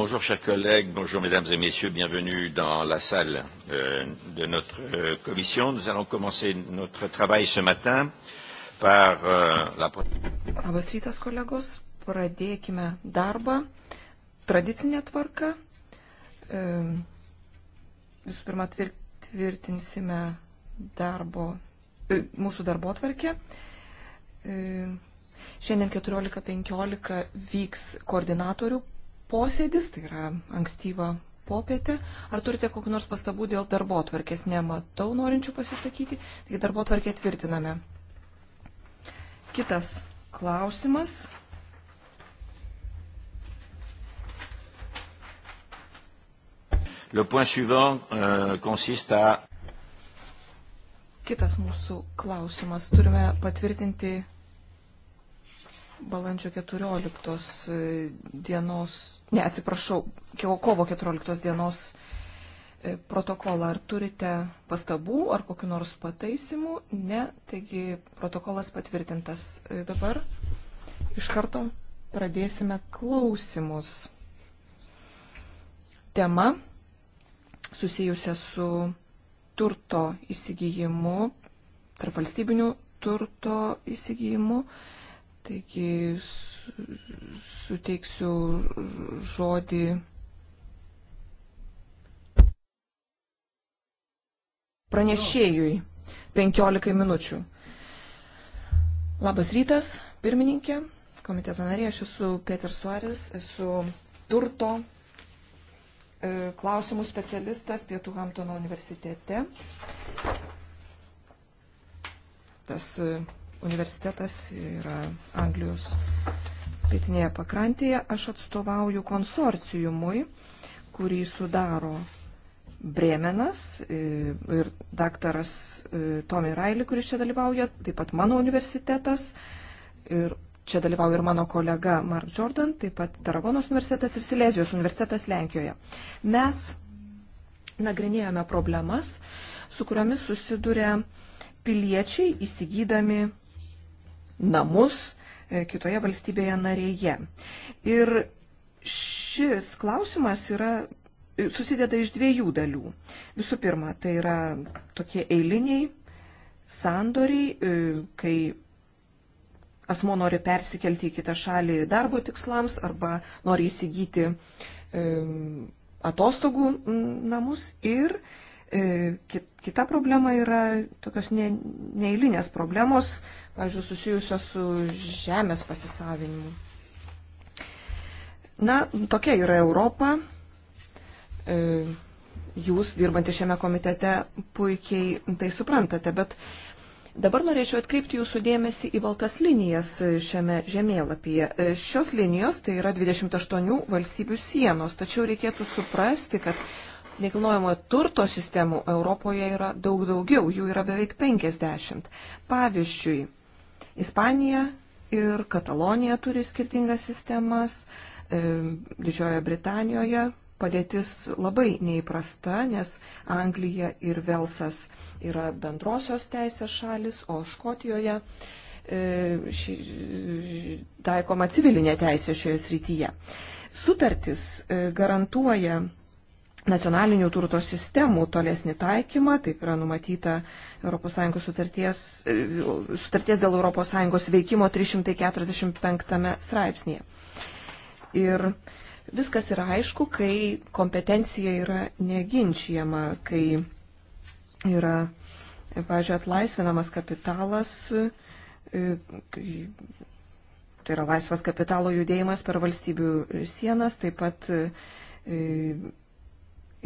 Bonjour, chers collègues. Bonjour, mesdames et messieurs. Bienvenue dans la salle euh, de notre euh, commission. Nous allons commencer notre travail ce matin par euh, la... Labas rytas, kolegos. Pradėkime darbą. Tradicinė tvarka. E, visų pirma, tvirtinsime darbo, e, mūsų darbo tvarkę. E, šiandien 14.15 vyks koordinatorių posėdis, tai yra ankstyva popietė. Ar turite kokiu nors pastabų dėl darbo tvarkės? Nematau norinčių pasisakyti, taigi darbo tvarkė tvirtiname. Kitas klausimas. Le point suivant euh, consiste à. Kitas mūsų klausimas. Turime patvirtinti balandžio 14 e, dienos, ne atsiprašau, kovo 14 dienos e, protokolą. Ar turite pastabų ar kokiu nors pataisimų? Ne, taigi protokolas patvirtintas. E, dabar iš karto pradėsime klausimus. Tema susijusia su turto įsigijimu, tarp valstybinių turto įsigijimu. Taigi suteiksiu žodį. Pranešėjui 15 minučių. Labas rytas, pirmininkė, komiteto narė, aš esu Peter Suaris, esu turto e, klausimų specialistas Pietų Hamtono universitete. Tas e, universitetas yra Anglijos pietinėje pakrantėje. Aš atstovauju konsorciumui, kurį sudaro Bremenas e, ir daktaras e, Tomi Railį, kuris čia dalyvauja, taip pat mano universitetas ir čia dalyvauja ir mano kolega Mark Jordan, taip pat Taragonos universitetas ir Silezijos universitetas Lenkijoje. Mes nagrinėjome problemas, su kuriomis susiduria piliečiai įsigydami namus e, kitoje valstybėje narėje. Ir šis klausimas yra e, susideda iš dviejų dalių. Visų pirma, tai yra tokie eiliniai sandoriai, e, kai asmo nori persikelti į kitą šalį darbo tikslams arba nori įsigyti atostogų namus ir kita problema yra tokios neeilinės problemos, pavyzdžiui, susijusios su žemės pasisavinimu. Na, tokia yra Europa. E, jūs, dirbantys šiame komitete, puikiai tai suprantate, bet dabar norėčiau atkreipti jūsų dėmesį į baltas linijas šiame žemėlapyje. E, šios linijos tai yra 28 valstybių sienos, tačiau reikėtų suprasti, kad nekilnojamojo turto sistemų Europoje yra daug daugiau, jų yra beveik 50. Pavyzdžiui, Ispanija ir Katalonija turi skirtingas sistemas. E, Didžiojoje Britanijoje padėtis labai neįprasta, nes Anglija ir Velsas yra bendrosios teisės šalis, o Škotijoje e, ši, taikoma civilinė teisė šioje srityje. Sutartis e, garantuoja nacionalinių turto sistemų tolesnį taikymą, taip yra numatyta ES sutarties, e, sutarties dėl ES veikimo 345 straipsnėje. Ir viskas yra aišku, kai kompetencija yra neginčiama, kai yra, pavyzdžiui, atlaisvinamas kapitalas, e, kai tai yra laisvas kapitalo judėjimas per valstybių sienas, taip pat e,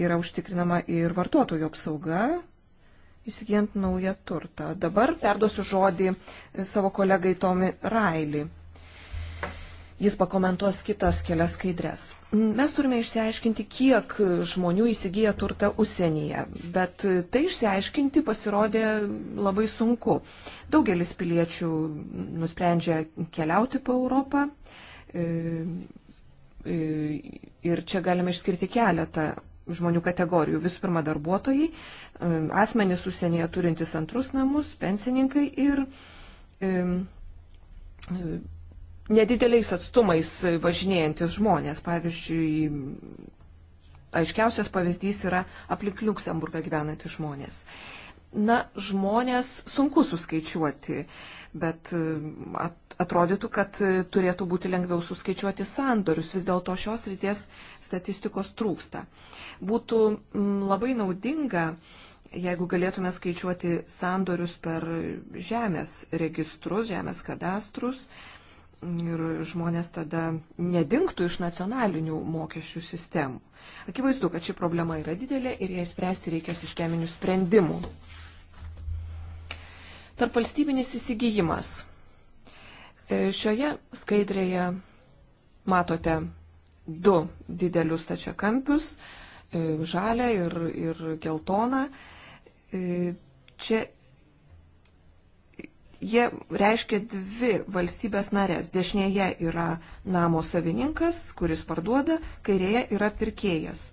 yra užtikrinama ir vartotojų apsauga, įsigijant naują turtą. Dabar perduosiu žodį savo kolegai Tomi Railį. Jis pakomentuos kitas kelias skaidrės. Mes turime išsiaiškinti, kiek žmonių įsigyja turtą užsienyje, bet tai išsiaiškinti pasirodė labai sunku. Daugelis piliečių nusprendžia keliauti po Europą e, e, ir čia galime išskirti keletą žmonių kategorijų. Visų pirma, darbuotojai, asmenys užsienyje turintys antrus namus, pensininkai ir e, nedideliais atstumais važinėjantis žmonės. Pavyzdžiui, aiškiausias pavyzdys yra aplink Luxemburgą gyvenantys žmonės. Na, žmonės sunku suskaičiuoti. E, bet e, atrodytų, kad e, turėtų būti lengviau suskaičiuoti sandorius. Vis dėlto šios ryties statistikos trūksta. Būtų labai naudinga, jeigu galėtume skaičiuoti sandorius per žemės registrus, žemės kadastrus. Ir žmonės tada nedingtų iš nacionalinių mokesčių sistemų. Akivaizdu, kad ši problema yra didelė ir ją spręsti reikia sisteminių sprendimų. Tarp valstybinis įsigijimas. E, šioje skaidrėje matote du didelius tačiakampius e, - žalę ir, ir geltoną. E, čia jie reiškia dvi valstybės narės. Dešinėje yra namo savininkas, kuris parduoda, kairėje yra pirkėjas.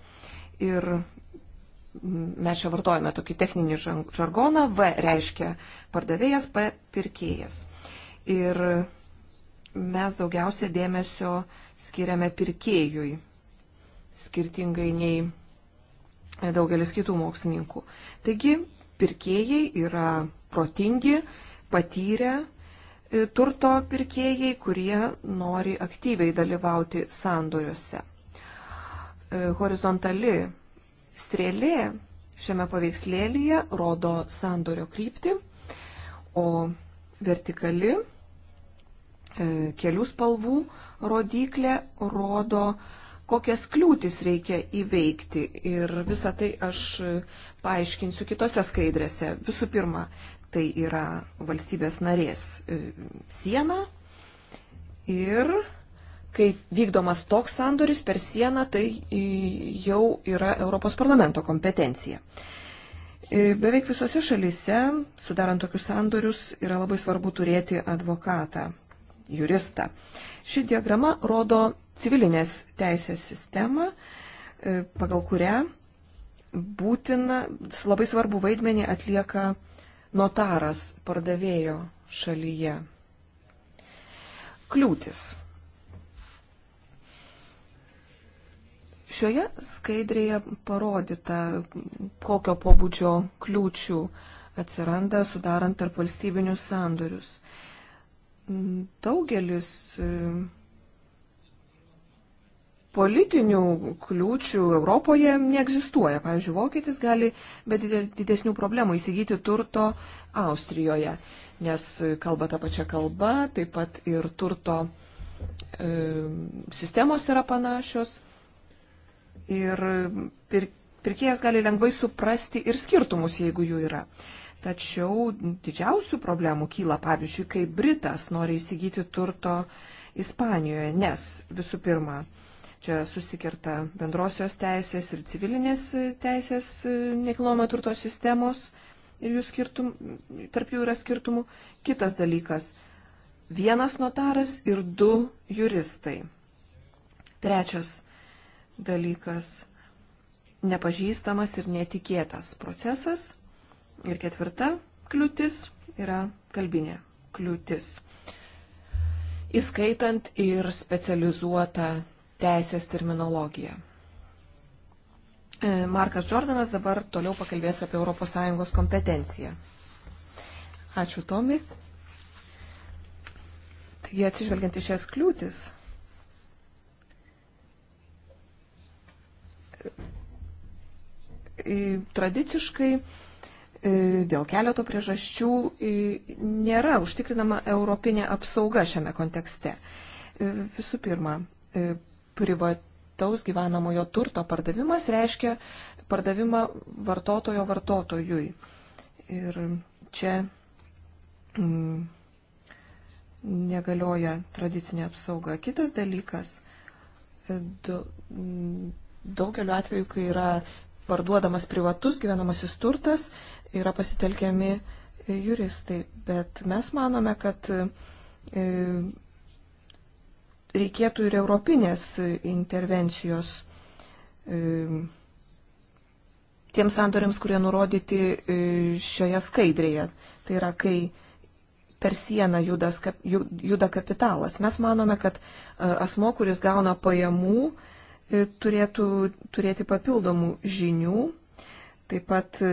Ir mes čia vartojame tokį techninį žargoną, V reiškia pardavėjas, P pirkėjas. Ir mes daugiausia dėmesio skiriame pirkėjui, skirtingai nei daugelis kitų mokslininkų. Taigi, pirkėjai yra protingi, patyrę e, turto pirkėjai, kurie nori aktyviai dalyvauti sandoriuose. E, horizontali Strėlė šiame paveikslėlyje rodo sandorio kryptį, o vertikali e, kelių spalvų rodiklė rodo, kokias kliūtis reikia įveikti. Ir visą tai aš paaiškinsiu kitose skaidrėse. Visų pirma, tai yra valstybės narės e, siena ir kai vykdomas toks sandoris per sieną, tai jau yra Europos parlamento kompetencija. E, beveik visose šalise, sudarant tokius sandorius, yra labai svarbu turėti advokatą, juristą. Ši diagrama rodo civilinės teisės sistemą, e, pagal kurią būtina, labai svarbu vaidmenį atlieka notaras pardavėjo šalyje. Kliūtis Šioje skaidrėje parodyta, kokio pobūdžio kliūčių atsiranda sudarant tarp valstybinius sandorius. Daugelis e, politinių kliūčių Europoje neegzistuoja. Pavyzdžiui, vokietis gali be didesnių problemų įsigyti turto Austrijoje, nes kalba tą pačią kalbą, taip pat ir turto e, sistemos yra panašios ir pir, pirkėjas gali lengvai suprasti ir skirtumus, jeigu jų yra. Tačiau didžiausių problemų kyla, pavyzdžiui, kai Britas nori įsigyti turto Ispanijoje, nes visų pirma, čia susikerta bendrosios teisės ir civilinės teisės nekilnojamo turto sistemos ir jų skirtum, tarp jų yra skirtumų. Kitas dalykas - vienas notaras ir du juristai. Trečias dalykas - nepažįstamas ir netikėtas procesas. Ir ketvirta kliūtis yra kalbinė kliūtis, įskaitant ir specializuotą teisės terminologiją. E, Markas Jordanas dabar toliau pakalbės apie ES kompetenciją. Ačiū, Tomi. Taigi, atsižvelgiant į šias kliūtis, tradiciškai dėl keleto priežasčių nėra užtikrinama europinė apsauga šiame kontekste. Visų pirma, privataus gyvenamojo turto pardavimas reiškia pardavimą vartotojo vartotojui. Ir čia mm, negalioja tradicinė apsauga. Kitas dalykas. Du, mm, daugeliu atveju, kai yra parduodamas privatus gyvenamasis turtas, yra pasitelkiami e, juristai. Bet mes manome, kad e, reikėtų ir europinės intervencijos e, tiems sandoriams, kurie nurodyti šioje skaidrėje. Tai yra, kai per sieną judas, juda kapitalas. Mes manome, kad asmo, kuris gauna pajamų, E, turėtų turėti papildomų žinių. Taip pat e,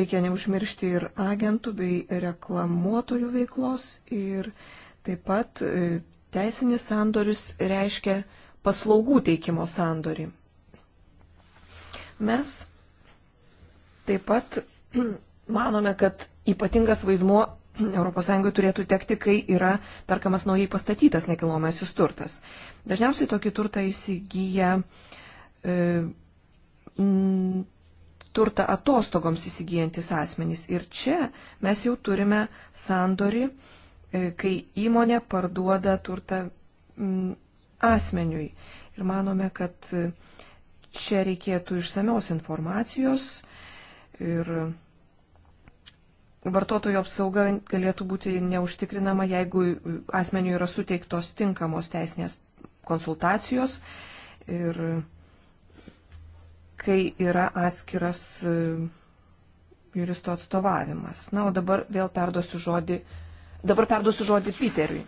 reikia neužmiršti ir agentų bei reklamuotojų veiklos. Ir taip pat e, teisinis sandoris reiškia paslaugų teikimo sandorį. Mes taip pat manome, kad ypatingas vaidmuo ES turėtų tekti, kai yra perkamas naujai pastatytas nekilnojamasis turtas. Dažniausiai tokį turtą įsigyja e, m, turtą atostogoms įsigyjantis asmenys. Ir čia mes jau turime sandorį, e, kai įmonė parduoda turtą m, asmeniui. Ir manome, kad e, čia reikėtų išsamios informacijos ir vartotojų apsauga galėtų būti neužtikrinama, jeigu asmeniu yra suteiktos tinkamos teisinės konsultacijos ir kai yra atskiras e, juristo atstovavimas. Na, o dabar vėl perduosiu žodį, dabar perduosiu žodį Piteriui.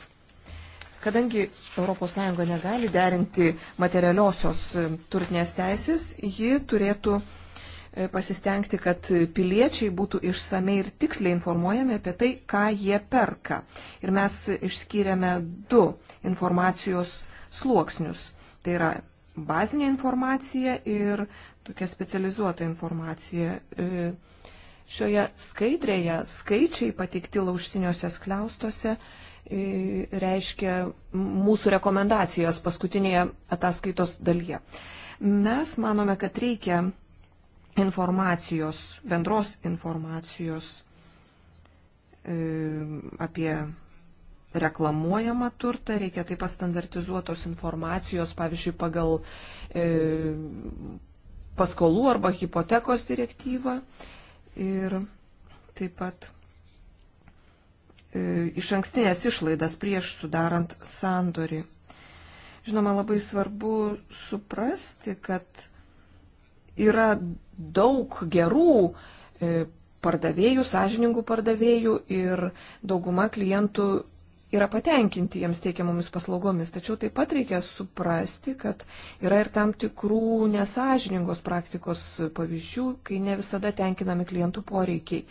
Kadangi ES negali derinti materialiosios e, turtinės teisės, ji turėtų E, pasistengti, kad piliečiai būtų išsamei ir tiksliai informuojami apie tai, ką jie perka. Ir mes išskyrėme du informacijos sluoksnius. Tai yra bazinė informacija ir tokia specializuota informacija. E, šioje skaidrėje skaičiai patikti lauštiniuose skliaustuose e, reiškia mūsų rekomendacijas paskutinėje ataskaitos dalyje. Mes manome, kad reikia informacijos, bendros informacijos e, apie reklamuojamą turtą, reikia taip pat standartizuotos informacijos, pavyzdžiui, pagal e, paskolų arba hipotekos direktyvą ir taip pat e, iš ankstinės išlaidas prieš sudarant sandorį. Žinoma, labai svarbu suprasti, kad yra daug gerų e, pardavėjų, sąžiningų pardavėjų ir dauguma klientų yra patenkinti jiems teikiamomis paslaugomis. Tačiau taip pat reikia suprasti, kad yra ir tam tikrų nesažiningos praktikos pavyzdžių, kai ne visada tenkinami klientų poreikiai.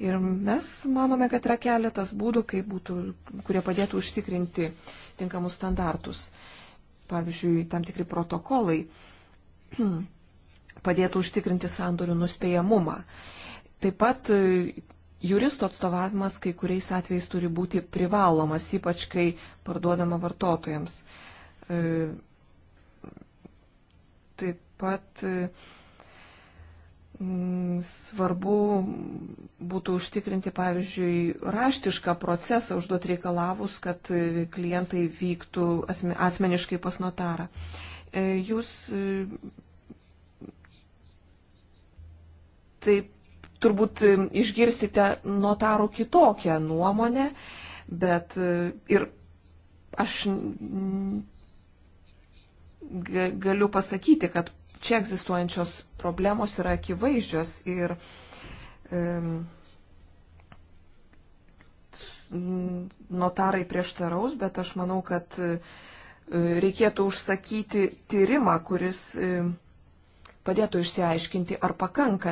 Ir mes manome, kad yra keletas būdų, būtų, kurie padėtų užtikrinti tinkamus standartus. Pavyzdžiui, tam tikri protokolai padėtų užtikrinti sandorių nuspėjamumą. Taip pat e, juristų atstovavimas kai kuriais atvejais turi būti privalomas, ypač kai parduodama vartotojams. E, taip pat e, svarbu būtų užtikrinti, pavyzdžiui, raštišką procesą užduot reikalavus, kad klientai vyktų asmeniškai pas notarą. Jūs taip turbūt e, išgirsite notarų kitokią nuomonę, bet e, ir aš galiu pasakyti, kad čia egzistuojančios problemos yra akivaizdžios ir notarai prieštaraus, bet aš manau, kad e, reikėtų užsakyti tyrimą, kuris padėtų išsiaiškinti, ar pakanka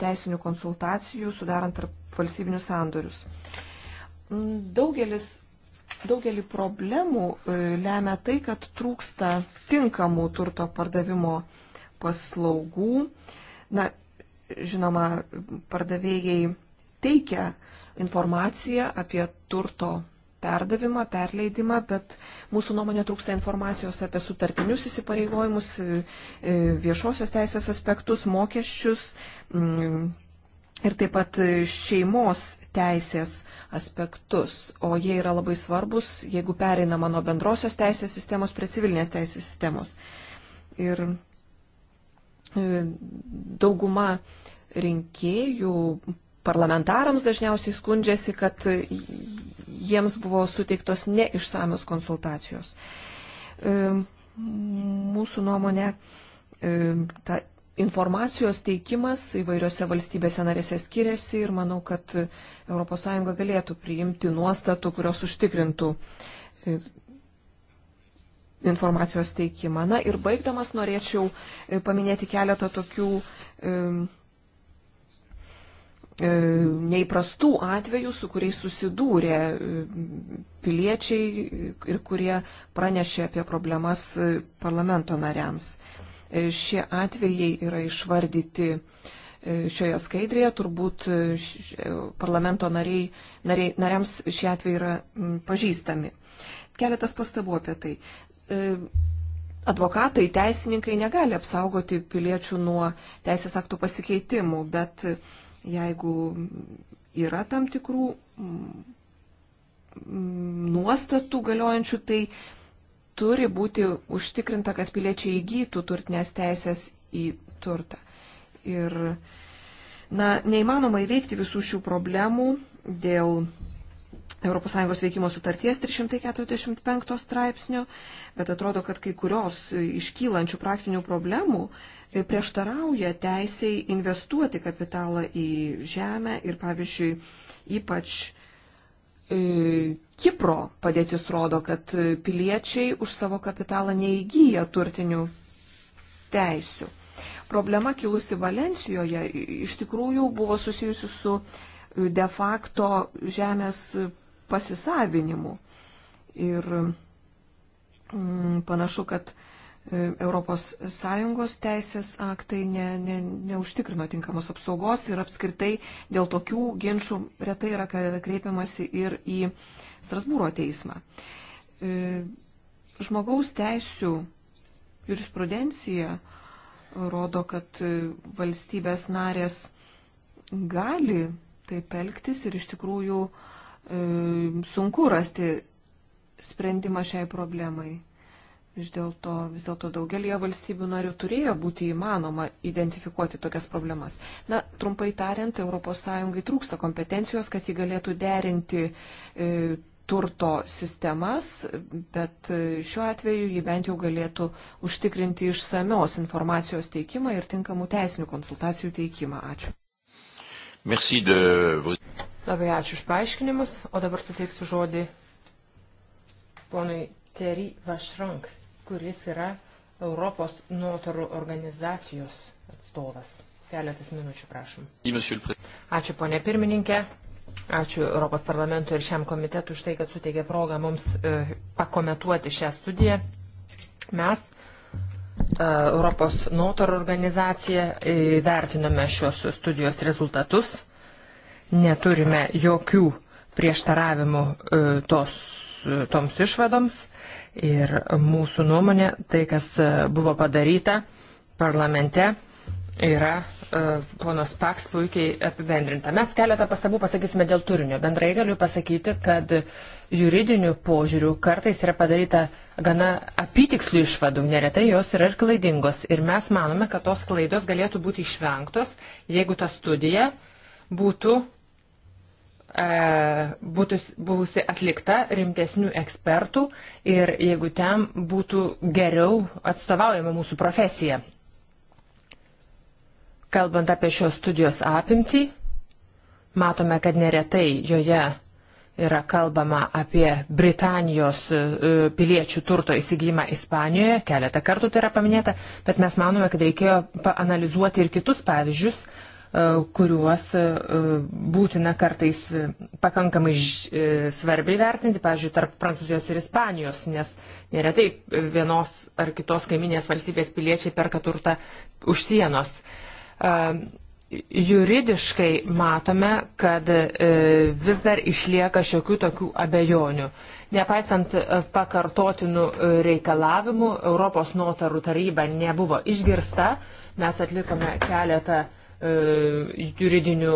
teisinių konsultacijų sudarant tarp valstybinius sandorius. Mm, daugelis, daugelį problemų e, lemia tai, kad trūksta tinkamų turto pardavimo paslaugų. Na, žinoma, pardavėjai teikia informaciją apie turto perdavimą, perleidimą, bet mūsų nuomonė trūksta informacijos apie sutartinius įsipareigojimus, e, e, viešosios teisės aspektus, mokesčius mm, ir taip pat šeimos teisės aspektus, o jie yra labai svarbus, jeigu pereina mano bendrosios teisės sistemos prie civilinės teisės sistemos. Ir e, dauguma rinkėjų parlamentarams dažniausiai skundžiasi, kad jiems buvo suteiktos neišsamios konsultacijos. E, mūsų nuomonė, e, ta informacijos teikimas įvairiose valstybėse narėse skiriasi ir manau, kad ES galėtų priimti nuostatų, kurios užtikrintų e, informacijos teikimą. Na ir baigdamas norėčiau paminėti keletą tokių E, neįprastų atvejų, su kuriais susidūrė e, piliečiai ir kurie pranešė apie problemas e, parlamento nariams. Šie atvejai yra išvardyti šioje skaidrėje, turbūt parlamento nariai, nariai, nariams šie atvejai yra pažįstami. Keletas pastabų apie tai. Advokatai, teisininkai negali apsaugoti piliečių nuo teisės aktų pasikeitimų, bet jeigu yra tam tikrų mm, mm, nuostatų galiojančių, tai turi būti užtikrinta, kad piliečiai įgytų turtinės teisės į turtą. Ir na, neįmanoma įveikti visų šių problemų dėl ES veikimo sutarties 345 straipsnio, bet atrodo, kad kai kurios iškylančių praktinių problemų uh, prieštarauja teisiai investuoti kapitalą į žemę ir, pavyzdžiui, ypač e, Kipro padėtis rodo, kad piliečiai už savo kapitalą neįgyja turtinių teisių. Problema kilusi Valencijoje iš tikrųjų buvo susijusi su e, de facto žemės pasisavinimu. Ir mm, panašu, kad ES teisės aktai ne, ne, neužtikrino tinkamos apsaugos ir apskritai dėl tokių ginčių retai yra kreipiamasi ir į Strasbūro teismą. E, žmogaus teisų jurisprudencija rodo, kad e, valstybės narės gali taip elgtis ir iš tikrųjų e, sunku rasti sprendimą šiai problemai. Vis dėlto dėl, dėl daugelie valstybių narių turėjo būti įmanoma identifikuoti tokias problemas. Na, trumpai tariant, ES trūksta kompetencijos, kad ji galėtų derinti e, turto sistemas, bet e, šiuo atveju ji bent jau galėtų užtikrinti išsamios informacijos teikimą ir tinkamų teisinių konsultacijų teikimą. Ačiū. De... Labai ačiū už paaiškinimus, o dabar suteiksiu žodį ponui Terry Vašrank kuris yra Europos notarų organizacijos atstovas. Keletas minučių, prašom. Ačiū, ponė pirmininkė. Ačiū Europos parlamentui ir šiam komitetui už tai, kad suteikė progą mums e, pakomentuoti šią studiją. Mes, e, Europos notarų organizacija, įvertinome e, šios studijos rezultatus. Neturime jokių prieštaravimų e, tos, toms išvadoms Ir mūsų nuomonė, tai kas e, buvo padaryta parlamente, yra e, ponos Paks puikiai apibendrinta. Mes keletą pastabų pasakysime dėl turinio. Bendrai galiu pasakyti, kad juridinių požiūrių kartais yra padaryta gana apytikslių išvadų, neretai jos yra ir klaidingos. Ir mes manome, kad tos klaidos galėtų būti išvengtos, jeigu ta studija būtų E, būtų buvusi atlikta rimtesnių ekspertų ir jeigu ten būtų geriau atstovaujama mūsų profesija. Kalbant apie šios studijos apimtį, matome, kad neretai joje yra kalbama apie Britanijos e, piliečių turto įsigymą Ispanijoje, keletą kartų tai yra paminėta, bet mes manome, kad reikėjo paanalizuoti ir kitus pavyzdžius, E, kuriuos e, būtina kartais pakankamai e, svarbiai vertinti, pavyzdžiui, tarp Prancūzijos ir Ispanijos, nes neretai vienos ar kitos kaiminės valstybės piliečiai perka turtą už sienos. Juridiškai matome, kad vis dar išlieka šiokių tokių abejonių. Nepaisant pakartotinų reikalavimų, Europos notarų taryba nebuvo išgirsta. Mes atlikome keletą E, juridinių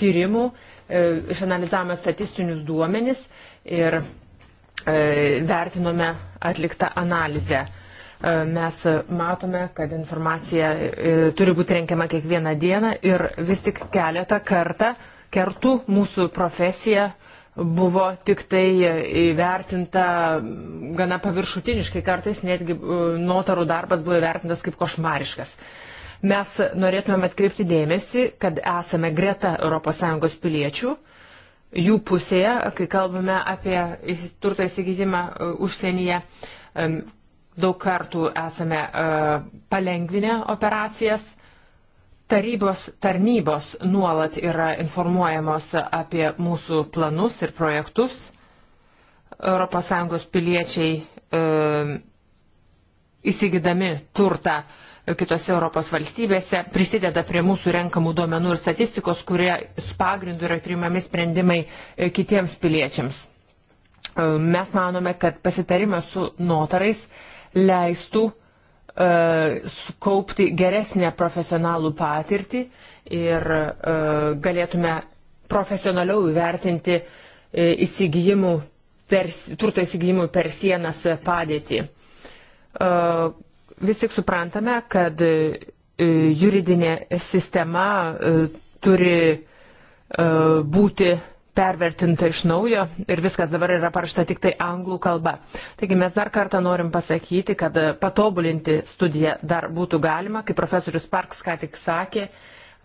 tyrimų, e, išanalizavome statistinius duomenis ir e, vertinome atliktą analizę. Mes matome, kad informacija turi būti renkiama kiekvieną dieną ir vis tik keletą kartą, kertų mūsų profesija buvo tik tai įvertinta gana paviršutiniškai, kartais netgi notarų darbas buvo įvertintas kaip košmariškas. Mes norėtumėm atkreipti dėmesį, kad esame greta ES piliečių, jų pusėje, kai kalbame apie turto įsigydimą e, užsienyje. Daug kartų esame e, palengvinę operacijas tarybos tarnybos nuolat yra informuojamos apie mūsų planus ir projektus. ES piliečiai e, įsigydami turtą kitose Europos valstybėse, prisideda prie mūsų renkamų duomenų ir statistikos, kurie su pagrindu yra priimami sprendimai e, kitiems piliečiams. E, mes manome, kad pasitarimas su notarais leistų e, sukaupti geresnę profesionalų patirtį ir galėtume profesionaliau įvertinti įsigijimų per, turto įsigijimų per sienas padėtį. Vis tik suprantame, kad e, juridinė sistema e, turi e, būti pervertinta iš naujo ir viskas dabar yra parašta tik tai anglų kalba. Taigi mes dar kartą norim pasakyti, kad patobulinti studiją dar būtų galima, kaip profesorius Parks ką tik sakė,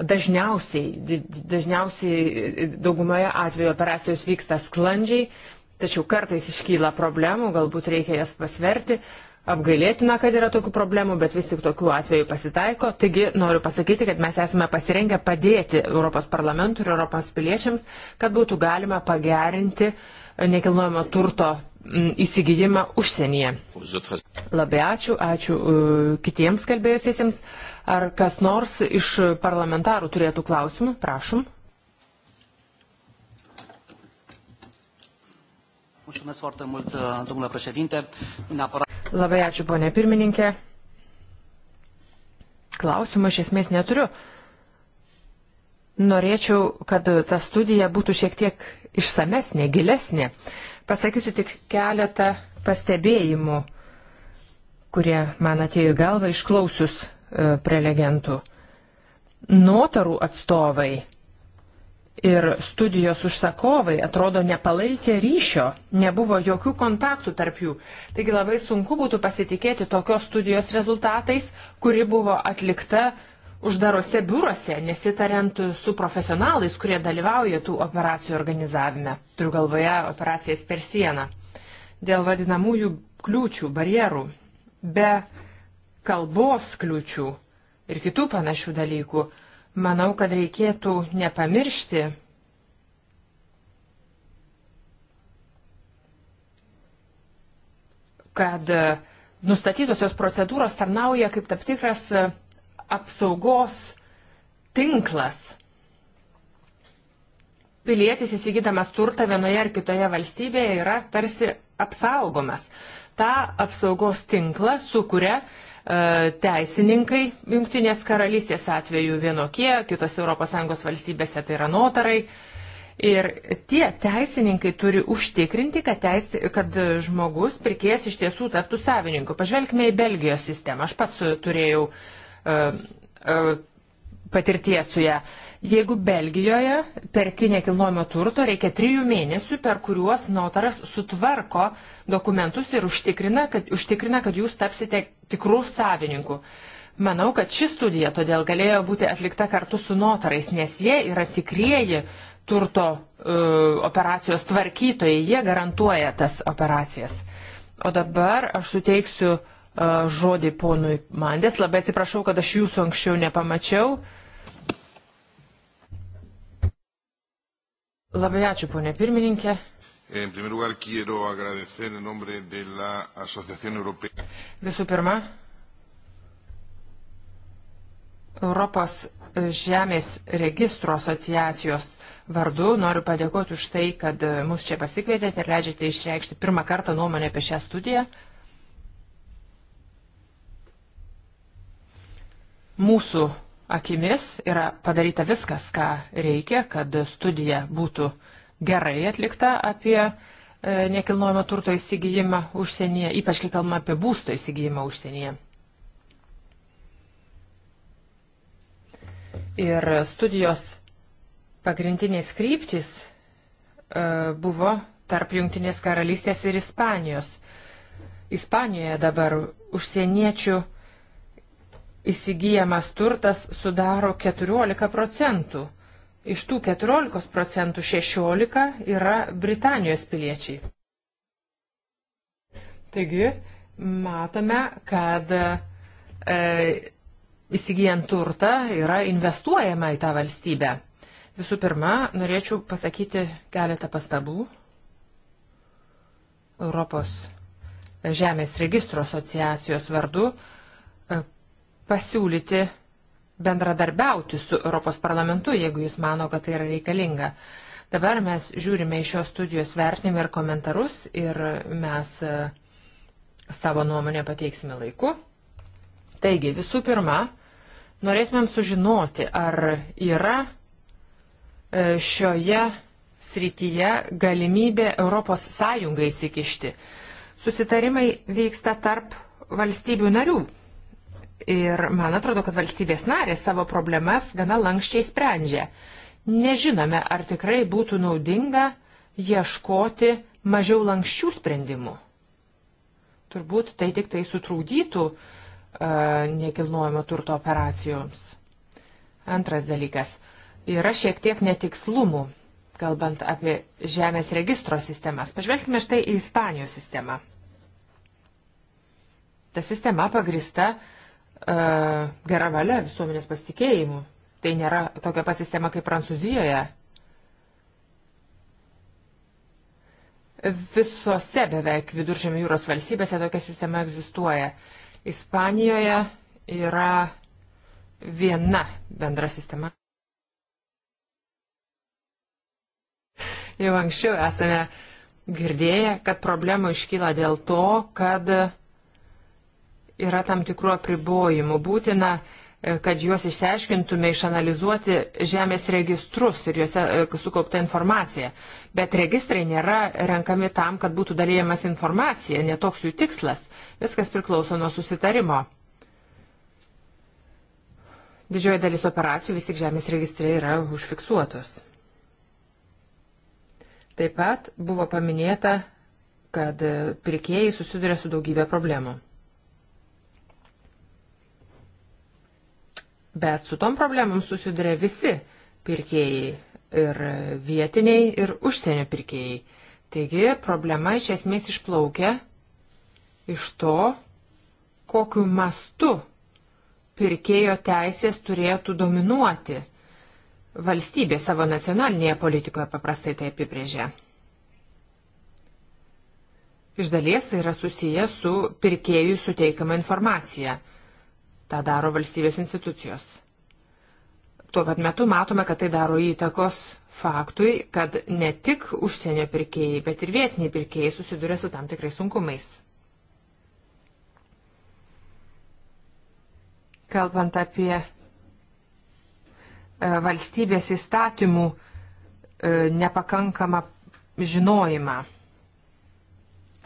dažniausiai, dažniausiai daugumoje atveju operacijos vyksta sklandžiai, tačiau kartais iškyla problemų, galbūt reikia jas pasverti, Apgailėtina, kad yra tokių problemų, bet vis tik tokių atvejų pasitaiko. Taigi noriu pasakyti, kad mes esame pasirengę padėti Europos parlamentui ir Europos piliečiams, kad būtų galima pagerinti nekilnojamo turto mm, įsigijimą užsienyje. Labai ačiū, ačiū e, kitiems kalbėjusiesiems. Ar kas nors iš parlamentarų turėtų klausimų? Prašom. Mulțumesc foarte mult, domnule președinte. Neapărat Labai ačiū, ponė pirmininkė. Klausimų iš esmės neturiu. Norėčiau, kad ta studija būtų šiek tiek išsamesnė, gilesnė. Pasakysiu tik keletą pastebėjimų, kurie man atėjo į galvą išklausius e, prelegentų. Notarų atstovai ir studijos užsakovai atrodo nepalaikė ryšio, nebuvo jokių kontaktų tarp jų. Taigi labai sunku būtų pasitikėti tokios studijos rezultatais, kuri buvo atlikta uždarose biurose, nesitariant su profesionalais, kurie dalyvauja tų operacijų organizavime. Turiu galvoje operacijas per sieną. Dėl vadinamųjų kliūčių, barjerų, be kalbos kliūčių ir kitų panašių dalykų Manau, kad reikėtų nepamiršti, kad e, nustatytosios procedūros tarnauja kaip tam tikras e, apsaugos tinklas. Pilietis įsigydamas turtą vienoje ar kitoje valstybėje yra tarsi apsaugomas. Ta apsaugos tinkla sukuria uh, teisininkai, jungtinės karalystės atveju vienokie, kitos ES valstybėse tai yra notarai. Ir tie teisininkai turi užtikrinti, kad, teis, kad žmogus, pirkėjas iš tiesų taptų savininku. Pažvelkime į Belgijos sistemą. Aš pats turėjau uh, uh, patirties su ją. Jeigu Belgijoje perki nekilnojamo turto, reikia trijų mėnesių, per kuriuos notaras sutvarko dokumentus ir užtikrina, kad, užtikrina, kad jūs tapsite tikrų savininkų. Manau, kad ši studija todėl galėjo būti atlikta kartu su notarais, nes jie yra tikrieji turto uh, operacijos tvarkytojai, jie garantuoja tas operacijas. O dabar aš suteiksiu uh, žodį ponui Mandės. Labai atsiprašau, kad aš jūsų anksčiau nepamačiau. Uh, Labai ačiū, ponė pirmininkė. Visų pirma, Europos e, žemės registro asociacijos vardu noriu padėkoti už tai, kad e, mus čia pasikvietėte ir leidžiate išreikšti pirmą kartą nuomonę apie šią studiją. Mūsų akimis yra padaryta viskas, ką reikia, kad studija būtų gerai atlikta apie e, nekilnojamo turto įsigijimą užsienyje, ypač kai kalbame apie būsto įsigijimą užsienyje. Ir studijos pagrindinės kryptis e, buvo tarp Junktinės karalystės ir Ispanijos. Ispanijoje dabar užsieniečių uh, įsigyjamas turtas sudaro 14 procentų. Iš tų 14 procentų 16 yra Britanijos piliečiai. Taigi, matome, kad e, įsigijant turtą yra investuojama į tą valstybę. Visų pirma, norėčiau pasakyti keletą pastabų. Europos Žemės registro asociacijos vardu pasiūlyti bendradarbiauti su Europos parlamentu, jeigu jis mano, kad tai yra reikalinga. Dabar mes žiūrime į šios studijos vertinimą ir komentarus ir mes e, savo nuomonę pateiksime laiku. Taigi, visų pirma, norėtumėm sužinoti, ar yra e, šioje srityje galimybė ES įsikišti. Susitarimai vyksta tarp valstybių narių Ir man atrodo, kad valstybės narės savo problemas gana lankščiai sprendžia. Nežinome, ar tikrai būtų naudinga ieškoti mažiau lankščių sprendimų. Turbūt tai tik tai sutrūdytų uh, nekilnojamo turto operacijoms. Antras dalykas. Yra šiek tiek netikslumų, kalbant apie žemės registro sistemas. Pažvelkime štai į Ispanijos sistemą. Ta sistema pagrista uh, E, gera valia visuomenės pasitikėjimu. Tai nėra tokia pat sistema kaip Prancūzijoje. Visose beveik viduržėmio jūros valstybėse tokia sistema egzistuoja. Ispanijoje yra viena bendra sistema. Jau anksčiau esame girdėję, kad problemų iškyla dėl to, kad yra tam tikrų apribojimų. Būtina, e, kad juos išsiaiškintume, išanalizuoti žemės registrus ir juose e, sukaupta informacija. Bet registrai nėra renkami tam, kad būtų dalyjamas informacija, netoks jų tikslas. Viskas priklauso nuo susitarimo. Didžioji dalis operacijų vis tik žemės registre yra užfiksuotos. Taip pat buvo paminėta, kad pirkėjai susiduria su daugybė problemų. Bet su tom problemom susiduria visi pirkėjai ir vietiniai, ir užsienio pirkėjai. Taigi problema iš esmės išplaukia iš to, kokiu mastu pirkėjo teisės turėtų dominuoti. Valstybė savo nacionalinėje politikoje paprastai tai apibrėžia. Iš dalies tai yra susiję su pirkėjui suteikama informacija – tą daro valstybės institucijos. Tuo pat metu matome, kad tai daro įtakos faktui, kad ne tik užsienio pirkėjai, bet ir vietiniai pirkėjai susiduria su tam tikrais sunkumais. Kalbant apie e, valstybės įstatymų e, nepakankamą žinojimą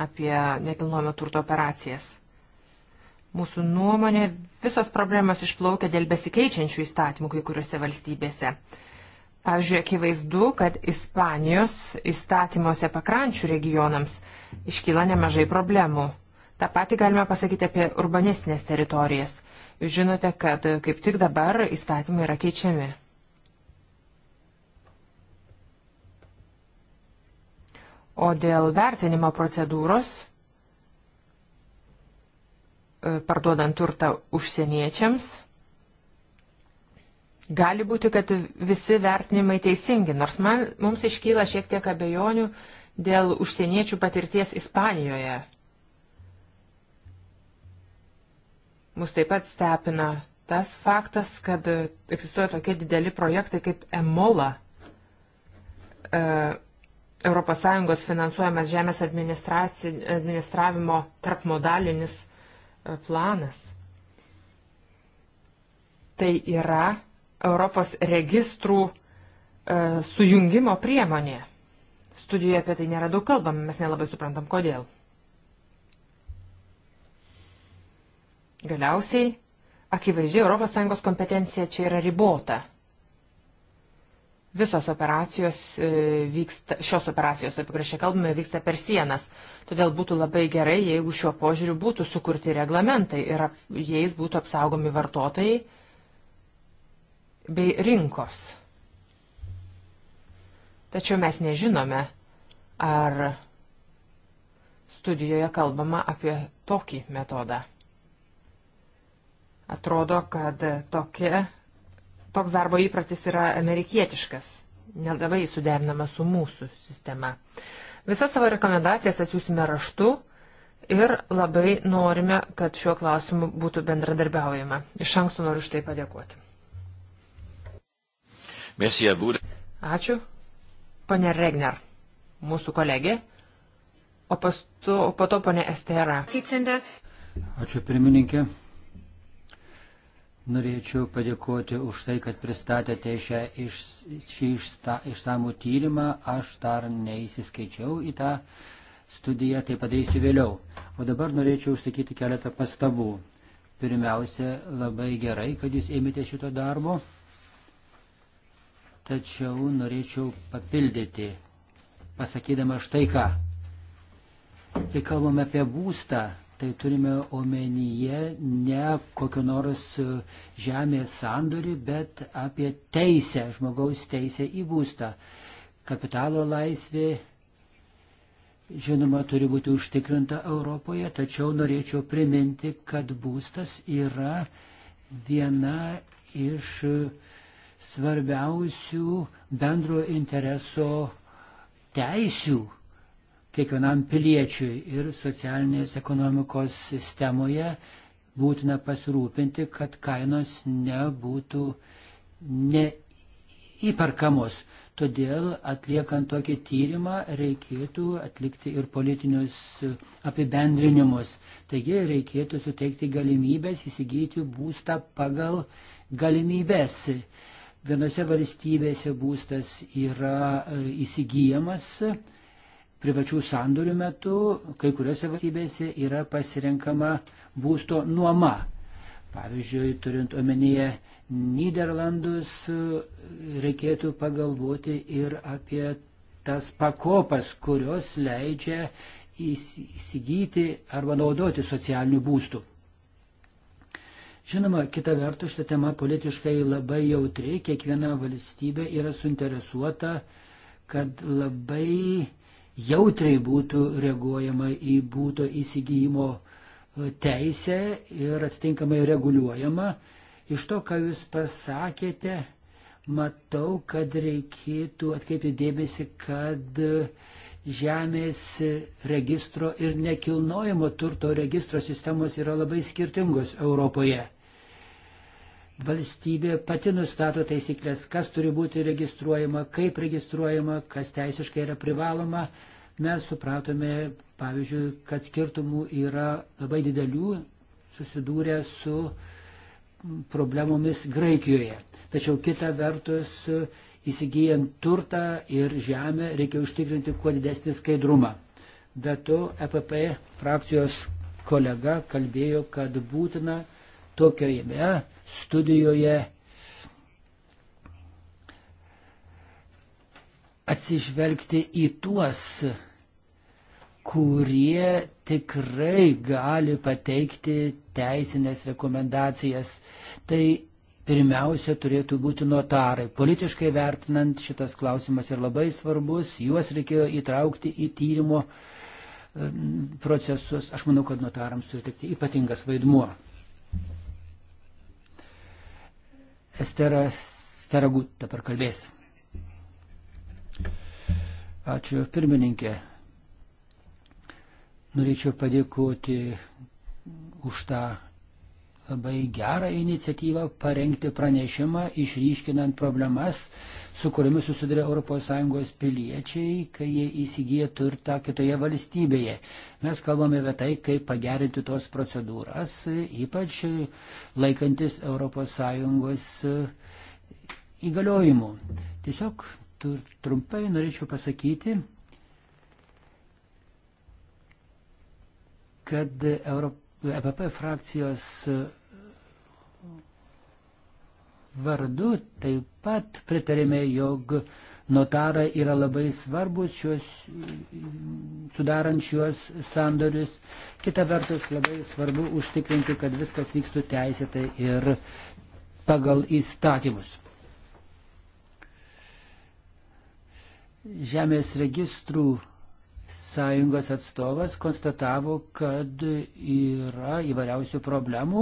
apie nekilnojamo turto operacijas. Mūsų nuomonė, visos problemos išplaukia dėl besikeičiančių įstatymų kai kuriuose valstybėse. Pavyzdžiui, akivaizdu, kad Ispanijos įstatymuose pakrančių regionams iškyla nemažai problemų. Ta pati galime pasakyti apie urbanistinės teritorijas. Jūs žinote, kad kaip tik dabar įstatymai yra keičiami. O dėl vertinimo procedūros E, parduodant turtą užsieniečiams. Gali būti, kad visi vertinimai teisingi, nors man, mums iškyla šiek tiek abejonių dėl užsieniečių patirties Ispanijoje. Mus taip pat stepina tas faktas, kad egzistuoja tokie dideli projektai kaip EMOLA, ES finansuojamas žemės administravimo tarpmodalinis planas. Tai yra Europos registrų e, sujungimo priemonė. Studijoje apie tai nėra daug kalbama, mes nelabai suprantam kodėl. Galiausiai, akivaizdžiai, ES kompetencija čia yra ribota. Visos operacijos e, vyksta, šios operacijos, apie kurias čia kalbame, vyksta per sienas. Todėl būtų labai gerai, jeigu šiuo požiūriu būtų sukurti reglamentai ir jais būtų apsaugomi vartotojai bei rinkos. Tačiau mes nežinome, ar studijoje kalbama apie tokį metodą. Atrodo, kad tokia Toks darbo įpratis yra amerikietiškas, nelabai suderinama su mūsų sistema. Visas savo rekomendacijas atsiųsime raštu ir labai norime, kad šiuo klausimu būtų bendradarbiaujama. Iš anksto noriu už tai padėkoti. Merci, Ačiū. Pane Regner, mūsų kolegė, o, pastu, o po to pane Estera. Ačiū pirmininkė. Norėčiau padėkoti už tai, kad pristatėte šią iš, šį išsta, išsamų tyrimą. Aš dar neįsiskaičiau į tą studiją, tai padarysiu vėliau. O dabar norėčiau užsakyti keletą pastabų. Pirmiausia, labai gerai, kad jūs ėmėte šito darbo. Tačiau norėčiau papildyti, pasakydama štai ką. Kai kalbame apie būstą, tai turime omenyje ne kokio nors e, žemės sandorį, bet apie teisę, žmogaus teisę į būstą. Kapitalo laisvė, žinoma, turi būti užtikrinta Europoje, tačiau norėčiau priminti, kad būstas yra viena iš svarbiausių bendro intereso teisių kiekvienam piliečiui ir socialinės ekonomikos sistemoje būtina pasirūpinti, kad kainos nebūtų neįperkamos. Todėl atliekant tokį tyrimą reikėtų atlikti ir politinius apibendrinimus. Taigi reikėtų suteikti galimybės įsigyti būstą pagal galimybės. Vienose valstybėse būstas yra e, įsigijamas, privačių sandorių metu kai kuriuose valstybėse yra pasirenkama būsto nuoma. Pavyzdžiui, turint omenyje Niderlandus, reikėtų pagalvoti ir apie tas pakopas, kurios leidžia įsigyti arba naudoti socialinių būstų. Žinoma, kita vertus, šitą temą politiškai labai jautri, kiekviena valstybė yra suinteresuota, kad labai jautriai būtų reaguojama į būto įsigijimo e, teisę ir atitinkamai reguliuojama. Iš to, ką Jūs pasakėte, matau, kad reikėtų atkreipti dėmesį, kad žemės registro ir nekilnojamo turto registro sistemos yra labai skirtingos Europoje. Valstybė pati nustato taisyklės, kas turi būti registruojama, kaip registruojama, kas teisiškai yra privaloma, Mes supratome, pavyzdžiui, kad skirtumų yra labai didelių susidūrę su problemomis Graikijoje. Tačiau kita vertus, įsigijant turtą ir žemę, reikia užtikrinti kuo didesnį skaidrumą. Be to, EPP frakcijos kolega kalbėjo, kad būtina tokioje studijoje atsižvelgti į tuos kurie tikrai gali pateikti teisinės rekomendacijas. Tai pirmiausia turėtų būti notarai. Politiškai vertinant šitas klausimas ir labai svarbus, juos reikėjo įtraukti į tyrimo procesus. Aš manau, kad notarams turi tikti ypatingas vaidmuo. Estera Steragut dabar kalbės. Ačiū pirmininkė. Norėčiau padėkoti už tą labai gerą iniciatyvą parengti pranešimą, išryškinant problemas, su kuriomis susiduria ES piliečiai, kai jie įsigyja turtą kitoje valstybėje. Mes kalbame apie tai, kaip pagerinti tos procedūras, ypač laikantis ES įgaliojimų. Tiesiog trumpai norėčiau pasakyti, kad EPP e frakcijos e, vardu taip pat pritarėme, jog notarai yra labai svarbus šios, sudarant šios sandorius. Kita vertus, labai svarbu užtikrinti, kad viskas vykstų teisėtai ir pagal įstatymus. Žemės registrų sąjungos atstovas konstatavo, kad yra įvairiausių problemų,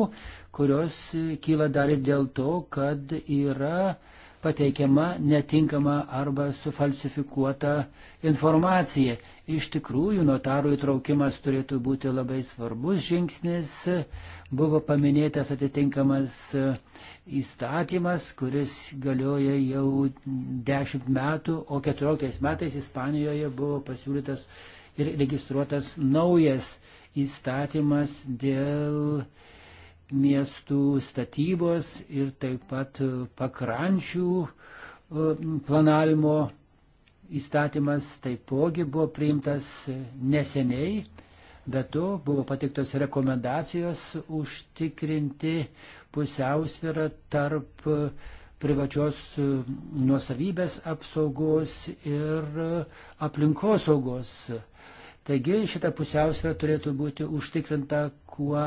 kurios kyla dar ir dėl to, kad yra pateikiama netinkama arba sufalsifikuota informacija. Iš tikrųjų, notarų įtraukimas turėtų būti labai svarbus žingsnis. Buvo paminėtas atitinkamas įstatymas, kuris galioja jau 10 metų, o 14 metais Ispanijoje buvo pasiūlytas ir registruotas naujas įstatymas dėl miestų statybos ir taip pat pakrančių e, planavimo įstatymas taipogi buvo priimtas neseniai, bet to buvo patiktos rekomendacijos užtikrinti pusiausvyrą tarp privačios e, nuosavybės apsaugos ir aplinkosaugos apsaugos Taigi šita pusiausvė turėtų būti užtikrinta kuo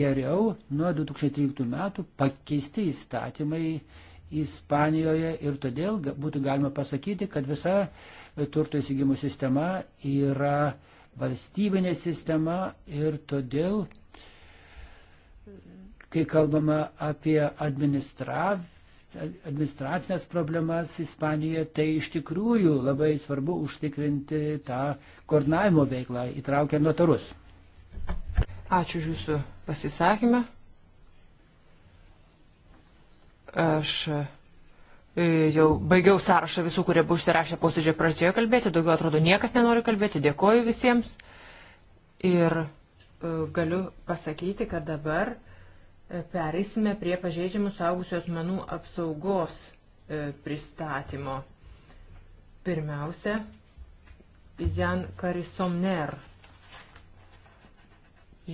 geriau. Nuo 2013 metų pakeisti įstatymai Ispanijoje ir todėl būtų galima pasakyti, kad visa turto įsigymų sistema yra valstybinė sistema ir todėl, kai kalbama apie administrav, administracinės problemas Ispanijoje, tai iš tikrųjų labai svarbu užtikrinti tą koordinavimo veiklą, įtraukiant notarus. Ačiū už Jūsų pasisakymą. Aš e, jau baigiau sąrašą visų, kurie buvo užsirašę posėdžio pradžioje kalbėti, daugiau atrodo niekas nenori kalbėti, dėkoju visiems. Ir e, galiu pasakyti, kad dabar uh, E, pereisime prie pažeidžiamų suaugusių asmenų apsaugos e, pristatymo. Pirmiausia, Jan Karisomner.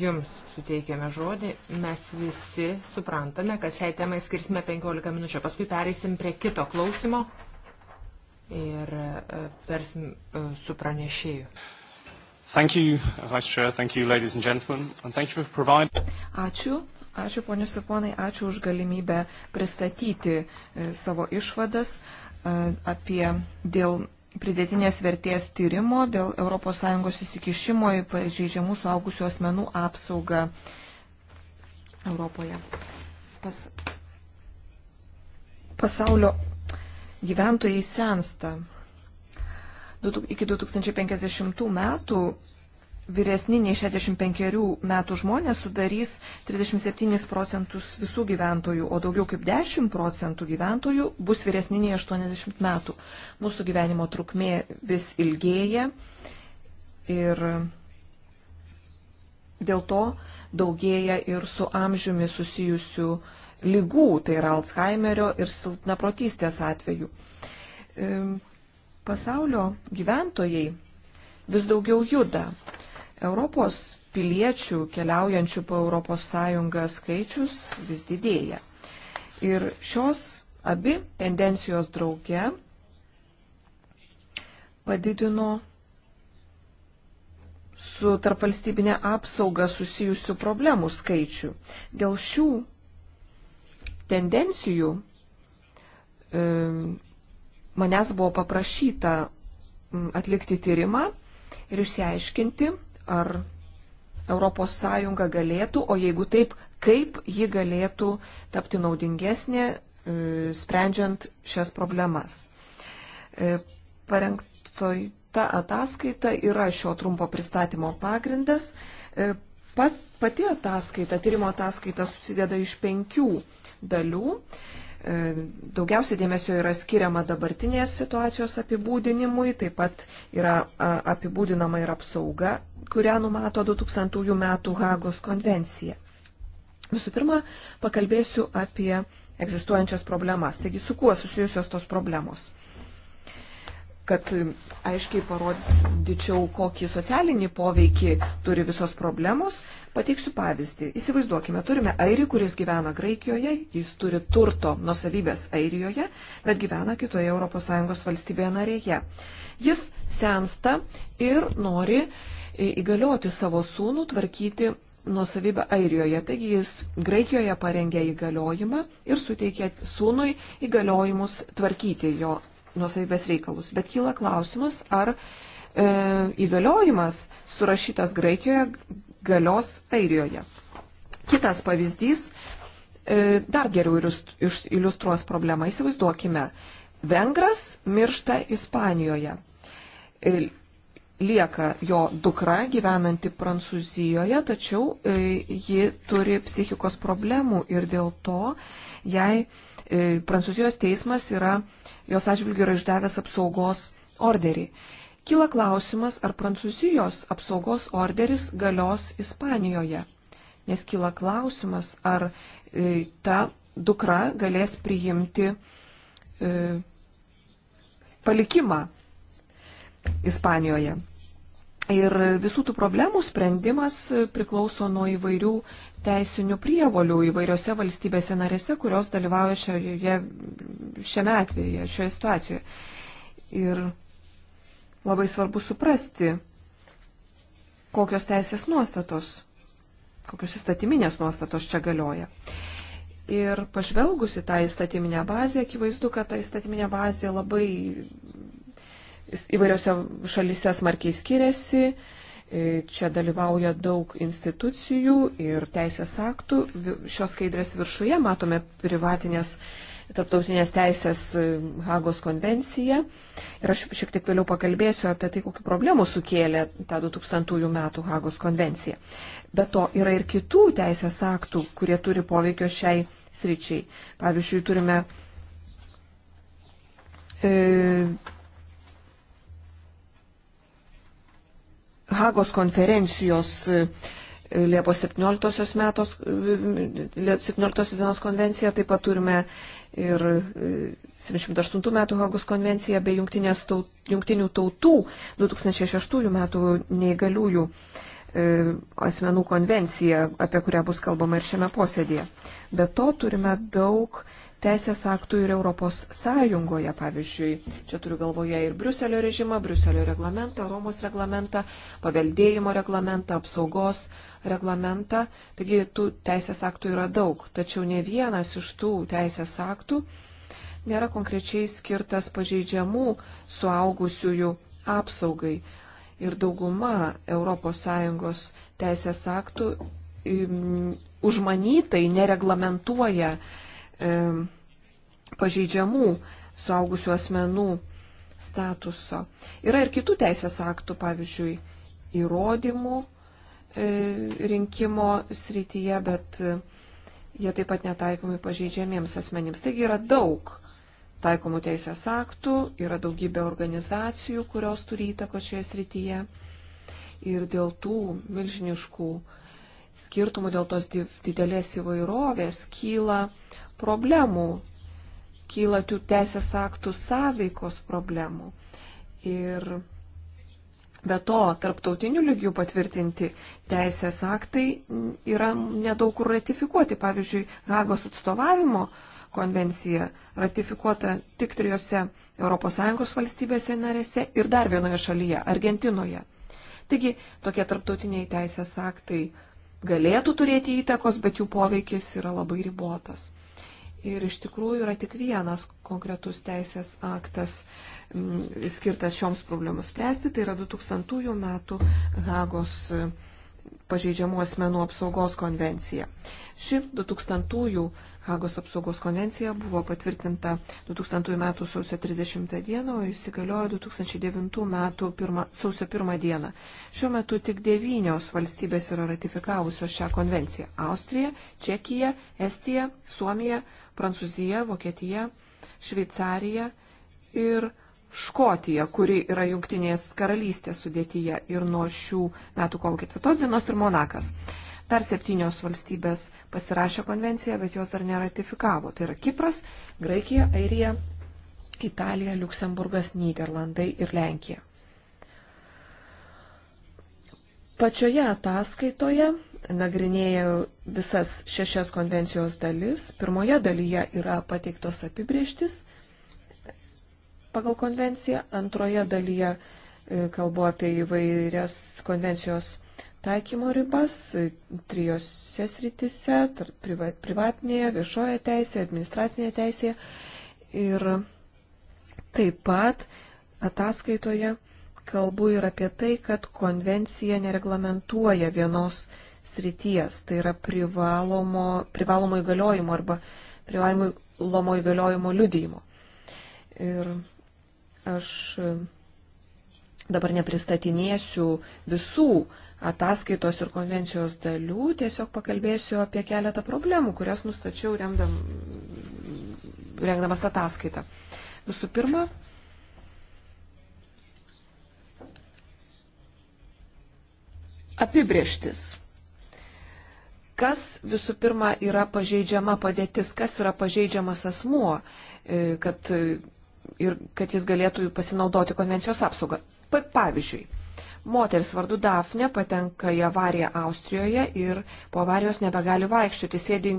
Jums suteikėme žodį, mes visi suprantame, kad šiai temai skirsime 15 minučių, paskui pereisim prie kito klausimo ir e, persim su pranešėju. Thank you, Vice Chair, thank you, ladies and gentlemen, and thank you for providing. Ačiū Ačiū, ponius ir ponai, ačiū už galimybę pristatyti e, savo išvadas e, apie dėl pridėtinės vertės tyrimo, dėl ES įsikišimo į pažeidžiamų suaugusių asmenų apsaugą Europoje. Pas... Pasaulio gyventojai sensta. Iki 2050 metų vyresni nei 65 metų žmonės sudarys 37 procentus visų gyventojų, o daugiau kaip 10 procentų gyventojų bus vyresni nei 80 metų. Mūsų gyvenimo trukmė vis ilgėja ir dėl to daugėja ir su amžiumi susijusių lygų, tai yra Alzheimerio ir silpnaprotystės atveju. Pasaulio gyventojai vis daugiau juda. Europos piliečių keliaujančių po ES skaičius vis didėja. Ir šios abi tendencijos drauge padidino su tarpvalstybinė apsauga susijusių problemų skaičių. Dėl šių tendencijų e, manęs buvo paprašyta atlikti tyrimą ir išsiaiškinti, ar ES galėtų, o jeigu taip, kaip ji galėtų tapti naudingesnė, e, sprendžiant šias problemas. E, Parengtoita ataskaita yra šio trumpo pristatymo pagrindas. E, Pat, pati ataskaita, tyrimo ataskaita susideda iš penkių dalių. E, daugiausiai dėmesio yra skiriama dabartinės situacijos apibūdinimui, taip pat yra apibūdinama ir apsauga, kurią numato 2000 metų Hagos konvencija. Visų pirma, pakalbėsiu apie egzistuojančias problemas. Taigi, su kuo susijusios tos problemos? kad aiškiai parodyčiau, kokį socialinį poveikį turi visos problemos, pateiksiu pavyzdį. Įsivaizduokime, turime airį, kuris gyvena Graikijoje, jis turi turto nusavybės Airijoje, bet gyvena kitoje ES valstybėje narėje. Jis sensta ir nori įgalioti savo sūnų tvarkyti nuosavybę Airijoje. Taigi jis Graikijoje parengė įgaliojimą ir suteikė sūnui įgaliojimus tvarkyti jo nuosavybės reikalus. Bet kyla klausimas, ar e, įgaliojimas surašytas Graikijoje galios Airijoje. Kitas pavyzdys e, dar geriau iliustruos problemą. Įsivaizduokime, Vengras miršta Ispanijoje. E, lieka jo dukra gyvenanti Prancūzijoje, tačiau e, ji turi psichikos problemų ir dėl to jai e, E, Prancūzijos teismas yra, jos atžvilgių yra išdavęs apsaugos orderį. Kyla klausimas, ar Prancūzijos apsaugos orderis galios Ispanijoje. Nes kyla klausimas, ar e, ta dukra galės priimti e, palikimą Ispanijoje. Ir visų tų problemų sprendimas priklauso nuo įvairių teisinių prievolių įvairiose valstybėse narėse, kurios dalyvauja šioje, šiame atveju, šioje situacijoje. Ir labai svarbu suprasti, kokios teisės nuostatos, kokios įstatyminės nuostatos čia galioja. Ir pažvelgus į tą įstatyminę bazę, akivaizdu, kad ta įstatyminė bazė labai įvairiose šalise smarkiai skiriasi, E, čia dalyvauja daug institucijų ir teisės aktų. Šios skaidrės viršuje matome privatinės tarptautinės teisės e, Hagos konvenciją. Ir aš šiek tiek vėliau pakalbėsiu apie tai, kokiu problemu sukėlė tą 2000 metų Hagos konvenciją. Be to yra ir kitų teisės aktų, kurie turi poveikio šiai sričiai. Pavyzdžiui, turime e, Hagos konferencijos e, Liepos 17, metos, 17 e, dienos konvenciją, taip pat turime ir 78 e, metų Hagos konvenciją bei taut, jungtinių tautų 2006 metų neįgaliųjų asmenų konvenciją, apie kurią bus kalbama ir šiame posėdėje. Be to turime daug teisės aktų ir Europos Sąjungoje, pavyzdžiui, čia turiu galvoje ir Briuselio režimą, Briuselio reglamentą, Romos reglamentą, paveldėjimo reglamentą, apsaugos reglamentą. Taigi tų teisės aktų yra daug, tačiau ne vienas iš tų teisės aktų nėra konkrečiai skirtas pažeidžiamų suaugusiųjų apsaugai. Ir dauguma ES teisės aktų užmanytai nereglamentuoja e, pažeidžiamų suaugusių asmenų statuso. Yra ir kitų teisės aktų, pavyzdžiui, įrodymų e, rinkimo srityje, bet e, jie taip pat netaikomi pažeidžiamiems asmenims. Taigi yra daug taikomų teisės aktų, yra daugybė organizacijų, kurios turi įtako šioje srityje. Ir dėl tų milžiniškų skirtumų, dėl tos didelės įvairovės kyla problemų, kyla tų teisės aktų sąveikos problemų. Ir be to, tarptautinių lygių patvirtinti teisės aktai yra nedaug kur ratifikuoti. Pavyzdžiui, Hagos atstovavimo konvencija ratifikuota tik trijose ES valstybėse narėse ir dar vienoje šalyje - Argentinoje. Taigi, tokie tarptautiniai teisės aktai galėtų turėti įtakos, bet jų poveikis yra labai ribotas. Ir iš tikrųjų yra tik vienas konkretus teisės aktas m, mm, skirtas šioms problemus spręsti, tai yra 2000 metų Hagos mm, pažeidžiamų asmenų apsaugos konvencija. Ši 2000 Hagos apsaugos konvencija buvo patvirtinta 2000 metų sausio 30 dieną, o įsigaliojo 2009 metų pirma, sausio 1 dieną. Šiuo metu tik devynios valstybės yra ratifikavusios šią konvenciją - Austrija, Čekija, Estija, Suomija, Prancūzija, Vokietija, Šveicarija ir Škotija, kuri yra jungtinės karalystės sudėtyje ir nuo šių metų kovo ketvirtos dienos ir Monakas. Dar septynios valstybės pasirašė konvenciją, bet jos dar neratifikavo. Tai yra Kipras, Graikija, Airija, Italija, Luksemburgas, Niderlandai ir Lenkija. Pačioje ataskaitoje nagrinėjau visas šešias konvencijos dalis. Pirmoje dalyje yra pateiktos apibrieštis pagal konvenciją, antroje dalyje e, kalbu apie įvairias konvencijos taikymo ribas e, trijose sritise - privatinėje, viešoje teisėje, administracinėje teisėje. Ir taip pat ataskaitoje kalbu ir apie tai, kad konvencija nereglamentuoja vienos srities, tai yra privalomo, privalomo įgaliojimo arba privalomo įgaliojimo liudijimo. Ir aš dabar nepristatinėsiu visų ataskaitos ir konvencijos dalių, tiesiog pakalbėsiu apie keletą problemų, kurias nustačiau remdam, rengdamas ataskaitą. Visų pirma, apibrieštis kas visų pirma yra pažeidžiama padėtis, kas yra pažeidžiamas asmuo, e, kad, e, ir, kad jis galėtų pasinaudoti konvencijos apsaugą. Pavyzdžiui, moteris vardu Dafne patenka į avariją Austrijoje ir po avarijos nebegali vaikščioti, sėdi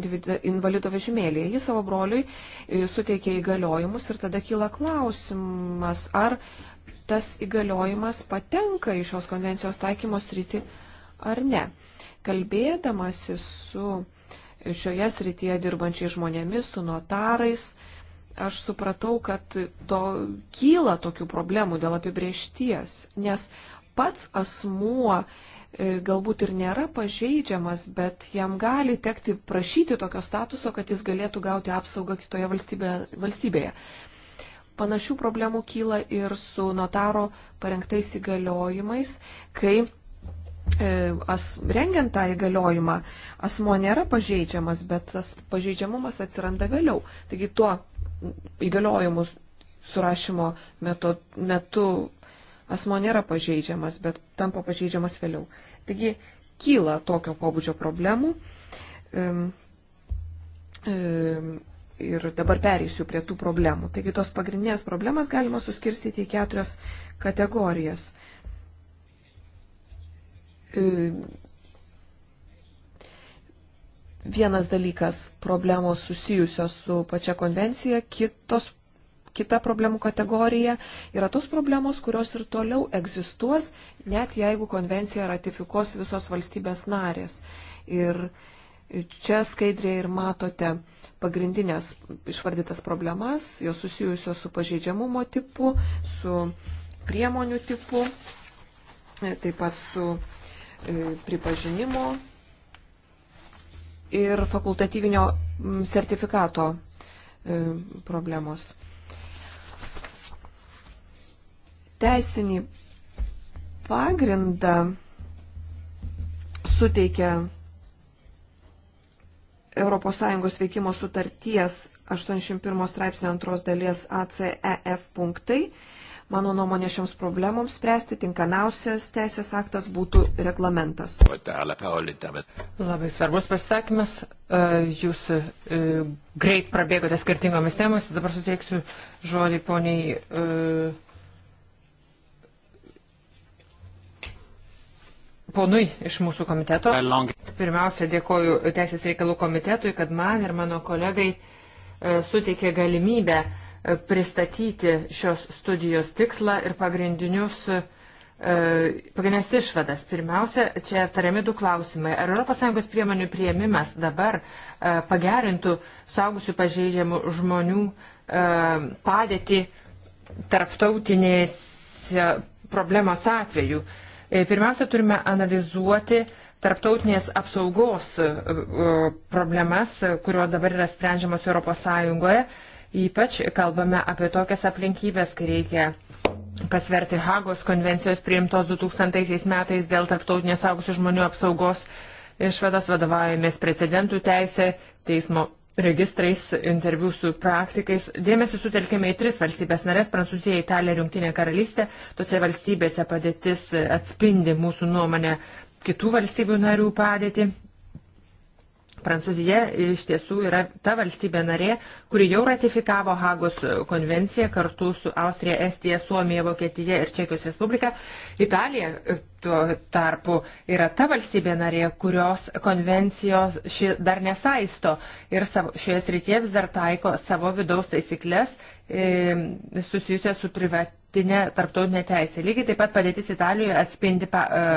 invalido vežimėlėje. Jis savo broliui e, suteikia įgaliojimus ir tada kyla klausimas, ar tas įgaliojimas patenka į šios konvencijos taikymos rytį ar ne. Kalbėdamasi su šioje srityje dirbančiai žmonėmis, su notarais, aš supratau, kad to kyla tokių problemų dėl apibriešties, nes pats asmuo e, galbūt ir nėra pažeidžiamas, bet jam gali tekti prašyti tokio statuso, kad jis galėtų gauti apsaugą kitoje valstybėje. Panašių problemų kyla ir su notaro parengtais įgaliojimais, kai E, as, rengiant tą įgaliojimą asmo nėra pažeidžiamas, bet tas pažeidžiamumas atsiranda vėliau. Taigi tuo įgaliojimu surašymo metu, metu asmo nėra pažeidžiamas, bet tampa pažeidžiamas vėliau. Taigi kyla tokio pobūdžio problemų. Ir dabar pereisiu prie tų problemų. Taigi tos pagrindinės problemas galima suskirstyti į keturias kategorijas. E, vienas dalykas problemos susijusios su pačia konvencija, kitos, kita problemų kategorija yra tos problemos, kurios ir toliau egzistuos, net jeigu konvenciją ratifikuos visos valstybės narės. Ir čia skaidrėje ir matote pagrindinės išvardytas problemas, jos susijusios su pažeidžiamumo tipu, su priemonių tipu, taip pat su E, pripažinimo ir fakultatyvinio sertifikato e, problemos. Teisinį pagrindą suteikia ES veikimo sutarties 81 straipsnio antros dalies ACEF punktai Mano nuomonė šioms problemoms spręsti tinkamiausias teisės aktas būtų reglamentas. Labai svarbus pasisakymas. E, jūs e, greit prabėgote skirtingomis temomis. Dabar suteiksiu žodį poniai. E, ponui iš mūsų komiteto. Pirmiausia, dėkoju Teisės reikalų komitetui, kad man ir mano kolegai suteikė galimybę uh, pristatyti šios studijos tikslą ir pagrindinius e, pagrindinės išvadas. Pirmiausia, čia aptariami du klausimai. Ar ES priemonių prieimimas dabar e, pagerintų saugusių pažeidžiamų žmonių e, padėtį tarptautinės problemos atveju? Pirmiausia, turime analizuoti tarptautinės apsaugos problemas, kurios dabar yra sprendžiamos ES Ypač kalbame apie tokias aplinkybės, kai reikia pasverti Hagos konvencijos priimtos 2000 metais dėl tarptautinės saugusių žmonių apsaugos išvados vadovaujamės precedentų teisė, teismo registrais, interviu su praktikais. Dėmesį sutelkėme į tris valstybės narės - Prancūziją, Italiją ir Junktinę karalystę. Tose valstybėse padėtis atspindi mūsų nuomonę kitų valstybių narių padėtį. Prancūzija iš tiesų yra ta valstybė narė, kuri jau ratifikavo Hagos konvenciją kartu su Austrija, Estija, Suomija, Vokietija ir Čekijos Respublika. Italija e, tuo tarpu yra ta valstybė narė, kurios konvencijos ši dar nesaisto ir savo, šioje srityje vis dar taiko savo vidaus taisyklės e, susijusią su privatinė tarptautinė teisė. Lygiai taip pat padėtis Italijoje atspindi. Pa, e,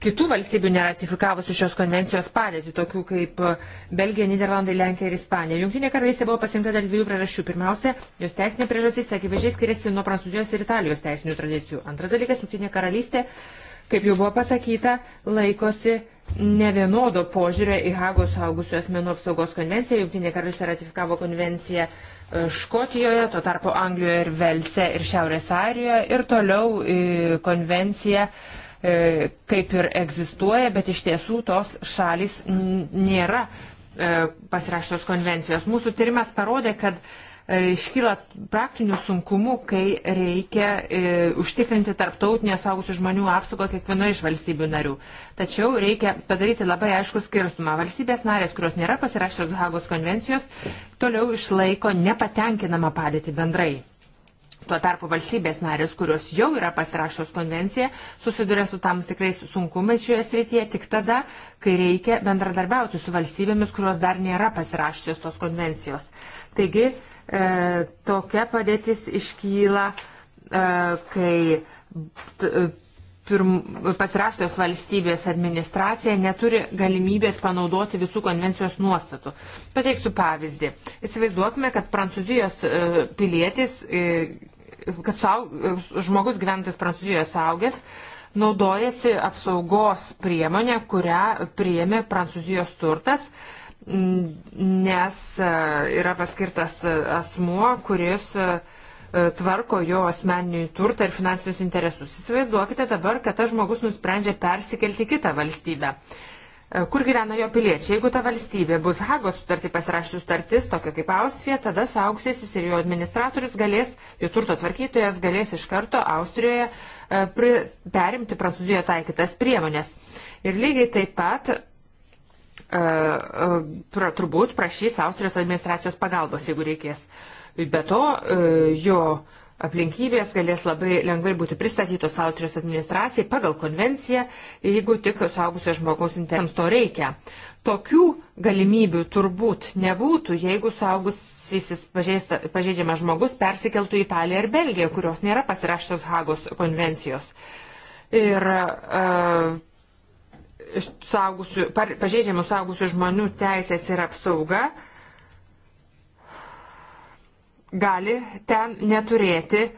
kitų valstybių neratifikavusių šios konvencijos padėtį, tokių kaip e, Belgija, Niderlandai, Lenkija ir Ispanija. Junktinė karalystė buvo pasirinkta dėl dviejų priežasčių. Pirmiausia, jos teisinė priežastis akivaizdžiai skiriasi nuo Prancūzijos ir Italijos teisinių tradicijų. Antras dalykas, Junktinė karalystė, kaip jau buvo pasakyta, laikosi nevienodo požiūrio į Hagos saugusių asmenų apsaugos konvenciją. Junktinė karalystė ratifikavo konvenciją e, Škotijoje, tuo tarpu Anglijoje ir Velse ir Šiaurės Airijoje ir toliau e, konvencija. E, E, kaip ir egzistuoja, bet iš tiesų tos šalis nėra e, pasirašytos konvencijos. Mūsų tyrimas parodė, kad e, iškyla praktinių sunkumų, kai reikia e, užtikrinti tarptautinę saugusių žmonių apsaugą kiekvienoje iš valstybių narių. Tačiau reikia padaryti labai aišku skirtumą. Valstybės narės, kurios nėra pasirašytos Hagos konvencijos, toliau išlaiko nepatenkinamą padėtį bendrai. Tuo tarpu valstybės narės, kurios jau yra pasirašęs konvenciją, susiduria su tam tikrais sunkumais šioje srityje tik tada, kai reikia bendradarbiauti su valstybėmis, kurios dar nėra pasirašęs tos konvencijos. Taigi, e, tokia padėtis iškyla, e, kai t, e, pirm, pasirašytos valstybės administracija neturi galimybės panaudoti visų konvencijos nuostatų. Pateiksiu pavyzdį. Įsivaizduokime, kad prancūzijos e, pilietis e, kad suaug, žmogus gyventis Prancūzijoje suaugęs naudojasi apsaugos priemonė, kurią priėmė Prancūzijos turtas, nes e, yra paskirtas asmuo, kuris e, tvarko jo asmeninį turtą ir finansinius interesus. Įsivaizduokite dabar, kad tas žmogus nusprendžia persikelti kitą valstybę. E, kur gyvena jo piliečiai. Jeigu ta valstybė bus Hagos sutartį pasirašyti sutartis, tokia kaip Austrija, tada suaugsėsis ir jo administratorius galės, jo turto tvarkytojas galės iš karto Austrijoje e, perimti Prancūzijoje taikytas priemonės. Ir lygiai taip pat e, turbūt prašys Austrijos administracijos pagalbos, jeigu reikės. Be to, jo aplinkybės galės labai lengvai būti pristatytos Austrijos administracijai pagal konvenciją, jeigu tik suaugusio žmogaus interesams to reikia. Tokių galimybių turbūt nebūtų, jeigu suaugusysis pažeidžiamas žmogus persikeltų į Italiją ar Belgiją, kurios nėra pasirašytos Hagos konvencijos. Ir uh, e, saugusių, pažeidžiamų saugusių žmonių teisės ir apsauga uh, gali ten neturėti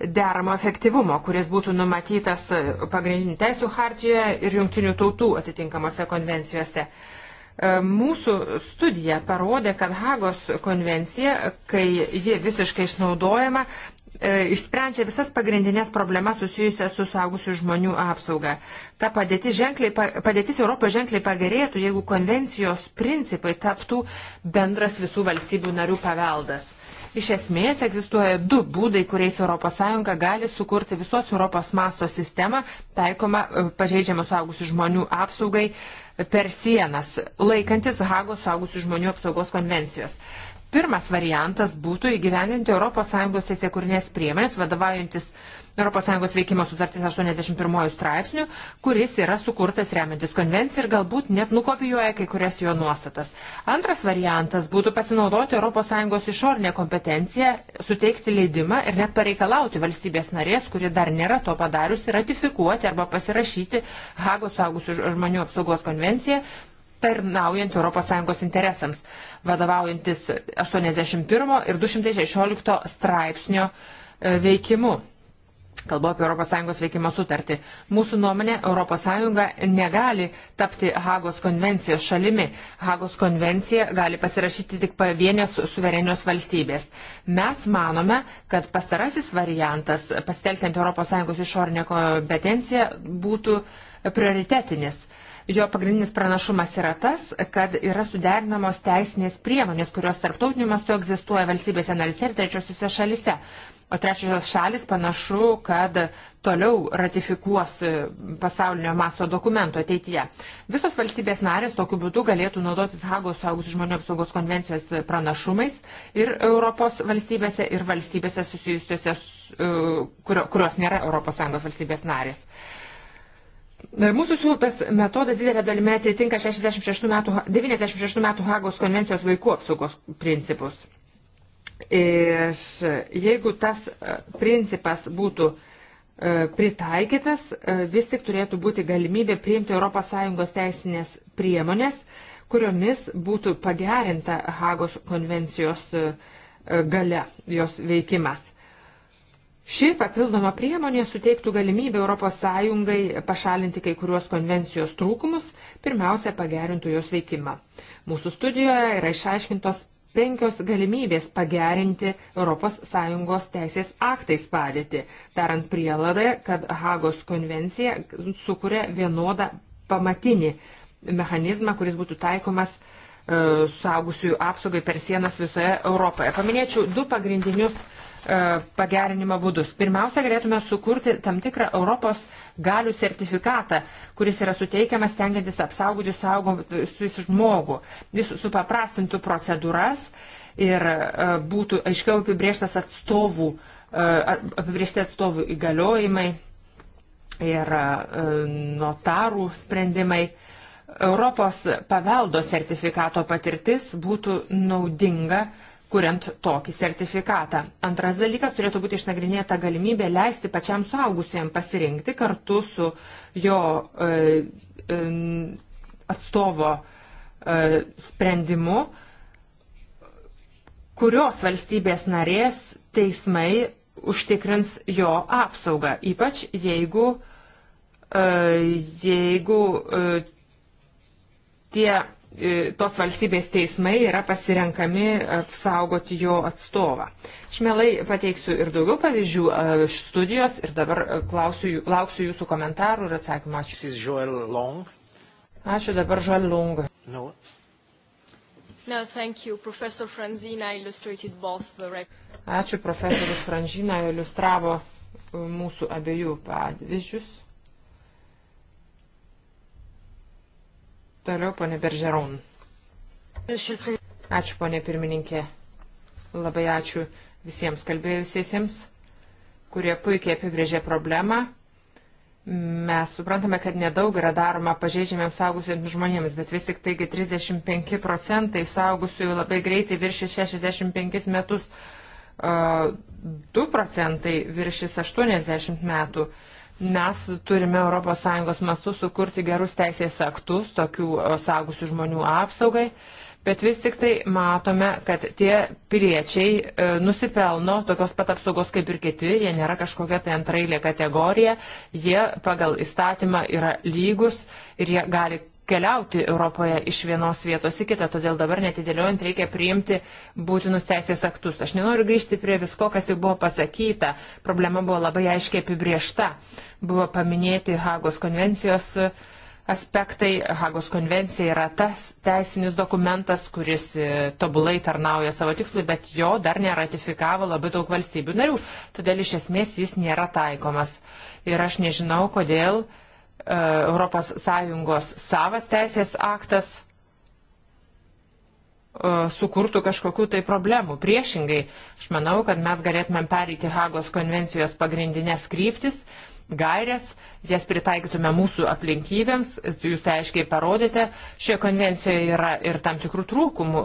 deramo efektyvumo, kuris būtų numatytas pagrindinių teisų hartijoje ir jungtinių tautų atitinkamose konvencijose. E, mūsų studija parodė, kad Hagos konvencija, kai ji visiškai išnaudojama, e, išsprendžia visas pagrindinės problemas susijusias su saugusių žmonių apsauga. Ta padėtis, ženkliai, padėtis Europoje ženkliai pagerėtų, jeigu konvencijos principai taptų bendras visų valstybių narių paveldas. Iš esmės egzistuoja du būdai, kuriais ES gali sukurti visos Europos masto sistemą taikoma e, pažeidžiamų suaugusių žmonių apsaugai per sienas, laikantis Hagos suaugusių žmonių apsaugos konvencijos. Pirmas variantas būtų įgyveninti ES teisėkūrinės priemonės, vadovaujantis ES veikimo sutartis 81 straipsnių, kuris yra sukurtas remiantis konvenciją ir galbūt net nukopijuoja kai kurias jo nuostatas. Antras variantas būtų pasinaudoti ES išornę kompetenciją, suteikti leidimą ir net pareikalauti valstybės narės, kuri dar nėra to padariusi, ratifikuoti arba pasirašyti Hagos saugusių žmonių apsaugos konvenciją tarnaujant ES interesams vadovaujantis 81 ir 216 straipsnio e, veikimu. Kalbu apie ES veikimo sutartį. Mūsų nuomonė, ES negali tapti Hagos konvencijos šalimi. Hagos konvencija gali pasirašyti tik pavienės suverenios valstybės. Mes manome, kad pastarasis variantas, pasitelkiant ES išorinę kompetenciją, būtų prioritetinis. Jo pagrindinis pranašumas yra tas, kad yra suderinamos teisinės priemonės, kurios tarptautiniu mastu egzistuoja valstybėse narise ir trečiosiuose šalise. O trečiosios šalis panašu, kad toliau ratifikuos e, pasaulinio masto dokumento ateityje. Visos valstybės narės tokiu būdu galėtų naudotis Hagos suaugusių žmonių apsaugos konvencijos pranašumais ir Europos valstybėse, ir valstybėse susijusiuose, e, kurios nėra ES valstybės narės. Mūsų siūlotas metodas didelė dalime atitinka 66 metų, 96 metų Hagos konvencijos vaikų apsaugos principus. Ir jeigu tas e, principas būtų e, pritaikytas, e, vis tik turėtų būti galimybė priimti ES teisinės priemonės, kuriomis būtų pagerinta Hagos konvencijos gale jos veikimas. Ši papildoma priemonė suteiktų galimybę ES pašalinti kai kuriuos konvencijos trūkumus, pirmiausia pagerintų jos veikimą. Mūsų studijoje yra išaiškintos penkios galimybės pagerinti ES teisės aktais padėtį, darant prielaidą, kad Hagos konvencija sukuria vienodą pamatinį mechanizmą, kuris būtų taikomas e, suaugusiųjų apsaugai per sienas visoje Europoje. Paminėčiau du pagrindinius E, pagerinimo būdus. Pirmiausia, galėtume sukurti tam tikrą Europos galių sertifikatą, kuris yra suteikiamas tengiantis apsaugoti saugomus žmogų. Jis supaprastintų procedūras ir e, būtų aiškiau apibrieštas atstovų, e, apibriešti atstovų įgaliojimai ir notarų sprendimai. Europos paveldo sertifikato patirtis būtų naudinga uh, kuriant tokį sertifikatą. Antras dalykas turėtų būti išnagrinėta galimybė leisti pačiam suaugusiem pasirinkti kartu su jo e, e, atstovo e, sprendimu, kurios valstybės narės teismai užtikrins jo apsaugą, ypač jeigu, e, jeigu e, tie E, tos valstybės teismai yra pasirenkami apsaugoti jo atstovą. Aš mielai pateiksiu ir daugiau pavyzdžių e, iš studijos ir dabar e, klausiu, lauksiu jūsų komentarų ir atsakymų. Ačiū. Ačiū dabar Žuel Lung. No. No, thank you. Professor Franzina illustrated both the Ačiū profesorius Franžina iliustravo mūsų abiejų pavyzdžius. Toliau, ponė Beržeron. Ačiū, ponė pirmininkė. Labai ačiū visiems kalbėjusiesiems, kurie puikiai apibrėžė problemą. Mes suprantame, kad nedaug yra daroma pažeidžiamiams saugusiems žmonėms, bet vis tik taigi 35 procentai saugusiųjų labai greitai viršė 65 metus, 2 procentai viršys 80 metų. Mes turime ES mastu sukurti gerus teisės aktus, tokių e, saugusių žmonių apsaugai, bet vis tik tai matome, kad tie piliečiai e, nusipelno tokios pat apsaugos kaip ir kiti, jie nėra kažkokia tai antrailė kategorija, jie pagal įstatymą yra lygus ir jie gali keliauti Europoje iš vienos vietos į kitą, todėl dabar netidėliojant reikia priimti būtinus teisės aktus. Aš nenoriu grįžti prie visko, kas jau buvo pasakyta. Problema buvo labai aiškiai apibriešta. Buvo paminėti Hagos konvencijos aspektai. Hagos konvencija yra tas teisinis dokumentas, kuris e, tobulai tarnauja savo tikslui, bet jo dar neratifikavo labai daug valstybių narių, todėl iš esmės jis nėra taikomas. Ir aš nežinau, kodėl uh, ES savas teisės aktas e, sukurtų kažkokių tai problemų. Priešingai, aš manau, kad mes galėtumėm pereiti Hagos konvencijos pagrindinės kryptis, gairias, jas pritaikytume mūsų aplinkybėms, jūs tai aiškiai parodėte, šioje konvencijoje yra ir tam tikrų trūkumų,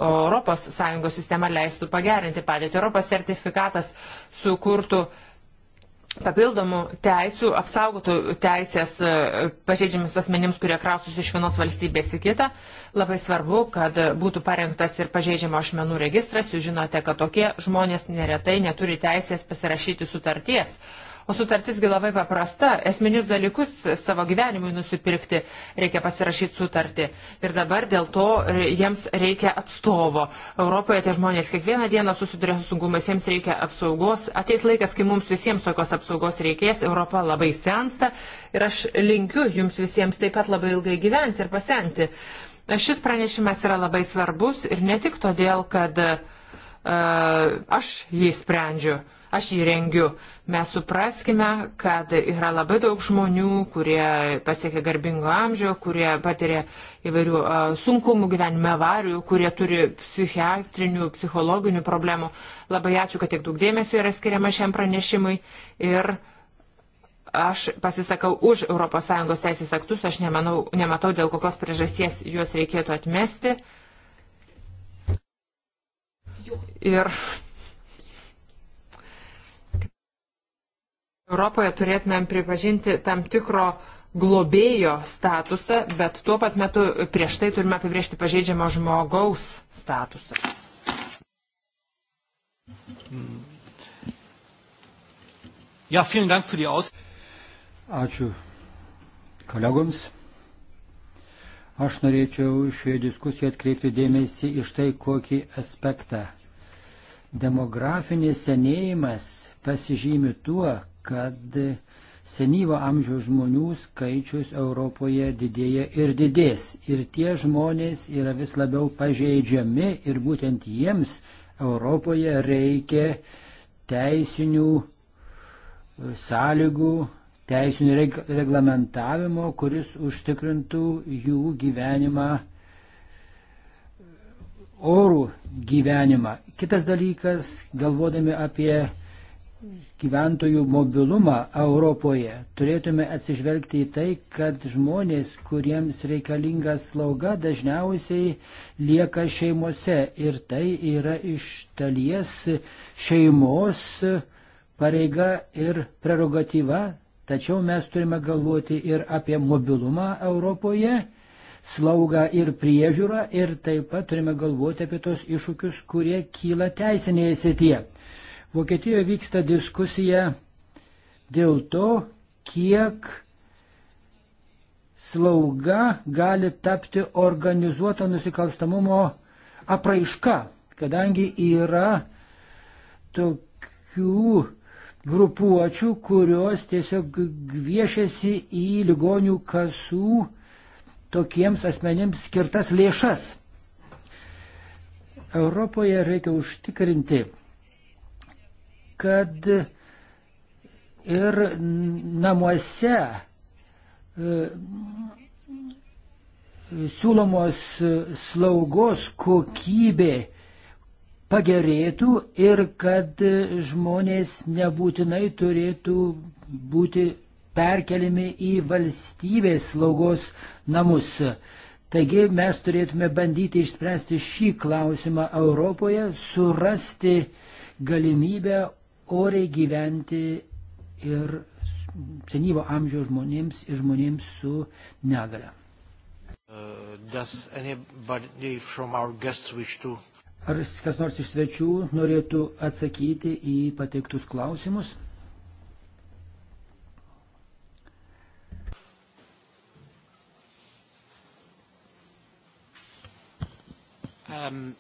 ES sistema leistų pagerinti padėtį, Europos sertifikatas sukurtų uh, papildomų teisių, apsaugotų teisės e, pažeidžiamis asmenims, kurie krausus iš vienos valstybės į kitą. Labai svarbu, kad būtų parengtas ir pažeidžiamo asmenų registras. Jūs žinote, kad tokie žmonės neretai neturi teisės pasirašyti sutarties O sutartisgi labai paprasta. Esminius dalykus savo gyvenimui nusipirkti reikia pasirašyti sutartį. Ir dabar dėl to e, jiems reikia atstovo. Europoje tie žmonės kiekvieną dieną susiduria su sunkumais, jiems reikia apsaugos. Ateis laikas, kai mums visiems tokios apsaugos reikės. Europa labai sensta. Ir aš linkiu jums visiems taip pat labai ilgai gyventi ir pasenti. Šis pranešimas yra labai svarbus ir ne tik todėl, kad uh, aš jį sprendžiu, aš jį rengiu, Mes supraskime, kad yra labai daug žmonių, kurie pasiekia garbingo amžio, kurie patiria įvairių sunkumų gyvenime avarijų, kurie turi psichiatrinių, psichologinių problemų. Labai ačiū, kad tiek daug dėmesio yra skiriama šiam pranešimui. Ir aš pasisakau už ES teisės aktus, aš nemanau, nematau, dėl kokios priežasties juos reikėtų atmesti. Ir Europoje turėtumėm pripažinti tam tikro globėjo statusą, bet tuo pat metu prieš tai turime apibriežti pažeidžiamo žmogaus statusą. Ja, Dank für die Aus Ačiū kolegoms. Aš norėčiau šioje diskusijoje atkreipti dėmesį iš tai, kokį aspektą. Demografinis senėjimas pasižymi tuo, kad senyvo amžiaus žmonių skaičius Europoje didėja ir didės. Ir tie žmonės yra vis labiau pažeidžiami ir būtent jiems Europoje reikia teisinių e, sąlygų, teisinių reglamentavimo, kuris užtikrintų jų gyvenimą, orų gyvenimą. Kitas dalykas, galvodami apie gyventojų mobilumą Europoje, turėtume atsižvelgti į tai, kad žmonės, kuriems reikalinga slauga, dažniausiai lieka šeimose ir tai yra iš dalies šeimos pareiga ir prerogatyva, tačiau mes turime galvoti ir apie mobilumą Europoje slaugą ir priežiūrą ir taip pat turime galvoti apie tos iššūkius, kurie kyla teisinėje srityje. Vokietijoje vyksta diskusija dėl to, kiek slauga gali tapti organizuoto nusikalstamumo apraiška, kadangi yra tokių grupuočių, kurios tiesiog gviešiasi į ligonių kasų tokiems asmenims skirtas lėšas. Europoje reikia užtikrinti, kad ir namuose e, siūlomos slaugos kokybė pagerėtų ir kad žmonės nebūtinai turėtų būti perkeliami į valstybės slaugos namus. Taigi mes turėtume bandyti išspręsti šį klausimą Europoje, surasti galimybę oriai gyventi ir senyvo amžiaus žmonėms ir žmonėms su negale. Uh, Ar kas nors iš svečių norėtų atsakyti į pateiktus klausimus? Um,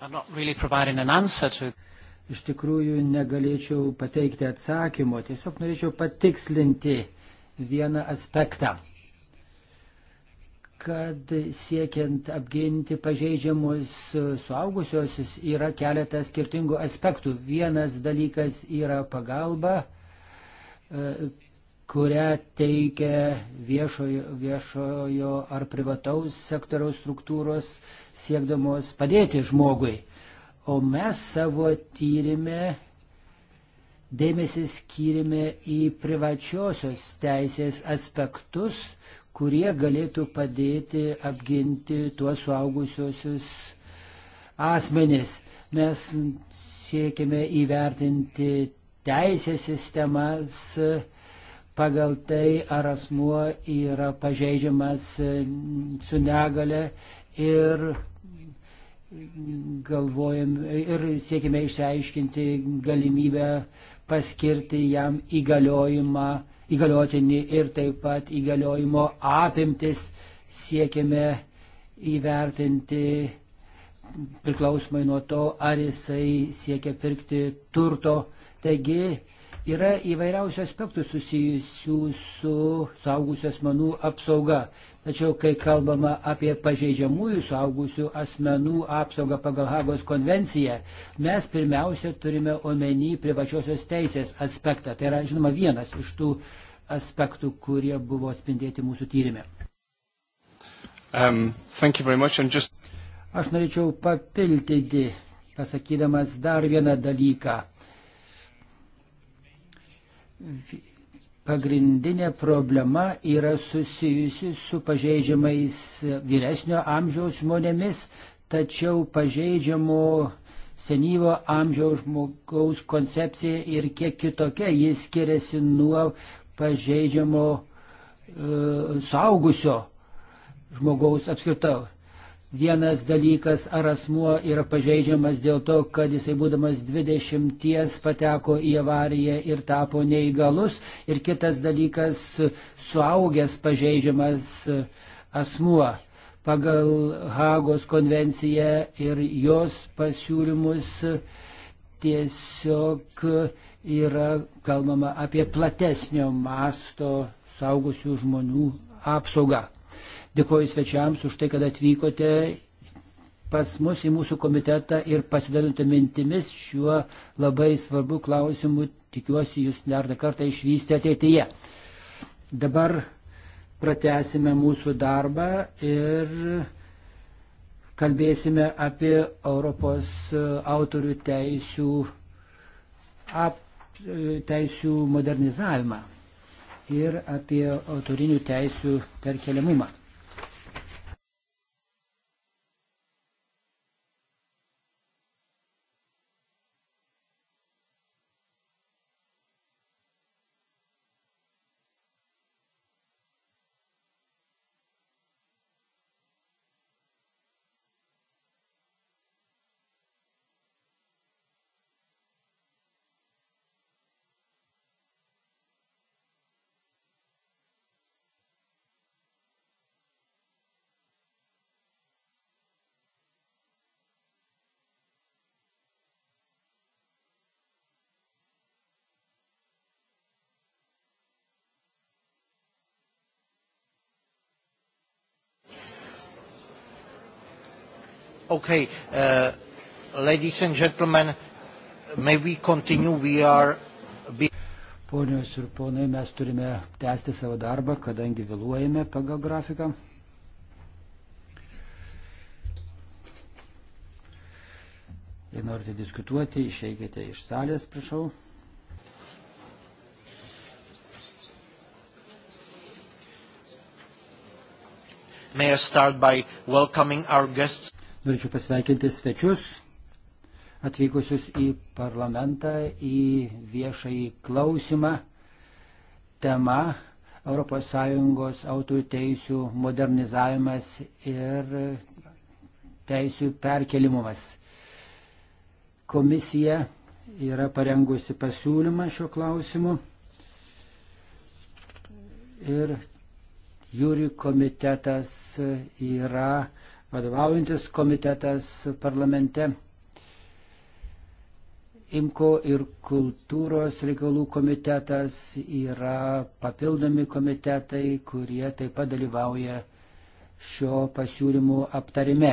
I'm not really providing an answer to iš tikrųjų negalėčiau pateikti atsakymo, tiesiog norėčiau patikslinti vieną aspektą, kad siekiant apginti pažeidžiamus suaugusiosius yra keletas skirtingų aspektų. Vienas dalykas yra pagalba, e, kurią teikia viešojo, viešojo ar privataus sektoriaus struktūros siekdamos padėti žmogui. O mes savo tyrimę dėmesį skyrime į privačiosios teisės aspektus, kurie galėtų padėti apginti tuos suaugusiosius asmenis. Mes siekime įvertinti teisės sistemas pagal tai, ar asmuo yra pažeidžiamas su negale ir galvojame ir siekime išsiaiškinti galimybę paskirti jam įgaliojimą, įgaliotinį ir taip pat įgaliojimo apimtis siekime įvertinti priklausomai nuo to, ar jisai siekia pirkti turto. Taigi yra įvairiausių aspektų susijusių su saugusių asmenų apsauga. Tačiau, kai kalbama apie pažeidžiamųjų suaugusių asmenų apsaugą pagal Hagos konvenciją, mes pirmiausia turime omeny privačiosios teisės aspektą. Tai yra, žinoma, vienas iš tų aspektų, kurie buvo atspindėti mūsų tyrimė. Um, just... Aš norėčiau papildyti, pasakydamas dar vieną dalyką pagrindinė problema yra susijusi su pažeidžiamais vyresnio amžiaus žmonėmis, tačiau pažeidžiamo senyvo amžiaus žmogaus koncepcija ir kiek kitokia, jis skiriasi nuo pažeidžiamo e, saugusio žmogaus apskritai. Vienas dalykas, ar asmuo yra pažeidžiamas dėl to, kad jisai būdamas 20 pateko į avariją ir tapo neįgalus. Ir kitas dalykas, suaugęs pažeidžiamas asmuo pagal Hagos konvenciją ir jos pasiūlymus tiesiog yra kalbama apie platesnio masto saugusių žmonių apsaugą. Dėkuoju svečiams už tai, kad atvykote pas mus į mūsų komitetą ir pasidalinote mintimis šiuo labai svarbu klausimu. Tikiuosi, jūs dar kartą išvystę ateityje. Dabar pratesime mūsų darbą ir kalbėsime apie Europos autorių teisių, ap, teisių modernizavimą ir apie autorinių teisių perkeliamumą. Okay, uh, ladies and gentlemen, may we continue, we are... Ponios ir ponai, mes turime tęsti savo darbą, kadangi vėluojame pagal grafiką. Jei norite diskutuoti, išeikite iš salės, prašau. May I start by welcoming our guests? Norėčiau pasveikinti svečius atvykusius į parlamentą, į viešąjį klausimą. Tema ES autorių teisių modernizavimas ir teisių perkelimumas. Komisija yra parengusi pasiūlymą šiuo klausimu ir jūri komitetas yra vadovaujantis komitetas parlamente. IMKO ir kultūros reikalų komitetas yra papildomi komitetai, kurie taip pat dalyvauja šio pasiūlymų aptarime.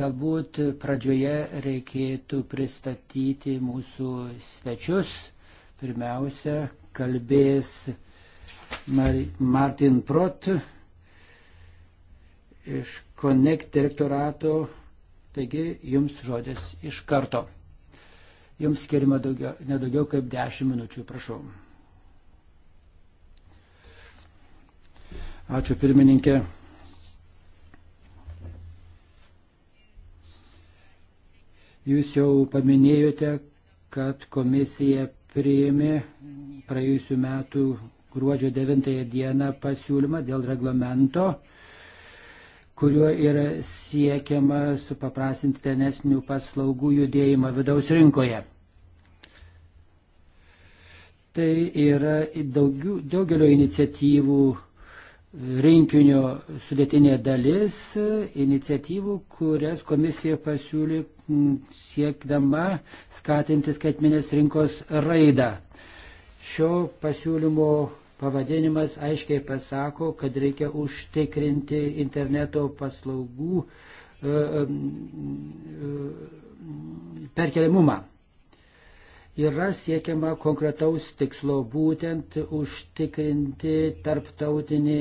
Galbūt pradžioje reikėtų pristatyti mūsų svečius. Pirmiausia, kalbės Mar Martin Prot iš Connect direktorato, taigi jums žodis iš karto. Jums skirima daugiau, nedaugiau kaip 10 minučių, prašau. Ačiū pirmininkė. Jūs jau paminėjote, kad komisija priėmė praėjusiu metu gruodžio 9 dieną pasiūlymą dėl reglamento, kuriuo yra siekiama supaprastinti tenesnių paslaugų judėjimą vidaus rinkoje. Tai yra daugiu, daugelio iniciatyvų rinkinio sudėtinė dalis, iniciatyvų, kurias komisija pasiūlė siekdama skatinti skaitminės rinkos raidą. Šio pasiūlymo pavadinimas aiškiai pasako, kad reikia užtikrinti interneto paslaugų e, e, e, perkeliamumą. Yra siekiama konkretaus tikslo būtent užtikrinti tarptautinį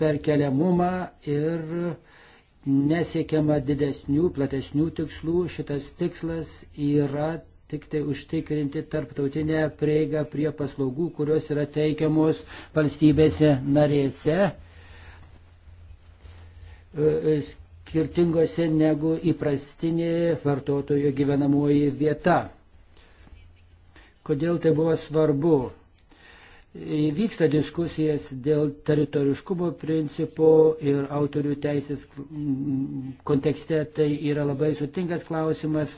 perkeliamumą ir nesiekiama didesnių, platesnių tikslų. Šitas tikslas yra tik tai užtikrinti tarptautinę prieigą prie paslaugų, kurios yra teikiamos valstybėse narėse, e, e, skirtingose negu įprastinė vartotojo gyvenamoji vieta. Kodėl tai buvo svarbu? Vyksta diskusijas dėl teritoriškumo principo ir autorių teisės kontekste tai yra labai sutingas klausimas.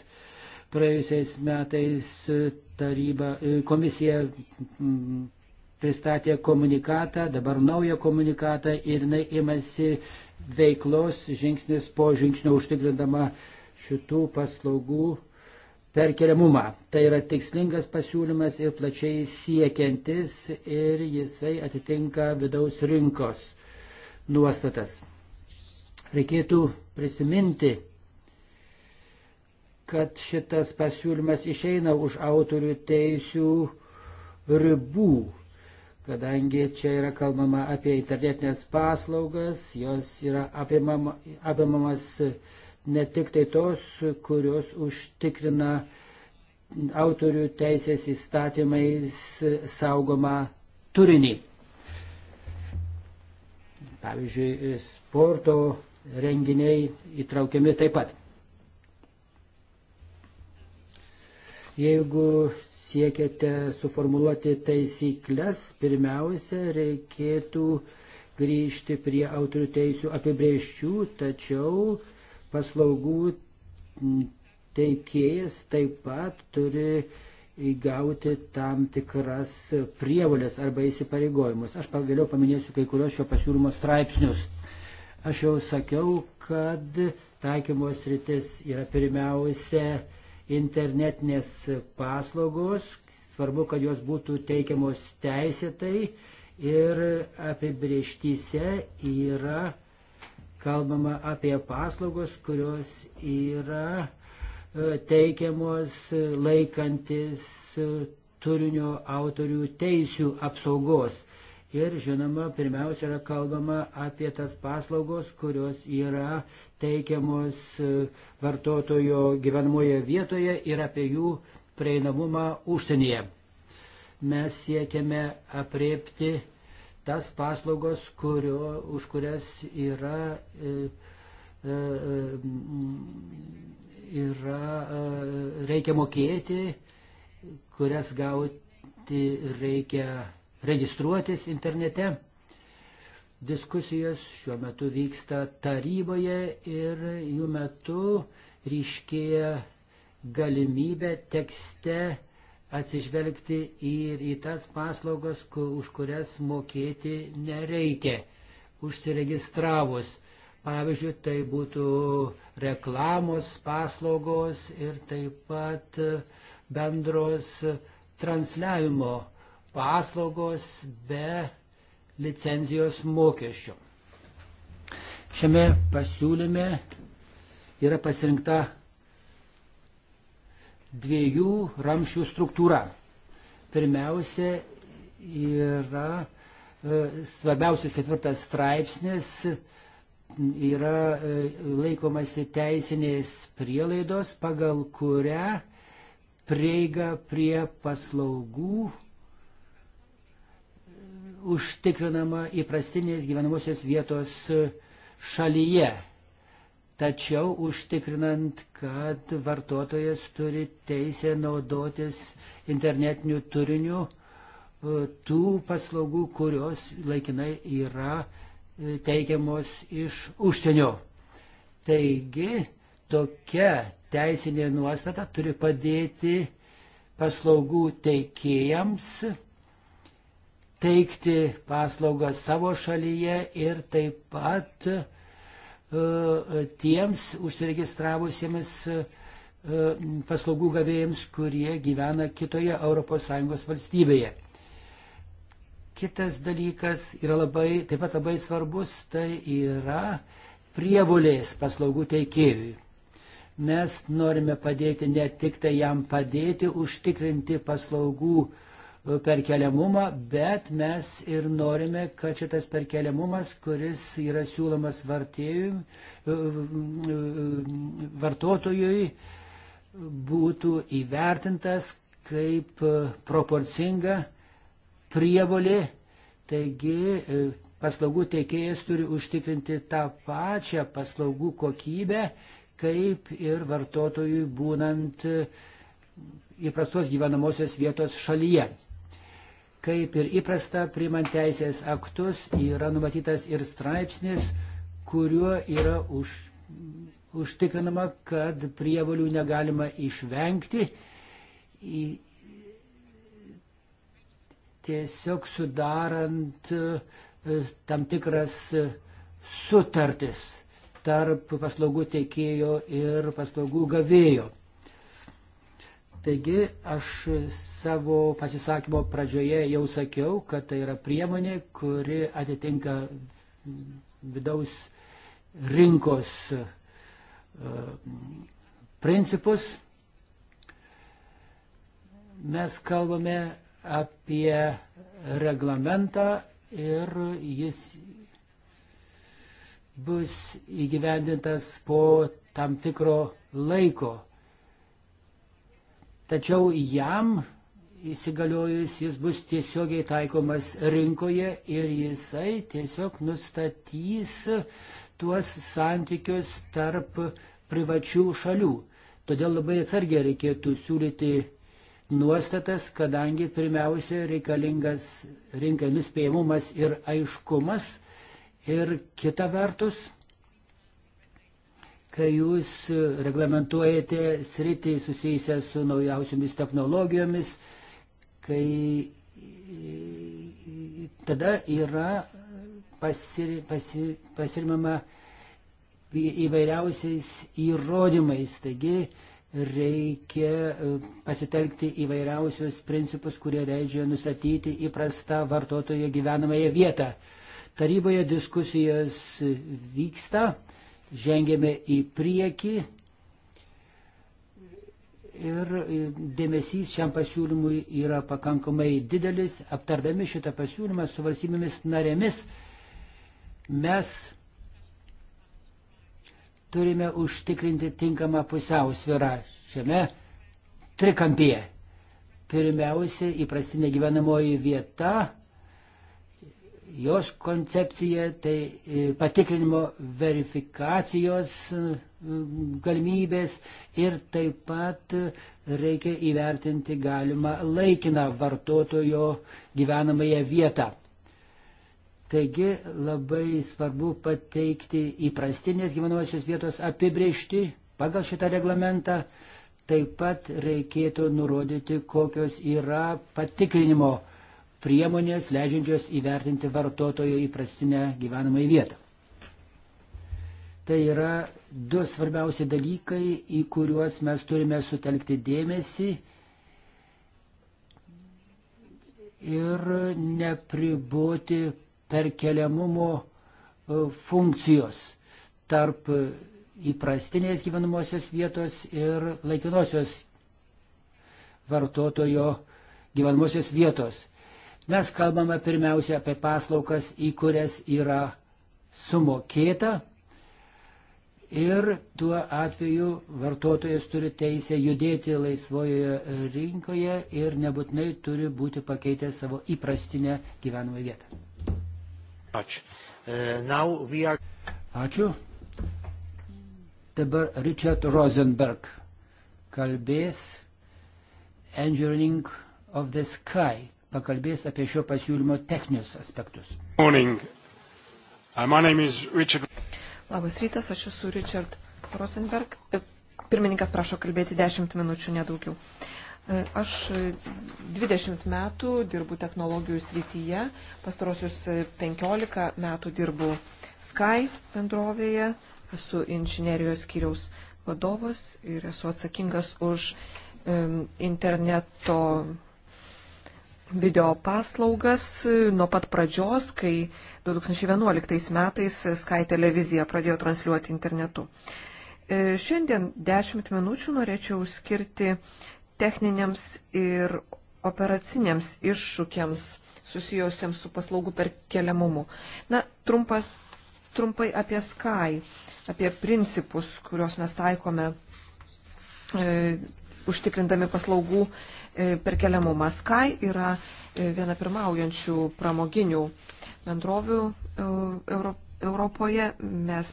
Praėjusiais metais taryba, e, komisija pristatė komunikatą, dabar naują komunikatą ir jinai imasi veiklos žingsnis po žingsnio užtikrindama šitų paslaugų perkeliamumą. Tai yra tikslingas pasiūlymas ir plačiai siekiantis ir jisai atitinka vidaus rinkos nuostatas. Reikėtų prisiminti, kad šitas pasiūlymas išeina už autorių teisių ribų, kadangi čia yra kalbama apie internetinės paslaugas, jos yra apimama, apimamas ne tik tai tos, kurios užtikrina autorių teisės įstatymais saugomą turinį. Pavyzdžiui, sporto renginiai įtraukiami taip pat. Jeigu siekiate suformuluoti taisyklės, pirmiausia, reikėtų grįžti prie autorių teisų apibrėžčių, tačiau paslaugų teikėjas taip pat turi įgauti tam tikras prievolės arba įsipareigojimus. Aš vėliau paminėsiu kai kurios šio pasiūlymo straipsnius. Aš jau sakiau, kad taikymos rytis yra pirmiausia internetinės paslaugos, svarbu, kad jos būtų teikiamos teisėtai ir apibrieštyse yra kalbama apie paslaugos, kurios yra e, teikiamos laikantis turinio autorių teisių apsaugos. Ir žinoma, pirmiausia yra kalbama apie tas paslaugos, kurios yra teikiamos e, vartotojo gyvenamoje vietoje ir apie jų prieinamumą užsienyje. Mes siekiame apriepti tas paslaugos, kurio, už kurias yra, e, e, yra reikia mokėti, kurias gauti reikia registruotis internete. Diskusijos šiuo metu vyksta taryboje ir jų metu ryškėja galimybė tekste atsižvelgti ir į tas paslaugas, už kurias mokėti nereikia, užsiregistravus. Pavyzdžiui, tai būtų reklamos paslaugos ir taip pat bendros transliavimo paslaugos be licenzijos mokesčio. Šiame pasiūlyme yra pasirinkta dviejų ramšių struktūra. Pirmiausia yra e, svarbiausias ketvirtas straipsnis yra e, laikomasi teisinės prielaidos, pagal kurią prieiga prie paslaugų užtikrinama įprastinės gyvenamosios vietos šalyje. Tačiau užtikrinant, kad vartotojas turi teisę naudotis internetiniu turiniu e, tų paslaugų, kurios laikinai yra e, teikiamos iš užsienio. Taigi, tokia teisinė nuostata turi padėti paslaugų teikėjams teikti paslaugas savo šalyje ir taip pat e, tiems užsiregistravusiems e, paslaugų gavėjams, kurie gyvena kitoje ES valstybėje. Kitas dalykas yra labai, taip pat labai svarbus, tai yra prievolės paslaugų teikėjui. Mes norime padėti ne tik tai jam padėti užtikrinti paslaugų uh, perkeliamumą, bet mes ir norime, kad šitas perkeliamumas, kuris yra siūlomas e, e, e, vartotojui, būtų įvertintas kaip proporcinga prievolė. Taigi paslaugų teikėjas turi užtikrinti tą pačią paslaugų kokybę, kaip ir vartotojui būnant įprastos gyvenamosios vietos šalyje. Kaip ir įprasta, priimant teisės aktus, yra numatytas ir straipsnis, kuriuo yra už, užtikrinama, kad prievalių negalima išvengti. Į, tiesiog sudarant e, tam tikras e, sutartis tarp paslaugų teikėjo ir paslaugų gavėjo. Taigi aš savo pasisakymo pradžioje jau sakiau, kad tai yra priemonė, kuri atitinka vidaus rinkos e, principus. Mes kalbame apie reglamentą ir jis bus įgyvendintas po tam tikro laiko tačiau jam įsigaliojus jis bus tiesiogiai taikomas rinkoje ir jisai tiesiog nustatys tuos santykius tarp privačių šalių. Todėl labai atsargiai reikėtų siūlyti nuostatas, kadangi pirmiausia reikalingas rinkai nuspėjimumas ir aiškumas. Ir kita vertus, kai jūs reglamentuojate sritį susijusią su naujausiomis technologijomis, kai tada yra pasir, pasir, pasirimama įvairiausiais įrodymais. Taigi reikia e, pasitelkti įvairiausius principus, kurie leidžia nustatyti įprastą vartotojo gyvenamąją vietą. Taryboje diskusijos vyksta žengėme į priekį ir dėmesys šiam pasiūlymui yra pakankamai didelis. Aptardami šitą pasiūlymą su valstybėmis narėmis mes turime užtikrinti tinkamą pusiausvyrą šiame trikampyje. Pirmiausia, įprastinė gyvenamoji vieta jos koncepcija, tai e, patikrinimo verifikacijos e, galimybės ir taip pat e, reikia įvertinti galimą laikiną vartotojo gyvenamąją vietą. Taigi labai svarbu pateikti įprastinės gyvenamosios vietos apibriežti pagal šitą reglamentą. Taip pat reikėtų nurodyti, kokios yra patikrinimo priemonės leidžiančios įvertinti vartotojo įprastinę gyvenamąją vietą. Tai yra du svarbiausi dalykai, į kuriuos mes turime sutelkti dėmesį ir nepriboti perkeliamumo e, funkcijos tarp įprastinės gyvenamosios vietos ir laikinosios vartotojo gyvenamosios vietos. Mes kalbame pirmiausia apie paslaukas, į kurias yra sumokėta ir tuo atveju vartotojas turi teisę judėti laisvojoje rinkoje ir nebūtinai turi būti pakeitę savo įprastinę gyvenamą vietą. Ačiū. Uh, are... Ačiū. Dabar Richard Rosenberg kalbės Engineering of the Sky pakalbės apie šio pasiūlymo techninius aspektus. Uh, Labas rytas, aš esu Richard Rosenberg. E, pirmininkas prašo kalbėti 10 minučių, nedaugiau. E, aš 20 metų dirbu technologijų srityje, pastarosius 15 metų dirbu Sky bendrovėje, esu inžinerijos skyriaus vadovas ir esu atsakingas už interneto video paslaugas nuo pat pradžios, kai 2011 metais Sky televizija pradėjo transliuoti internetu. E, šiandien 10 minučių norėčiau skirti techniniams ir operaciniams iššūkiams susijusiems su paslaugų perkeliamumu. Na, trumpas, trumpai apie Sky, apie principus, kuriuos mes taikome e, užtikrindami paslaugų e, E, perkeliamumas. Kai yra e, viena pirmaujančių pramoginių bendrovių e, Europoje. Mes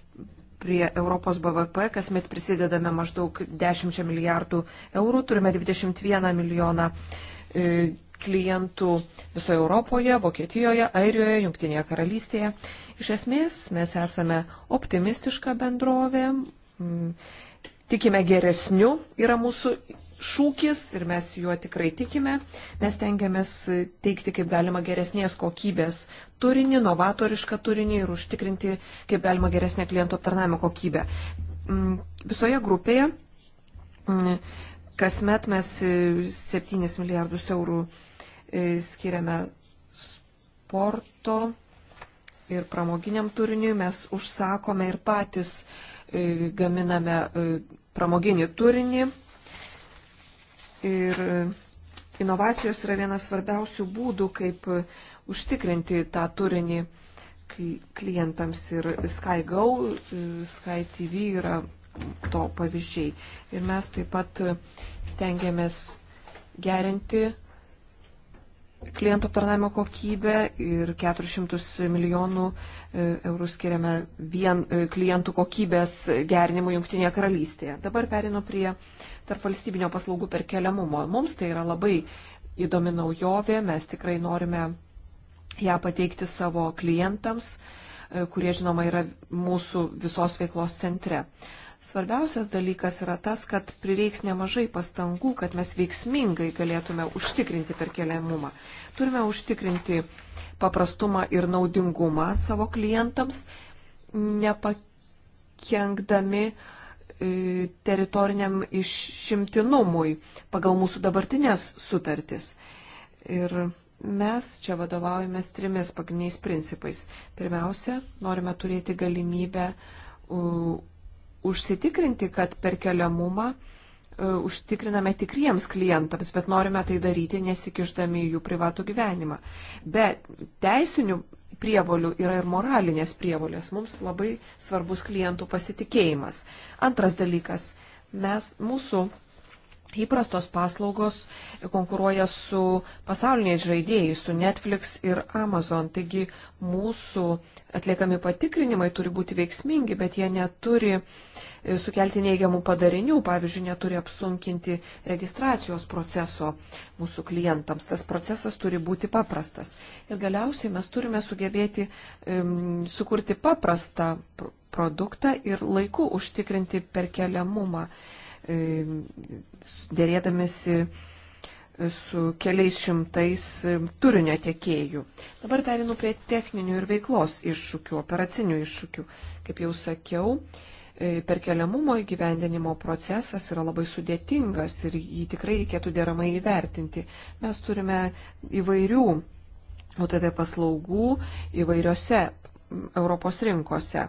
prie Europos BVP kasmet prisidedame maždaug 10 milijardų eurų, turime 21 milijoną klientų visoje Europoje, Vokietijoje, Airijoje, Junktinėje karalystėje. Iš esmės mes esame optimistiška bendrovė, mm, tikime geresniu yra mūsų šūkis ir mes juo tikrai tikime. Mes tengiamės teikti kaip galima geresnės kokybės turinį, novatorišką turinį ir užtikrinti kaip galima geresnę klientų aptarnavimo kokybę. Mm, visoje grupėje mm, kasmet mes 7 e, milijardus eurų e, skiriame sporto ir pramoginiam turiniui. Mes užsakome ir patys e, gaminame pramoginį turinį Ir inovacijos yra vienas svarbiausių būdų, kaip užtikrinti tą turinį klientams. Ir SkyGo, SkyTV yra to pavyzdžiai. Ir mes taip pat stengiamės gerinti klientų aptarnavimo kokybę ir 400 milijonų e, eurų skiriame vien e, klientų kokybės gerinimui Junktinėje karalystėje. Dabar perinu prie tarp valstybinio paslaugų perkeliamumo. Mums tai yra labai įdomi naujovė, mes tikrai norime ją pateikti savo klientams, e, kurie žinoma yra mūsų visos veiklos centre. Svarbiausias dalykas yra tas, kad prireiks nemažai pastangų, kad mes veiksmingai galėtume užtikrinti perkeliamumą. Turime užtikrinti paprastumą ir naudingumą savo klientams, nepakenkdami uh, E, teritoriniam išimtinumui pagal mūsų dabartinės sutartis. Ir mes čia vadovaujamės trimis pagrindiniais principais. Pirmiausia, norime turėti galimybę užsitikrinti, kad per keliamumą e, užtikriname tikriems klientams, bet norime tai daryti nesikišdami jų privatų gyvenimą. Be teisinių prievolių yra ir moralinės prievolės. Mums labai svarbus klientų pasitikėjimas. Antras dalykas, mes, mūsų įprastos paslaugos konkuruoja su pasauliniais žaidėjais, su Netflix ir Amazon. Taigi mūsų atliekami patikrinimai turi būti veiksmingi, bet jie neturi e, sukelti neigiamų padarinių, pavyzdžiui, neturi apsunkinti registracijos proceso mūsų klientams. Tas procesas turi būti paprastas. Ir galiausiai mes turime sugebėti um, sukurti paprastą produktą ir laiku užtikrinti perkeliamumą. E, dėrėdamėsi su keliais šimtais e, turinio tiekėjų. Dabar perinu prie techninių ir veiklos iššūkių, operacinių iššūkių. Kaip jau sakiau, e, perkeliamumo įgyvendinimo procesas yra labai sudėtingas ir jį tikrai reikėtų deramai įvertinti. Mes turime įvairių OTT paslaugų įvairiose Europos rinkose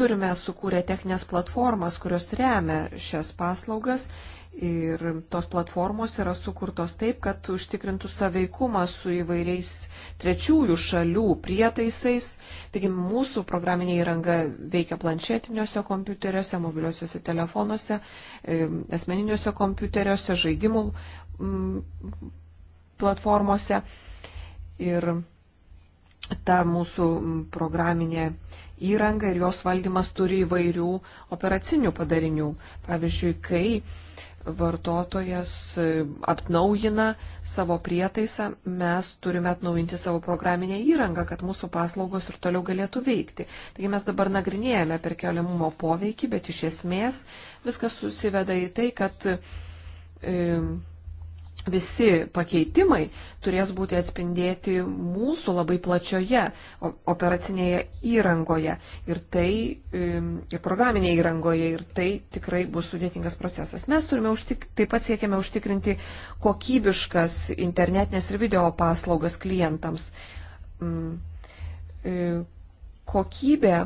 turime sukūrę techninės platformas, kurios remia šias paslaugas ir tos platformos yra sukurtos taip, kad užtikrintų saveikumą su įvairiais trečiųjų šalių prietaisais. Taigi mūsų programinė įranga veikia planšetiniuose kompiuteriuose, mobiliuosiuose telefonuose, e, asmeniniuose kompiuteriuose, žaidimų platformose. Ir ta mūsų programinė įranga ir jos valdymas turi įvairių operacinių padarinių. Pavyzdžiui, kai vartotojas e, atnaujina savo prietaisą, mes turime atnaujinti savo programinę įrangą, kad mūsų paslaugos ir toliau galėtų veikti. Taigi mes dabar nagrinėjame perkeliamumo poveikį, bet iš esmės viskas susiveda į tai, kad e, visi pakeitimai turės būti atspindėti mūsų labai plačioje operacinėje įrangoje ir tai, ir programinėje įrangoje, ir tai tikrai bus sudėtingas procesas. Mes turime užtik, taip pat siekiame užtikrinti kokybiškas internetinės ir video paslaugas klientams. Mm, e, kokybė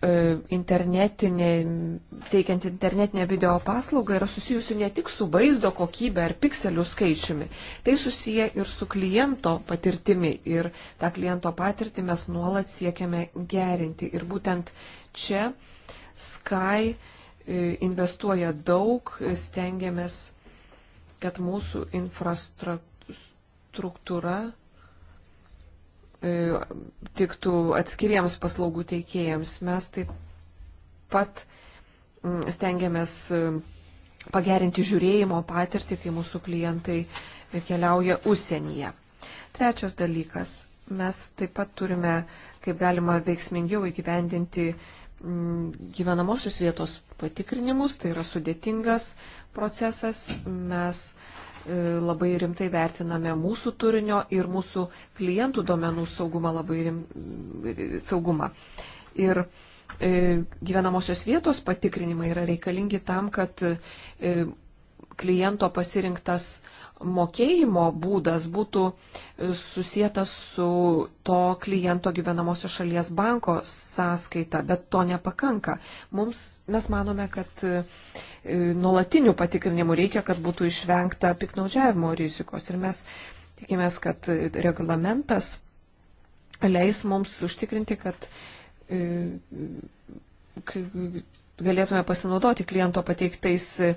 E, internetinė, teikiant internetinę video paslaugą yra susijusi ne tik su vaizdo kokybė ar pikselių skaičiumi. Tai susiję ir su kliento patirtimi ir tą kliento patirtį mes nuolat siekiame gerinti. Ir būtent čia Sky e, investuoja daug, stengiamės, kad mūsų infrastruktūra E, tiktų atskiriems paslaugų teikėjams. Mes taip pat mm, stengiamės e, pagerinti žiūrėjimo patirtį, kai mūsų klientai keliauja užsienyje. Trečias dalykas. Mes taip pat turime, kaip galima veiksmingiau įgyvendinti mm, gyvenamosios vietos patikrinimus. Tai yra sudėtingas procesas. Mes E, labai rimtai vertiname mūsų turinio ir mūsų klientų duomenų saugumą labai rim, e, saugumą. Ir e, gyvenamosios vietos patikrinimai yra reikalingi tam, kad kliento pasirinktas mokėjimo būdas būtų e, susijęs su to kliento gyvenamosios šalies banko sąskaita, bet to nepakanka. Mums, mes manome, kad e, nuolatinių patikrinimų reikia, kad būtų išvengta piknaudžiavimo rizikos. Ir mes tikimės, kad e, reglamentas leis mums užtikrinti, kad galėtume pasinaudoti kliento pateiktais e,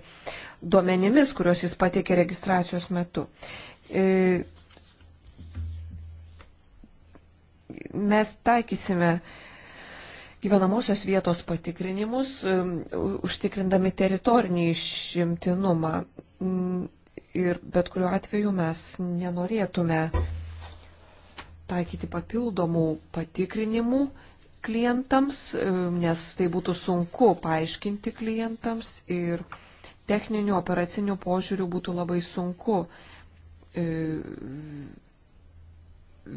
duomenimis, kuriuos jis pateikė registracijos metu. E, mes taikysime gyvenamosios vietos patikrinimus, e, užtikrindami teritorinį išimtinumą. Mm, ir bet kuriuo atveju mes nenorėtume taikyti papildomų patikrinimų, klientams, nes tai būtų sunku paaiškinti klientams ir techninių operacinių požiūrių būtų labai sunku e,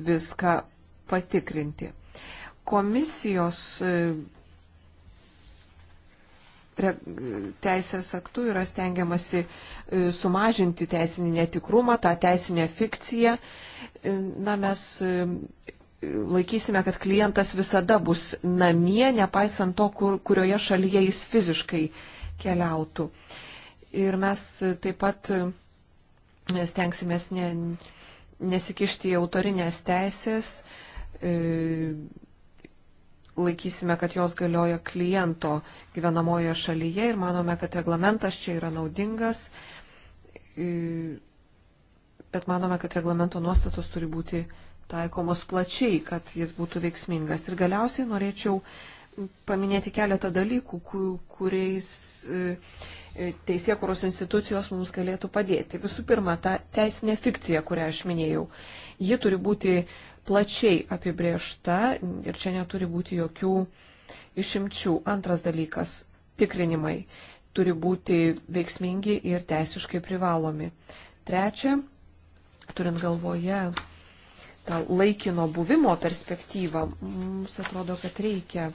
viską patikrinti. Komisijos e, teisės aktų yra stengiamasi e, sumažinti teisinį netikrumą, tą teisinę fikciją. Na, mes laikysime, kad klientas visada bus namie, nepaisant to, kur, kurioje šalyje jis fiziškai keliautų. Ir mes taip pat stengsimės ne, nesikišti į autorinės teisės, e, laikysime, kad jos galioja kliento gyvenamojo šalyje ir manome, kad reglamentas čia yra naudingas, e, bet manome, kad reglamento nuostatos turi būti taikomos plačiai, kad jis būtų veiksmingas. Ir galiausiai norėčiau paminėti keletą dalykų, kuriais e, e, teisėkuros institucijos mums galėtų padėti. Visų pirma, ta teisinė fikcija, kurią aš minėjau, ji turi būti plačiai apibriešta ir čia neturi būti jokių išimčių. Antras dalykas - tikrinimai turi būti veiksmingi ir teisiškai privalomi. Trečia, turint galvoje tą laikino buvimo perspektyvą, mums atrodo, kad reikia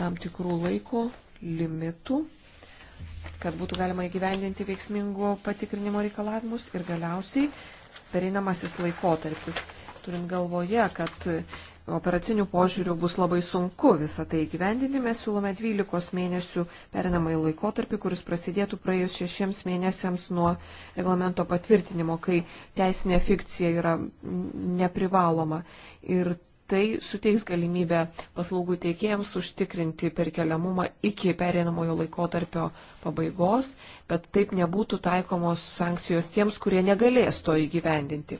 tam tikrų laiko limitų, kad būtų galima įgyvendinti veiksmingo patikrinimo reikalavimus ir galiausiai pereinamasis laikotarpis, turint galvoje, kad operacinių požiūrių bus labai sunku visą tai gyvendinti. Mes siūlome 12 mėnesių perinamąjį laikotarpį, kuris prasidėtų praėjus šešiems mėnesiams nuo reglamento patvirtinimo, kai teisinė fikcija yra neprivaloma. Ir tai suteiks galimybę paslaugų teikėjams užtikrinti perkeliamumą iki pereinamojo laikotarpio pabaigos, bet taip nebūtų taikomos sankcijos tiems, kurie negalės to įgyvendinti.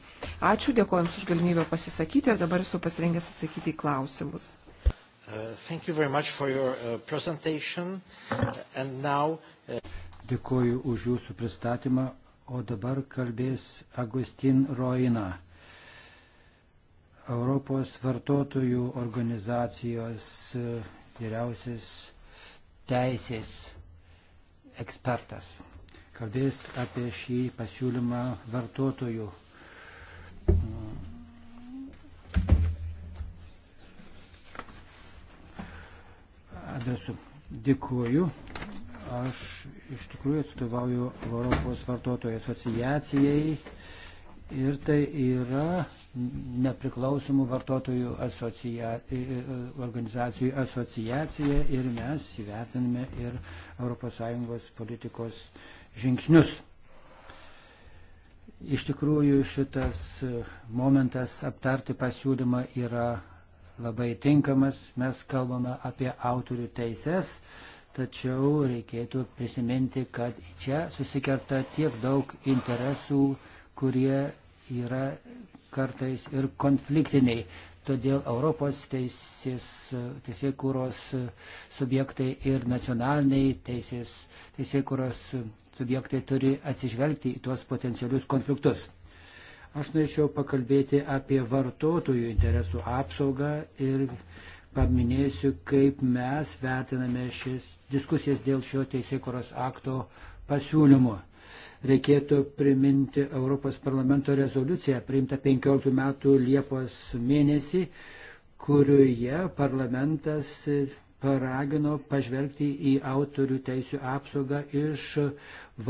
Ačiū, dėkoju Jums už galimybę pasisakyti ir dabar esu pasirengęs atsakyti į klausimus. Uh, uh, uh, dėkoju už Jūsų pristatymą, o dabar kalbės Agustin Roina Europos vartotojų organizacijos vyriausias e, teisės ekspertas. Kalbės apie šį pasiūlymą vartotojų adresu. Dėkuoju. Aš iš tikrųjų atstovauju Europos vartotojų asociacijai ir tai yra nepriklausomų vartotojų asocia... organizacijų asociacija ir mes įvertiname ir ES politikos žingsnius. Iš tikrųjų šitas momentas aptarti pasiūlymą yra labai tinkamas. Mes kalbame apie autorių teises, tačiau reikėtų prisiminti, kad čia susikerta tiek daug interesų, kurie yra kartais ir konfliktiniai. Todėl Europos teisės, teisės kūros subjektai ir nacionaliniai teisės, teisės kūros subjektai turi atsižvelgti į tuos potencialius konfliktus. Aš norėčiau pakalbėti apie vartotojų interesų apsaugą ir paminėsiu, kaip mes vertiname šis diskusijas dėl šio teisėkuros akto pasiūlymo reikėtų priminti Europos parlamento rezoliuciją priimtą 15 metų Liepos mėnesį, kurioje parlamentas paragino pažvelgti į autorių teisų apsaugą iš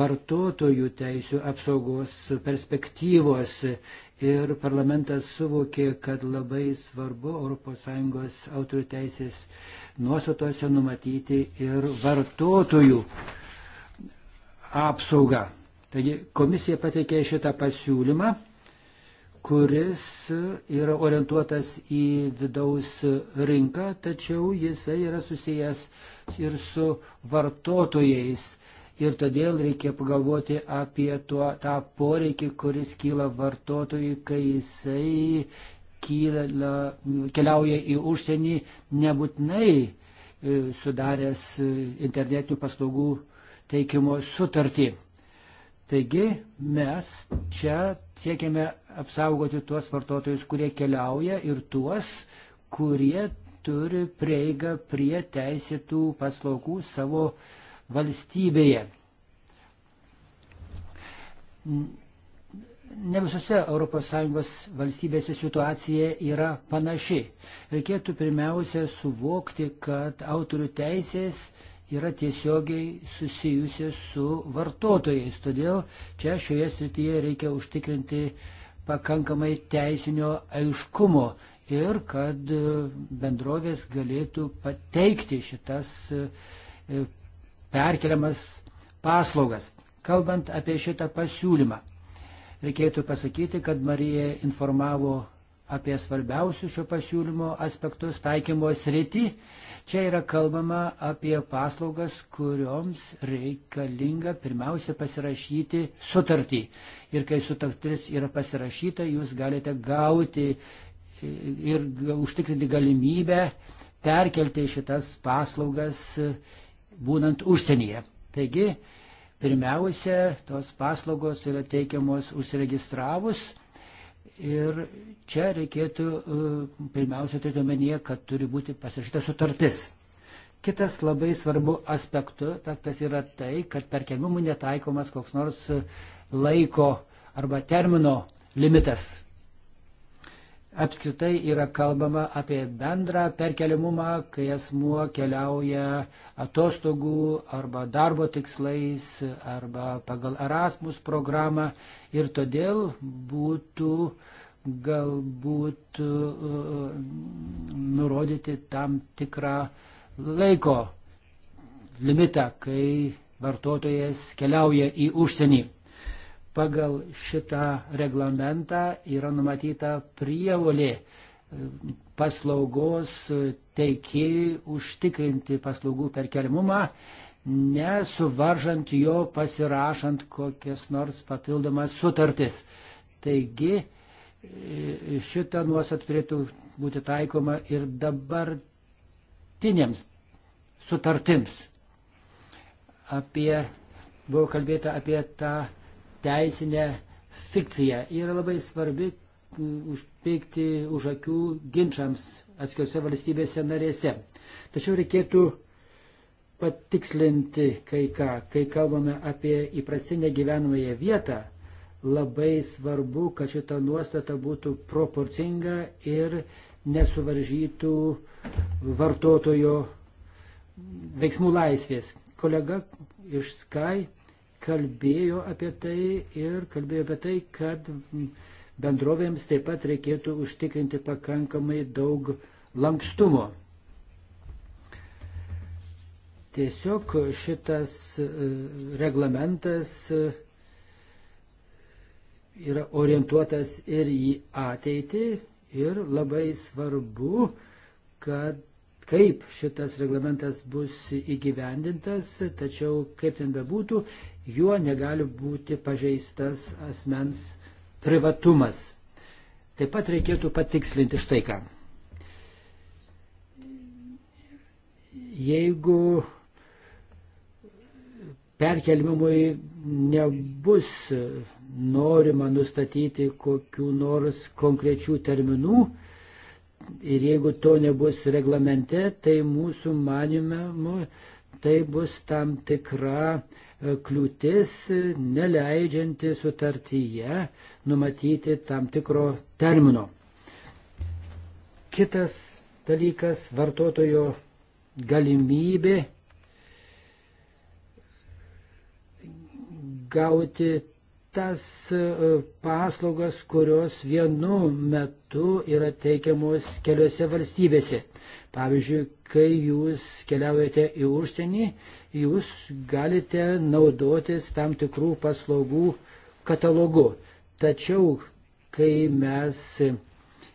vartotojų teisų apsaugos perspektyvos. Ir parlamentas suvokė, kad labai svarbu ES autorių teisės nuostatose numatyti ir vartotojų apsaugą. Taigi komisija pateikė šitą pasiūlymą, kuris yra orientuotas į vidaus rinką, tačiau jisai yra susijęs ir su vartotojais. Ir todėl reikia pagalvoti apie tuo, tą poreikį, kuris kyla vartotojui, kai jisai kyla, keliauja į užsienį, nebūtinai e, sudaręs e, internetinių paslaugų teikimo sutartį. Taigi mes čia siekiame apsaugoti tuos vartotojus, kurie keliauja ir tuos, kurie turi prieigą prie teisėtų paslaugų savo valstybėje. Ne visose ES valstybėse situacija yra panaši. Reikėtų pirmiausia suvokti, kad autorių teisės yra tiesiogiai susijusi su vartotojais. Todėl čia šioje srityje reikia užtikrinti pakankamai teisinio aiškumo ir kad e, bendrovės galėtų pateikti šitas e, e, perkeliamas paslaugas. Kalbant apie šitą pasiūlymą, reikėtų pasakyti, kad Marija informavo apie svarbiausius šio pasiūlymo aspektus taikymo sritį. Čia yra kalbama apie paslaugas, kurioms reikalinga pirmiausia pasirašyti sutartį. Ir kai sutartis yra pasirašyta, jūs galite gauti ir užtikrinti galimybę perkelti šitas paslaugas būnant užsienyje. Taigi, pirmiausia, tos paslaugos yra teikiamos užsiregistravus Ir čia reikėtų e, pirmiausia turėti omenyje, kad turi būti pasirašyta sutartis. Kitas labai svarbu aspektu, tas yra tai, kad perkelimumui netaikomas koks nors laiko arba termino limitas apskritai yra kalbama apie bendrą perkeliamumą, kai asmuo keliauja atostogų arba darbo tikslais arba pagal Erasmus programą ir todėl būtų galbūt uh, nurodyti tam tikrą laiko limitą, kai vartotojas keliauja į užsienį. Pagal šitą reglamentą yra numatyta prievolė e, paslaugos teikėjai užtikrinti paslaugų perkelimumą, nesuvaržant jo pasirašant kokias nors papildomas sutartis. Taigi e, šita nuostat turėtų būti taikoma ir dabartinėms sutartims. Apie, buvo kalbėta apie tą teisinę fikciją. Ji yra labai svarbi užpykti už akių ginčiams atskirose valstybėse narėse. Tačiau reikėtų patikslinti kai ką, kai kalbame apie įprastinę gyvenamąją vietą, labai svarbu, kad šita nuostata būtų proporcinga ir nesuvaržytų vartotojo veiksmų laisvės. Kolega iš Sky kalbėjo apie tai ir kalbėjo apie tai, kad bendrovėms taip pat reikėtų užtikrinti pakankamai daug lankstumo. Tiesiog šitas e, reglamentas e, yra orientuotas ir į ateitį ir labai svarbu, kad kaip šitas reglamentas bus įgyvendintas, tačiau kaip ten bebūtų, juo negali būti pažeistas asmens privatumas. Taip pat reikėtų patikslinti štai ką. Jeigu perkelimui nebus norima nustatyti kokių nors konkrečių terminų ir jeigu to nebus reglamente, tai mūsų manime tai bus tam tikra uh, kliūtis, neleidžianti sutartyje numatyti tam tikro termino. Kitas dalykas - vartotojo galimybė gauti tas e, paslaugas, kurios vienu metu yra teikiamos keliose valstybėse. Pavyzdžiui, kai jūs keliaujate į užsienį, jūs galite naudotis tam tikrų paslaugų katalogu. Tačiau, kai mes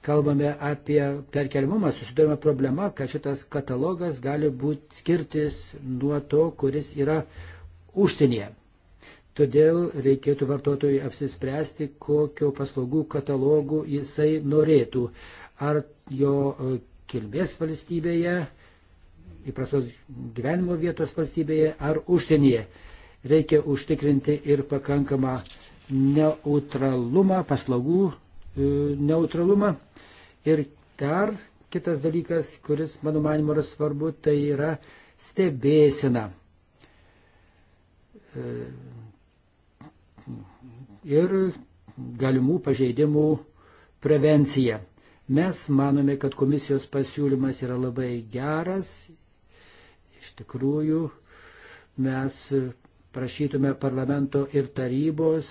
kalbame apie perkeliamumą, susidurime problema, kad šitas katalogas gali būti skirtis nuo to, kuris yra užsienyje. Todėl reikėtų vartotojui apsispręsti, kokio paslaugų katalogų jisai norėtų. Ar jo e, kilmės valstybėje, įprastos gyvenimo vietos valstybėje ar užsienyje. Reikia užtikrinti ir pakankamą neutralumą, paslaugų e, neutralumą. Ir dar kitas dalykas, kuris, mano manimo, yra svarbu, tai yra stebėsena. E, ir galimų pažeidimų prevencija. Mes manome, kad komisijos pasiūlymas yra labai geras Iš tikrųjų, mes prašytume parlamento ir tarybos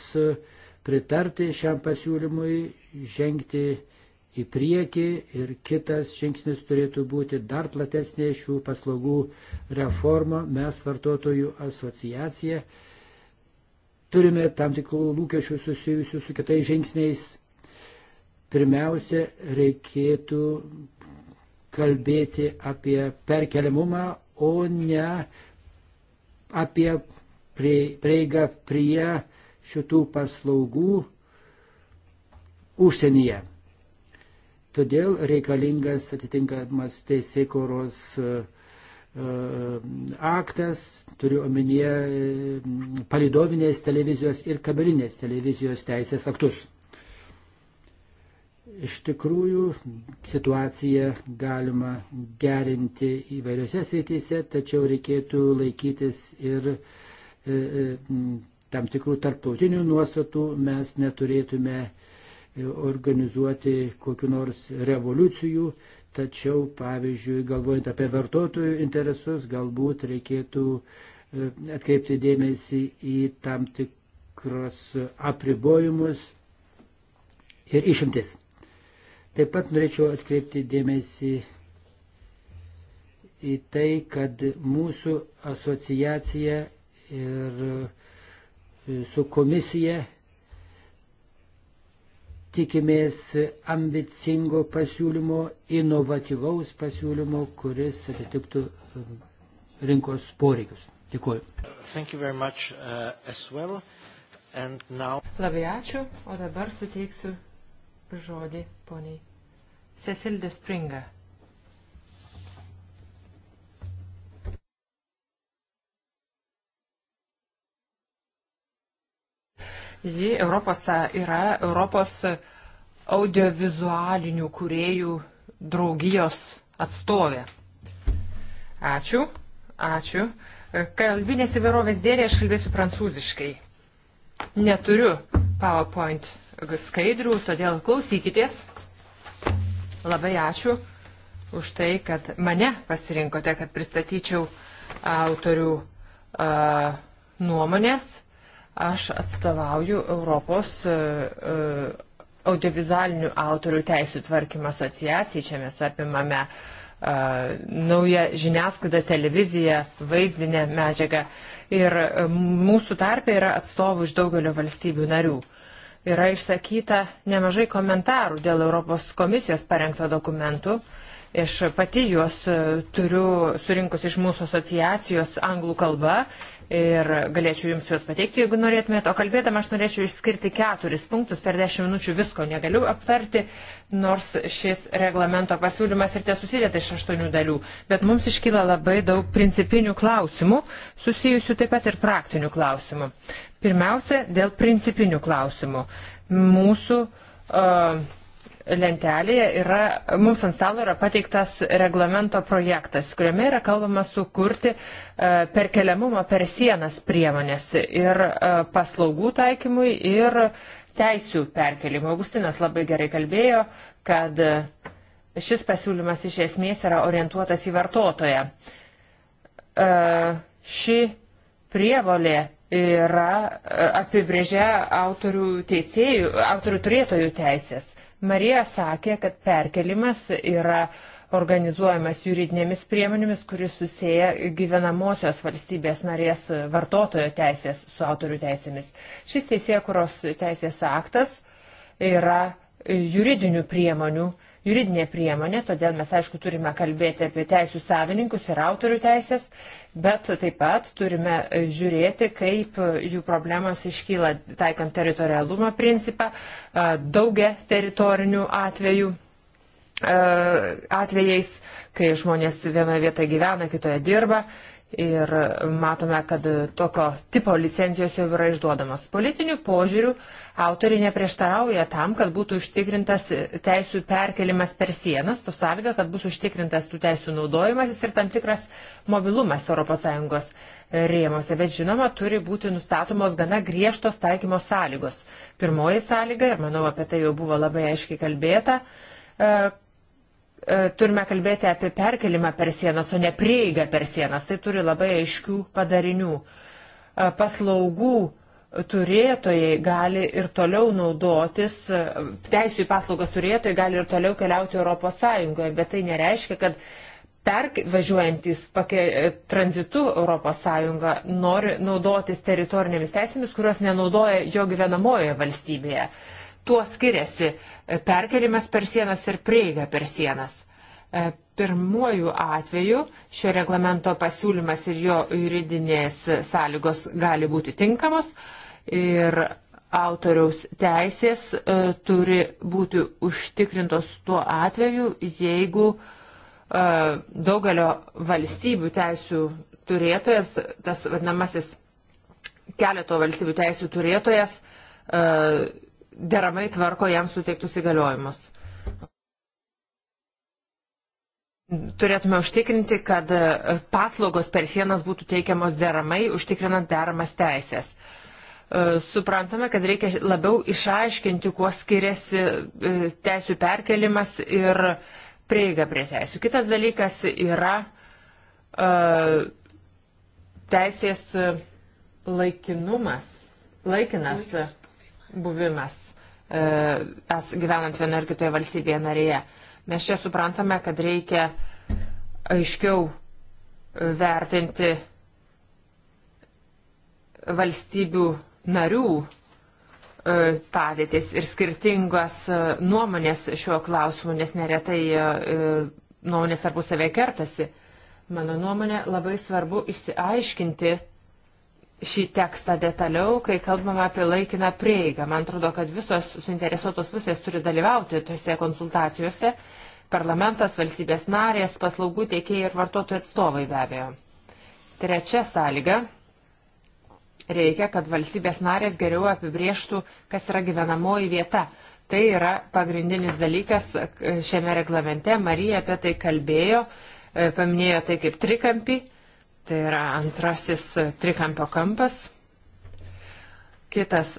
pritarti šiam pasiūlymui, žengti į priekį ir kitas žingsnis turėtų būti dar platesnė šių paslaugų reforma. Mes vartotojų asociacija turime tam tikrų lūkesčių susijusių su kitais žingsniais. Pirmiausia, reikėtų kalbėti apie perkeliamumą, o ne apie prieigą prie šitų paslaugų užsienyje. Todėl reikalingas atitinkamas teisėkoros e, e, aktas, turiu omenyje palidovinės televizijos ir kabelinės televizijos teisės aktus iš tikrųjų situaciją galima gerinti įvairiose srityse, tačiau reikėtų laikytis ir e, e, tam tikrų tarptautinių nuostatų. Mes neturėtume e, organizuoti kokiu nors revoliucijų, tačiau, pavyzdžiui, galvojant apie vartotojų interesus, galbūt reikėtų atkreipti dėmesį į tam tikrus apribojimus ir išimtis. Taip pat norėčiau atkreipti dėmesį į tai, kad mūsų asociacija ir e, su komisija tikimės ambicingo pasiūlymo, inovatyvaus pasiūlymo, kuris atitiktų e, rinkos poreikius. Dėkuoju. Much, uh, well. now... Labai ačiū, o dabar suteiksiu žodį poniai. Cecilde Springa. Ji Europos yra Europos audiovizualinių kuriejų draugijos atstovė. Ačiū, ačiū. Kalbinės įvairovės dėlė aš kalbėsiu prancūziškai. Neturiu PowerPoint skaidrių, todėl klausykitės. Labai ačiū už tai, kad mane pasirinkote, kad pristatyčiau autorių a, nuomonės. Aš atstovauju Europos a, a, audiovizualinių autorių teisų tvarkymo asociacijai. Čia mes apimame a, naują žiniasklaidą, televiziją, vaizdinę medžiagą. Ir mūsų tarpė yra atstovų iš daugelio valstybių narių. A, Yra išsakyta nemažai komentarų dėl Europos komisijos parengto dokumentų. Aš pati juos e, turiu surinkus iš mūsų asociacijos anglų kalba ir galėčiau jums juos pateikti, jeigu norėtumėte. O kalbėdama aš norėčiau išskirti keturis punktus, per dešimt minučių visko negaliu aptarti, nors šis reglamento pasiūlymas ir tesusideda iš aštuonių dalių. Bet mums iškyla labai daug principinių klausimų, susijusių taip pat ir praktinių klausimų. Pirmiausia, dėl principinių klausimų. Mūsų uh, lentelėje yra, mums ant stalo yra pateiktas reglamento projektas, kuriame yra kalbama sukurti perkeliamumą per sienas priemonės ir paslaugų taikymui ir teisių perkelimui. Augustinas labai gerai kalbėjo, kad šis pasiūlymas iš esmės yra orientuotas į vartotoją. Ši prievolė yra e, apibrėžę autorių, teisėjų, autorių turėtojų teisės. Marija sakė, kad perkelimas yra organizuojamas juridinėmis priemonėmis, kuris susiję gyvenamosios valstybės narės vartotojo teisės su autorių teisėmis. Šis teisėkuros teisės aktas yra juridinių priemonių uh, juridinė priemonė, todėl mes aišku turime kalbėti apie teisų savininkus ir autorių teisės, bet taip pat turime e, žiūrėti, kaip e, jų problemos iškyla taikant teritorialumo principą e, daugia teritorinių atvejų atvejais, kai žmonės vienoje vietoje gyvena, kitoje dirba Ir matome, kad tokio tipo licencijos jau yra išduodamos. Politinių požiūrių autoriai neprieštarauja tam, kad būtų užtikrintas teisų perkelimas per sienas, to sąlyga, kad bus užtikrintas tų teisų naudojimasis ir tam tikras mobilumas ES rėmose, bet žinoma, turi būti nustatomos gana griežtos taikymo sąlygos. Pirmoji sąlyga, ir manau apie tai jau buvo labai aiškiai kalbėta, e, E, turime kalbėti apie perkelimą per sienas, o ne prieigą per sienas. Tai turi labai aiškių padarinių. E, paslaugų turėtojai gali ir toliau naudotis, e, teisų į paslaugas turėtojai gali ir toliau keliauti ES, bet tai nereiškia, kad pervažiuojantis tranzitu ES nori naudotis teritorinėmis teisėmis, kurios nenaudoja jo gyvenamojoje valstybėje. Tuo skiriasi perkelimas per sienas ir prieiga per sienas. E, pirmuoju atveju šio reglamento pasiūlymas ir jo juridinės sąlygos gali būti tinkamos ir autoriaus teisės e, turi būti užtikrintos tuo atveju, jeigu e, daugelio valstybių teisų turėtojas, tas vadinamasis keleto valstybių teisų turėtojas, deramai tvarko jam suteiktus įgaliojimus. Turėtume užtikrinti, kad e, paslaugos per sienas būtų teikiamos deramai, užtikrinant deramas teisės. E, suprantame, kad reikia labiau išaiškinti, kuo skiriasi e, teisų perkelimas ir prieiga prie teisų. Kitas dalykas yra teisės laikinumas, laikinas buvimas. E, es gyvenant vienoje ar kitoje valstybėje narėje. Mes čia suprantame, kad reikia aiškiau e, vertinti valstybių narių e, padėtis ir skirtingas nuomonės šiuo klausimu, nes neretai nuomonės tarpusavėje kertasi. Mano nuomonė labai svarbu išsiaiškinti, šį tekstą detaliau, kai kalbame apie laikiną prieigą. Man atrodo, kad visos suinteresuotos pusės turi dalyvauti tose konsultacijose. Parlamentas, valstybės narės, paslaugų teikėjai ir vartotojų atstovai be abejo. Trečia sąlyga - reikia, kad valstybės narės geriau apibrieštų, kas yra gyvenamoji vieta. Tai yra pagrindinis dalykas e, šiame reglamente. Marija apie tai kalbėjo, e, paminėjo tai kaip trikampį Tai yra antrasis trikampio kampas. Kitas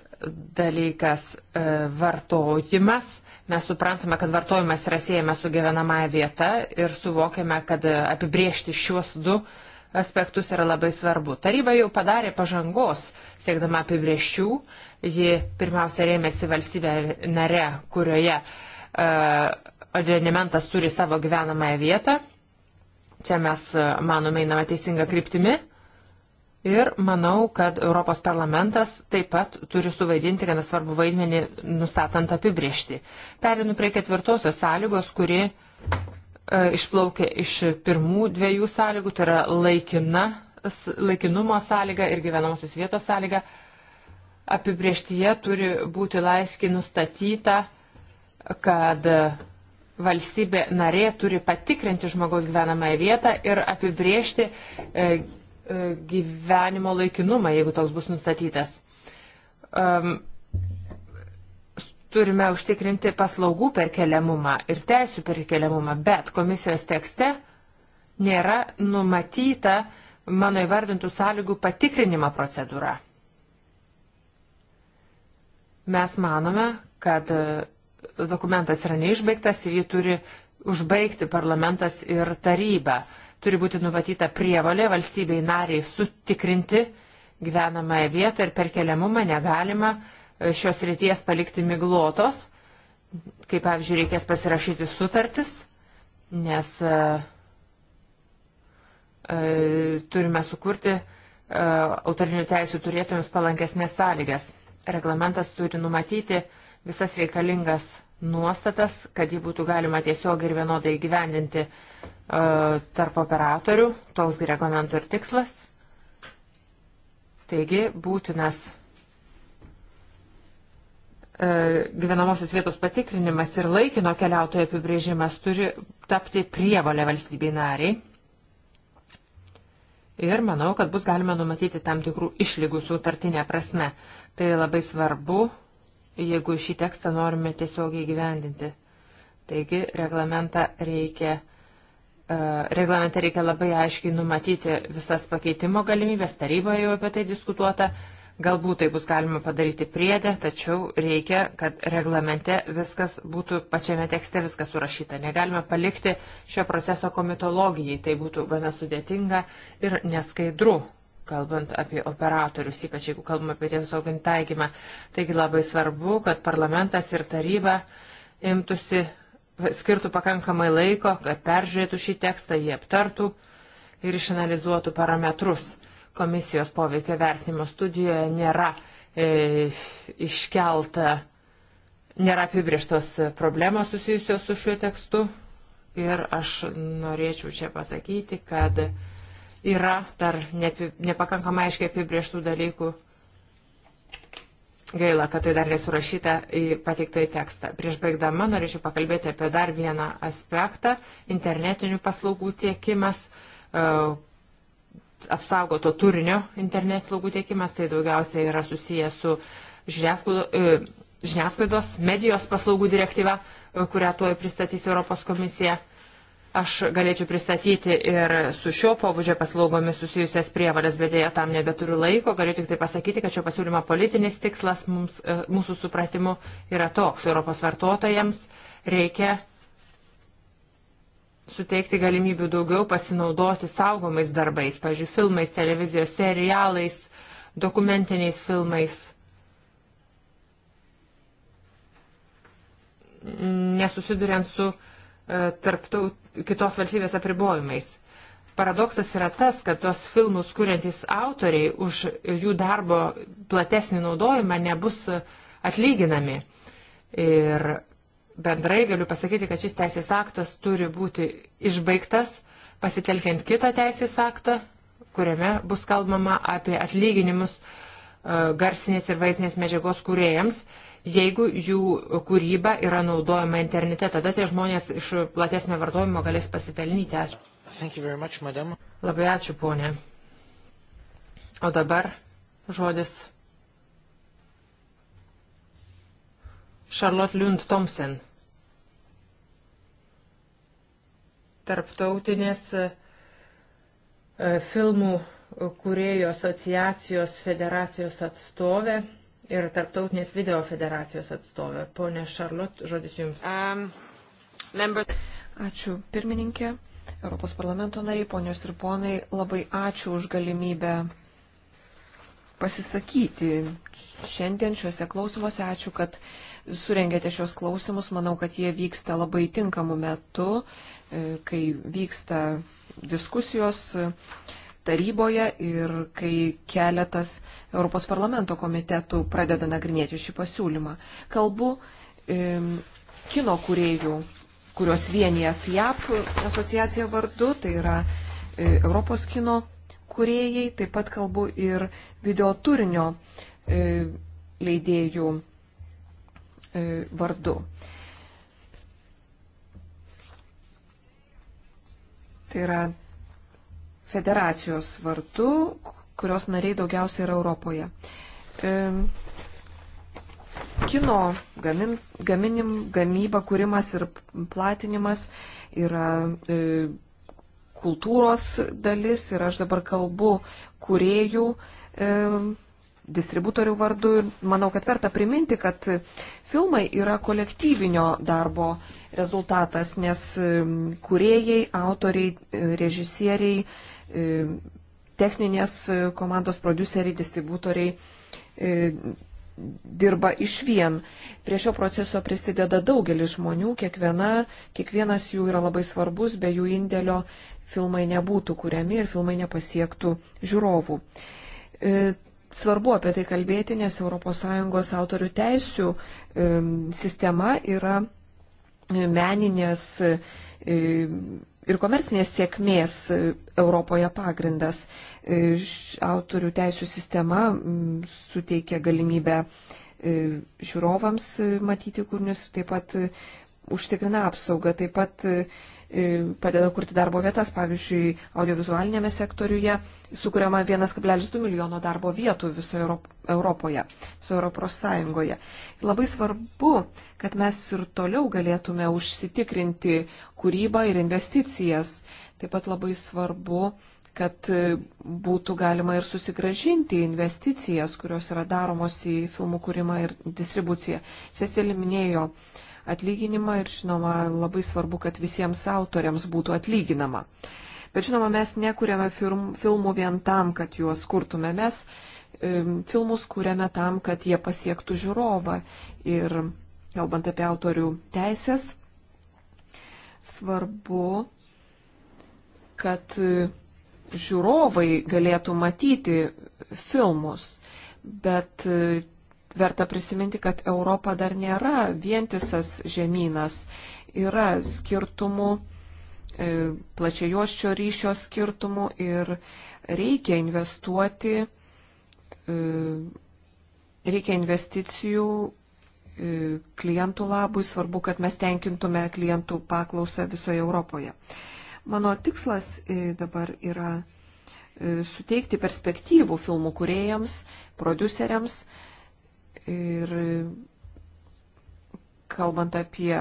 dalykas e, - vartojimas. Mes suprantame, kad vartojimas yra siejamas su gyvenamąją vietą ir suvokiame, kad e, apibriežti šiuos du aspektus yra labai svarbu. Taryba jau padarė pažangos, siekdama apibriežčių. Ji pirmiausia rėmėsi valstybė nare, kurioje uh, e, ornamentas turi savo gyvenamąją vietą. Čia mes, e, manome, einame teisinga kryptimi. Ir manau, kad Europos parlamentas taip pat turi suvaidinti gana svarbu vaidmenį, nustatant apibriežti. Perinu prie ketvirtosios sąlygos, kuri e, išplaukia iš pirmų dviejų sąlygų, tai yra laikina, laikinumo sąlyga ir gyvenamosios vietos sąlyga. Apibrieštyje turi būti laiskiai nustatyta, kad valstybė narė turi patikrinti žmogaus gyvenamąją vietą ir apibriežti e, e, gyvenimo laikinumą, jeigu toks bus nustatytas. Turime užtikrinti paslaugų perkeliamumą ir teisų perkeliamumą, bet komisijos tekste nėra numatyta mano įvardintų sąlygų patikrinimo procedūra. Mes manome, kad dokumentas yra neišbaigtas ir jį turi užbaigti parlamentas ir taryba. Turi būti numatyta prievalė valstybei nariai sutikrinti gyvenamąją vietą ir perkeliamumą negalima e, šios ryties palikti miglotos, kaip pavyzdžiui reikės pasirašyti sutartis, nes e, e turime sukurti e, autorinių teisų turėtojams palankesnės sąlygas. Reglamentas turi numatyti, visas reikalingas nuostatas, kad jį būtų galima tiesiog ir vienodai gyvendinti e, tarp operatorių, toks reglamento ir tikslas. Taigi būtinas e, gyvenamosios vietos patikrinimas ir laikino keliautojo apibrėžimas turi tapti prievalę valstybei nariai. Ir manau, kad bus galima numatyti tam tikrų išlygų sutartinė prasme. Tai labai svarbu jeigu šį tekstą norime tiesiogiai gyvendinti. Taigi reglamentą reikia, e, reglamentą reikia labai aiškiai numatyti visas pakeitimo galimybės, taryboje jau apie tai diskutuota, galbūt tai bus galima padaryti priedę, tačiau reikia, kad reglamente viskas būtų, pačiame tekste viskas surašyta. Negalime palikti šio proceso komitologijai, tai būtų gana sudėtinga ir neskaidru kalbant apie operatorius, ypač jeigu kalbame apie tiesioginį taikymą. Taigi labai svarbu, kad parlamentas ir taryba imtųsi, skirtų pakankamai laiko, kad peržiūrėtų šį tekstą, jį aptartų ir išanalizuotų parametrus. Komisijos poveikio vertinimo studijoje nėra e, iškelta, nėra apibrieštos problemos susijusios su šiuo tekstu. Ir aš norėčiau čia pasakyti, kad e, yra dar nepi, nepakankamai aiškiai apibrieštų dalykų. Gaila, kad tai dar nesurašyta į pateiktą į tekstą. Prieš baigdama norėčiau pakalbėti apie dar vieną aspektą - internetinių paslaugų tiekimas, e, apsaugoto turinio internet slaugų tiekimas, tai daugiausiai yra susijęs su e, žiniasklaidos, medijos paslaugų direktyva, e, kurią tuoj pristatys Europos komisija. Aš galėčiau pristatyti ir su šio pobūdžio paslaugomis susijusias prievalės, bet dėja tam nebeturiu laiko. Galiu tik tai pasakyti, kad šio pasiūlymo politinis tikslas mums, e, mūsų supratimu yra toks. Europos vartotojams reikia suteikti galimybių daugiau pasinaudoti saugomais darbais, pažiūrėjau, filmais, televizijos serialais, dokumentiniais filmais. Nesusiduriant su e, tarptaut kitos valstybės apribojimais. Paradoksas yra tas, kad tos filmus kuriantis autoriai už jų darbo platesnį naudojimą nebus atlyginami. Ir bendrai galiu pasakyti, kad šis teisės aktas turi būti išbaigtas, pasitelkiant kitą teisės aktą, kuriame bus kalbama apie atlyginimus e, garsinės ir vaizdinės medžiagos kuriejams Jeigu jų kūryba yra naudojama internete, tada tie žmonės iš platesnio vartojimo galės pasipelnyti. Ačiū. Much, madam. Labai ačiū, ponė. O dabar žodis. Charlotte Lund Thompson. Tarptautinės e, filmų kuriejų asociacijos federacijos atstovė ir Tarptautinės video federacijos atstovė. Pone Šarlot, žodis Jums. Um, member... Ačiū, pirmininkė, Europos parlamento nariai, ponios ir ponai, labai ačiū už galimybę pasisakyti šiandien šiuose klausimuose. Ačiū, kad surengėte šios klausimus. Manau, kad jie vyksta labai tinkamu metu, e, kai vyksta diskusijos taryboje ir kai keletas Europos parlamento komitetų pradeda nagrinėti šį pasiūlymą. Kalbu e, kino kuriejų, kurios vienyje FIAP asociacija vardu, tai yra e, Europos kino kuriejai, taip pat kalbu ir video turinio e, leidėjų e, vardu. Tai yra federacijos vardu, kurios nariai daugiausiai yra Europoje. E, kino gamin, gaminim, gamyba, kūrimas ir platinimas yra e, kultūros dalis ir aš dabar kalbu kuriejų, e, distributorių vardu ir manau, kad verta priminti, kad filmai yra kolektyvinio darbo rezultatas, nes kuriejai, autoriai, režisieriai, E, techninės e, komandos produceriai, distributoriai e, dirba iš vien. Prie šio proceso prisideda daugelis žmonių, kiekviena, kiekvienas jų yra labai svarbus, be jų indėlio filmai nebūtų kuriami ir filmai nepasiektų žiūrovų. Svarbu apie tai kalbėti, nes ES autorių teisių sistema yra meninės ir komercinės sėkmės e, Europoje pagrindas. E, autorių teisų sistema suteikia galimybę e, žiūrovams matyti kūrinius, taip pat užtikrina apsaugą, taip pat padeda kurti darbo vietas, pavyzdžiui, audiovizualinėme sektoriuje sukuriama 1,2 milijono darbo vietų visoje Europoje, visoje Europos Sąjungoje. Labai svarbu, kad mes ir toliau galėtume užsitikrinti kūrybą ir investicijas. Taip pat labai svarbu, kad būtų galima ir susigražinti investicijas, kurios yra daromos į filmų kūrimą ir distribuciją. Seselė minėjo atlyginimą ir žinoma labai svarbu, kad visiems autoriams būtų atlyginama. Bet žinoma, mes nekūrėme film, filmų vien tam, kad juos kurtume. Mes filmus kūrėme tam, kad jie pasiektų žiūrovą. Ir kalbant apie autorių teisės, svarbu, kad žiūrovai galėtų matyti filmus, bet verta prisiminti, kad Europa dar nėra vientisas žemynas, yra skirtumų, e, plačiajuoščio ryšio skirtumų ir reikia investuoti, e, reikia investicijų E, klientų labui, svarbu, kad mes tenkintume klientų paklausą visoje Europoje. Mano tikslas e, dabar yra e, suteikti perspektyvų filmų kuriejams, produceriams ir kalbant apie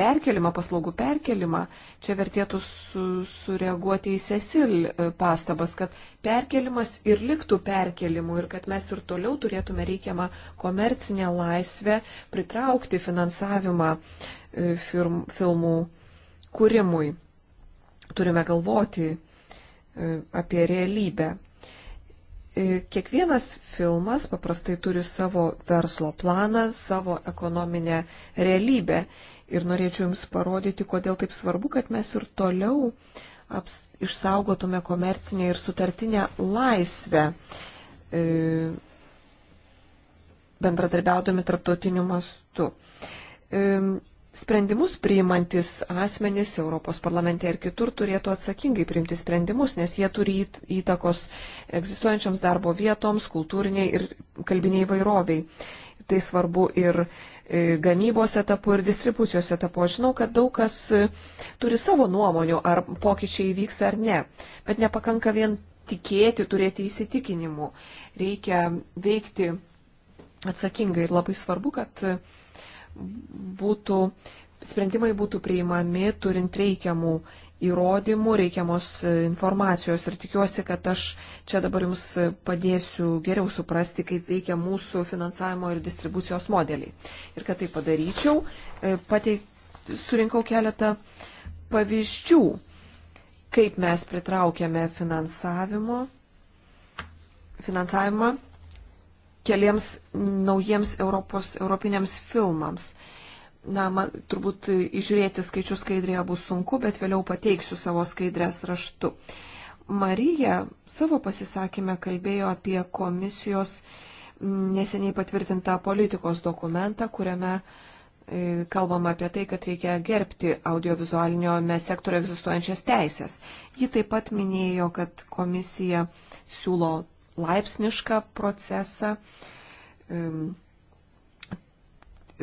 perkelimą, paslaugų perkelimą, čia vertėtų su, sureaguoti į Cecil e, pastabas, kad perkelimas ir liktų perkelimu ir kad mes ir toliau turėtume reikiamą komercinę laisvę pritraukti finansavimą e, firm, filmų kūrimui. Turime galvoti e, apie realybę. Kiekvienas filmas paprastai turi savo verslo planą, savo ekonominę realybę Ir norėčiau Jums parodyti, kodėl taip svarbu, kad mes ir toliau aps, išsaugotume komercinę ir sutartinę laisvę, e, bendradarbiaudami tarptautiniu mastu. E, sprendimus priimantis asmenys Europos parlamente ir kitur turėtų atsakingai priimti sprendimus, nes jie turi įtakos egzistuojančioms darbo vietoms, kultūriniai ir kalbiniai vairoviai. Tai svarbu ir E, gamybos etapu ir distribucijos etapu. Aš žinau, kad daug kas e, turi savo nuomonių, ar pokyčiai įvyks ar ne, bet nepakanka vien tikėti, turėti įsitikinimų. Reikia veikti atsakingai ir labai svarbu, kad e, būtų, sprendimai būtų priimami turint reikiamų įrodymų, reikiamos e, informacijos ir tikiuosi, kad aš čia dabar jums padėsiu geriau suprasti, kaip veikia mūsų finansavimo ir distribucijos modeliai. Ir kad tai padaryčiau, e, pateik, surinkau keletą pavyzdžių, kaip mes pritraukėme finansavimo, finansavimą keliems naujiems Europos, europiniams filmams na, man turbūt išžiūrėti skaičių skaidrėje bus sunku, bet vėliau pateiksiu savo skaidrės raštu. Marija savo pasisakymę kalbėjo apie komisijos neseniai patvirtintą politikos dokumentą, kuriame e, kalbama apie tai, kad reikia gerbti audiovizualiniame sektorio egzistuojančias teisės. Ji taip pat minėjo, kad komisija siūlo laipsnišką procesą. Um,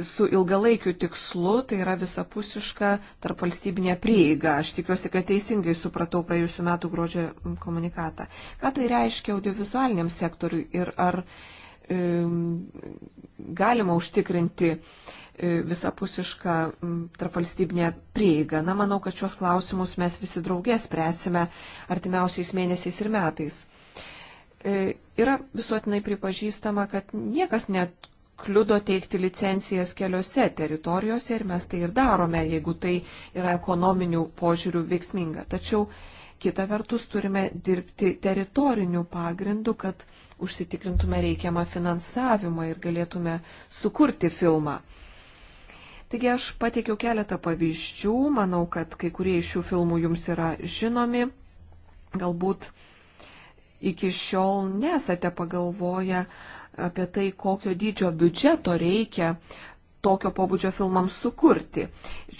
su ilgalaikiu tikslu, tai yra visapusiška tarp valstybinė prieiga. Aš tikiuosi, kad teisingai supratau praėjusiu metu gruodžio komunikatą. Ką tai reiškia audiovizualiniam sektoriui ir ar e, galima užtikrinti e, visapusišką tarp valstybinę prieigą? Na, manau, kad šios klausimus mes visi draugės spręsime artimiausiais mėnesiais ir metais. E, yra visuotinai pripažįstama, kad niekas net kliudo teikti licencijas keliose teritorijose ir mes tai ir darome, jeigu tai yra ekonominių požiūrių veiksminga. Tačiau kita vertus turime dirbti teritorinių pagrindų, kad užsitikrintume reikiamą finansavimą ir galėtume sukurti filmą. Taigi aš pateikiau keletą pavyzdžių, manau, kad kai kurie iš šių filmų jums yra žinomi, galbūt iki šiol nesate pagalvoję apie tai, kokio dydžio biudžeto reikia tokio pobūdžio filmams sukurti.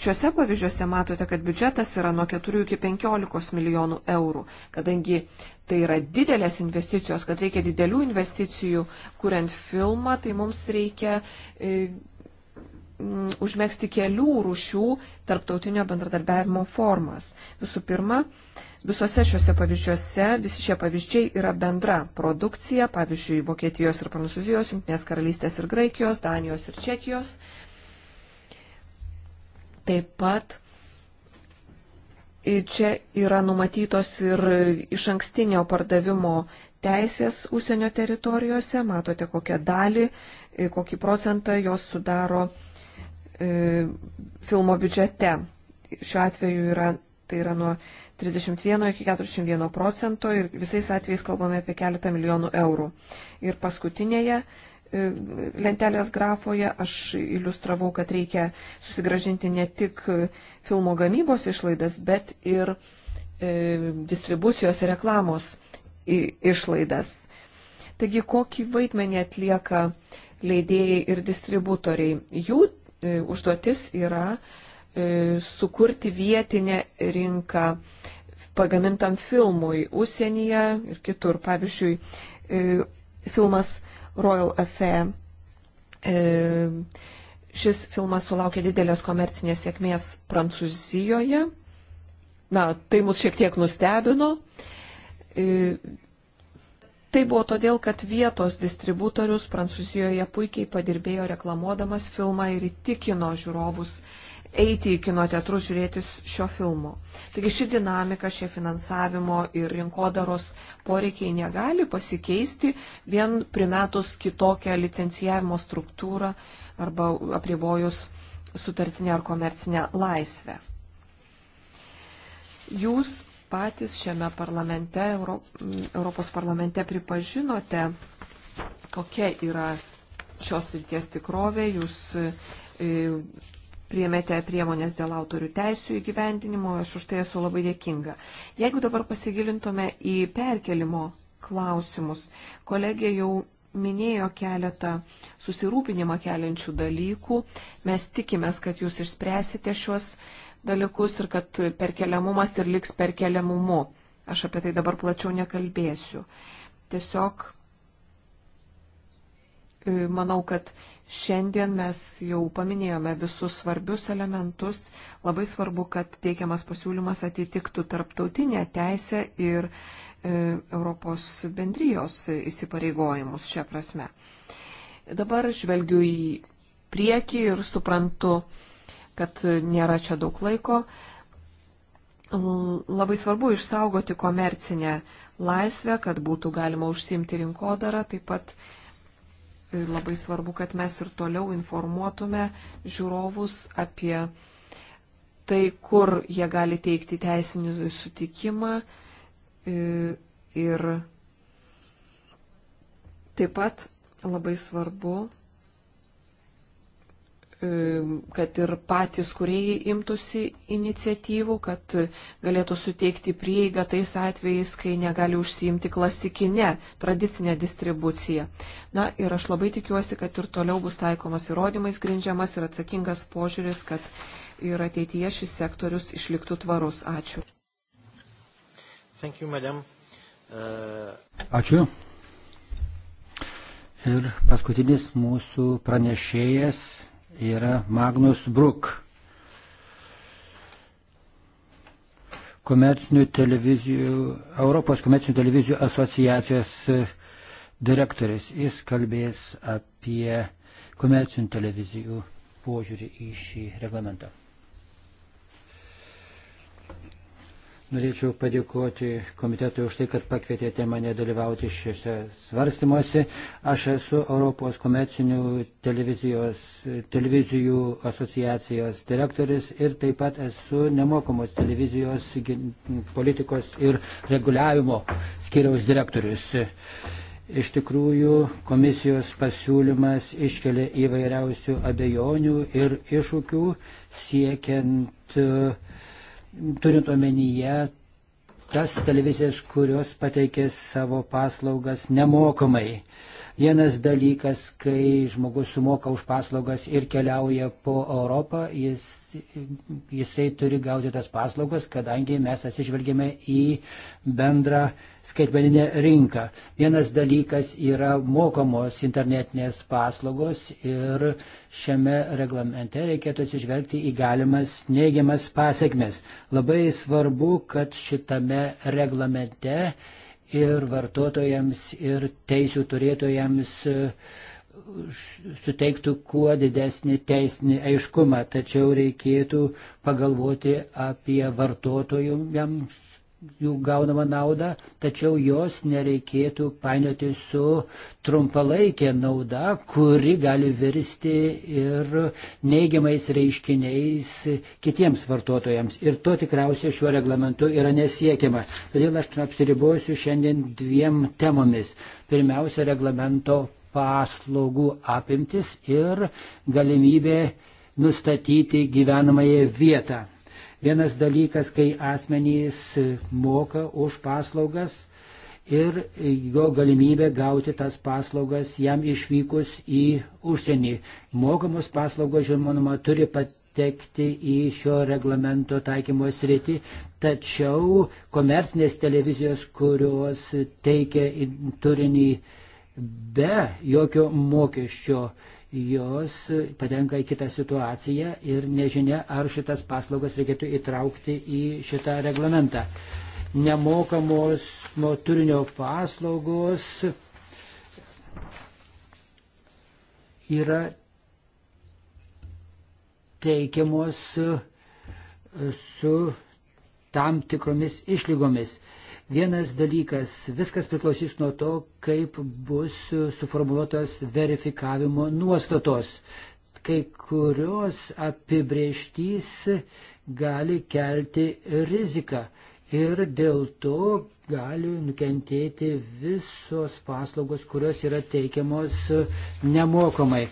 Šiuose pavyzdžiuose matote, kad biudžetas yra nuo 4 iki 15 milijonų eurų, kadangi tai yra didelės investicijos, kad reikia didelių investicijų, kuriant filmą, tai mums reikia e, Mm, užmėgsti kelių rūšių tarptautinio bendradarbiavimo formas. Visų pirma, visose šiuose pavyzdžiuose, visi šie pavyzdžiai yra bendra produkcija, pavyzdžiui, Vokietijos ir Prancūzijos, Junktinės karalystės ir Graikijos, Danijos ir Čekijos. Taip pat čia yra numatytos ir iš ankstinio pardavimo teisės užsienio teritorijose. Matote, kokią dalį, kokį procentą jos sudaro E, filmo biudžete. Šiuo atveju yra, tai yra nuo 31 iki 41 procento ir visais atvejais kalbame apie keletą milijonų eurų. Ir paskutinėje e, lentelės grafoje aš iliustravau, kad reikia susigražinti ne tik filmo gamybos išlaidas, bet ir e, distribucijos ir reklamos išlaidas. Taigi, kokį vaidmenį atlieka leidėjai ir distributoriai? Jų E, užduotis yra e, sukurti vietinę rinką pagamintam filmui užsienyje ir kitur. Pavyzdžiui, e, filmas Royal Affair. Šis filmas sulaukė didelės komercinės sėkmės Prancūzijoje. Na, tai mus šiek tiek nustebino. Tai buvo todėl, kad vietos distributorius Prancūzijoje puikiai padirbėjo reklamuodamas filmą ir įtikino žiūrovus eiti į kino teatrus žiūrėti šio filmo. Taigi ši dinamika, šie finansavimo ir rinkodaros poreikiai negali pasikeisti vien primetus kitokią licencijavimo struktūrą arba apribojus sutartinę ar komercinę laisvę. Jūs patys šiame parlamente, Euro, Europos parlamente pripažinote, kokia yra šios ryties tikrovė, jūs e, priemėte priemonės dėl autorių teisų įgyvendinimo, aš už tai esu labai dėkinga. Jeigu dabar pasigilintume į perkelimo klausimus, kolegė jau minėjo keletą susirūpinimą keliančių dalykų, mes tikimės, kad jūs išspręsite šiuos klausimus dalykus ir kad perkeliamumas ir liks perkeliamumu. Aš apie tai dabar plačiau nekalbėsiu. Tiesiog e, manau, kad šiandien mes jau paminėjome visus svarbius elementus. Labai svarbu, kad teikiamas pasiūlymas atitiktų tarptautinę teisę ir e, Europos bendrijos įsipareigojimus šią prasme. Dabar žvelgiu į priekį ir suprantu, kad nėra čia daug laiko. Labai svarbu išsaugoti komercinę laisvę, kad būtų galima užsimti rinkodarą. Taip pat e, labai svarbu, kad mes ir toliau informuotume žiūrovus apie tai, kur jie gali teikti teisinį sutikimą. E, ir taip pat labai svarbu kad ir patys kuriejai imtųsi iniciatyvų, kad galėtų suteikti prieigą tais atvejais, kai negali užsiimti klasikinę, tradicinę distribuciją. Na ir aš labai tikiuosi, kad ir toliau bus taikomas įrodymais grindžiamas ir atsakingas požiūris, kad ir ateityje šis sektorius išliktų tvarus. Ačiū. Thank you, madam. uh... Ačiū. Ir paskutinis mūsų pranešėjas yra Magnus Brook. Komercinių televizijų, Europos komercinių televizijų asociacijos e, direktorius. Jis kalbės apie komercinių televizijų požiūrį į šį reglamentą. Norėčiau padėkoti komitetui už tai, kad pakvietėte mane dalyvauti šiuose svarstymuose. Aš esu Europos komercinių televizijų asociacijos direktoris ir taip pat esu nemokamos televizijos politikos ir reguliavimo skiriaus direktorius. Iš tikrųjų, komisijos pasiūlymas iškelia įvairiausių abejonių ir iššūkių siekiant uh, turint omenyje tas televizijas, kurios pateikė savo paslaugas nemokamai. Vienas dalykas, kai žmogus sumoka už paslaugas ir keliauja po Europą, jis jisai turi gauti tas paslaugas, kadangi mes atsižvelgėme į bendrą skaitmeninę rinką. Vienas dalykas yra mokamos internetinės paslaugos ir šiame reglamente reikėtų atsižvelgti į galimas neigiamas pasiekmes. Labai svarbu, kad šitame reglamente ir vartotojams, ir teisų turėtojams uh, suteiktų kuo didesnį teisinį aiškumą, tačiau reikėtų pagalvoti apie vartotojų jiems jų gaunamą naudą, tačiau jos nereikėtų painioti su trumpalaikė nauda, kuri gali virsti ir neigiamais reiškiniais kitiems vartotojams. Ir to tikriausiai šiuo reglamentu yra nesiekiama. Todėl aš apsiribosiu šiandien dviem temomis. Pirmiausia, reglamento paslaugų apimtis ir galimybė nustatyti gyvenamąją vietą. Vienas dalykas, kai asmenys moka už paslaugas ir jo galimybė gauti tas paslaugas jam išvykus į užsienį. Mokamos paslaugos, žinoma, turi patekti į šio reglamento taikymo sritį, tačiau komercinės televizijos, kurios teikia turinį be jokio mokesčio jos patenka į kitą situaciją ir nežinia, ar šitas paslaugas reikėtų įtraukti į šitą reglamentą. Nemokamos turinio paslaugos yra teikiamos su tam tikromis išlygomis. Vienas dalykas, viskas priklausys nuo to, kaip bus suformuoluotos verifikavimo nuostatos. Kai kurios apibrieštys gali kelti riziką ir dėl to gali nukentėti visos paslaugos, kurios yra teikiamos nemokamai.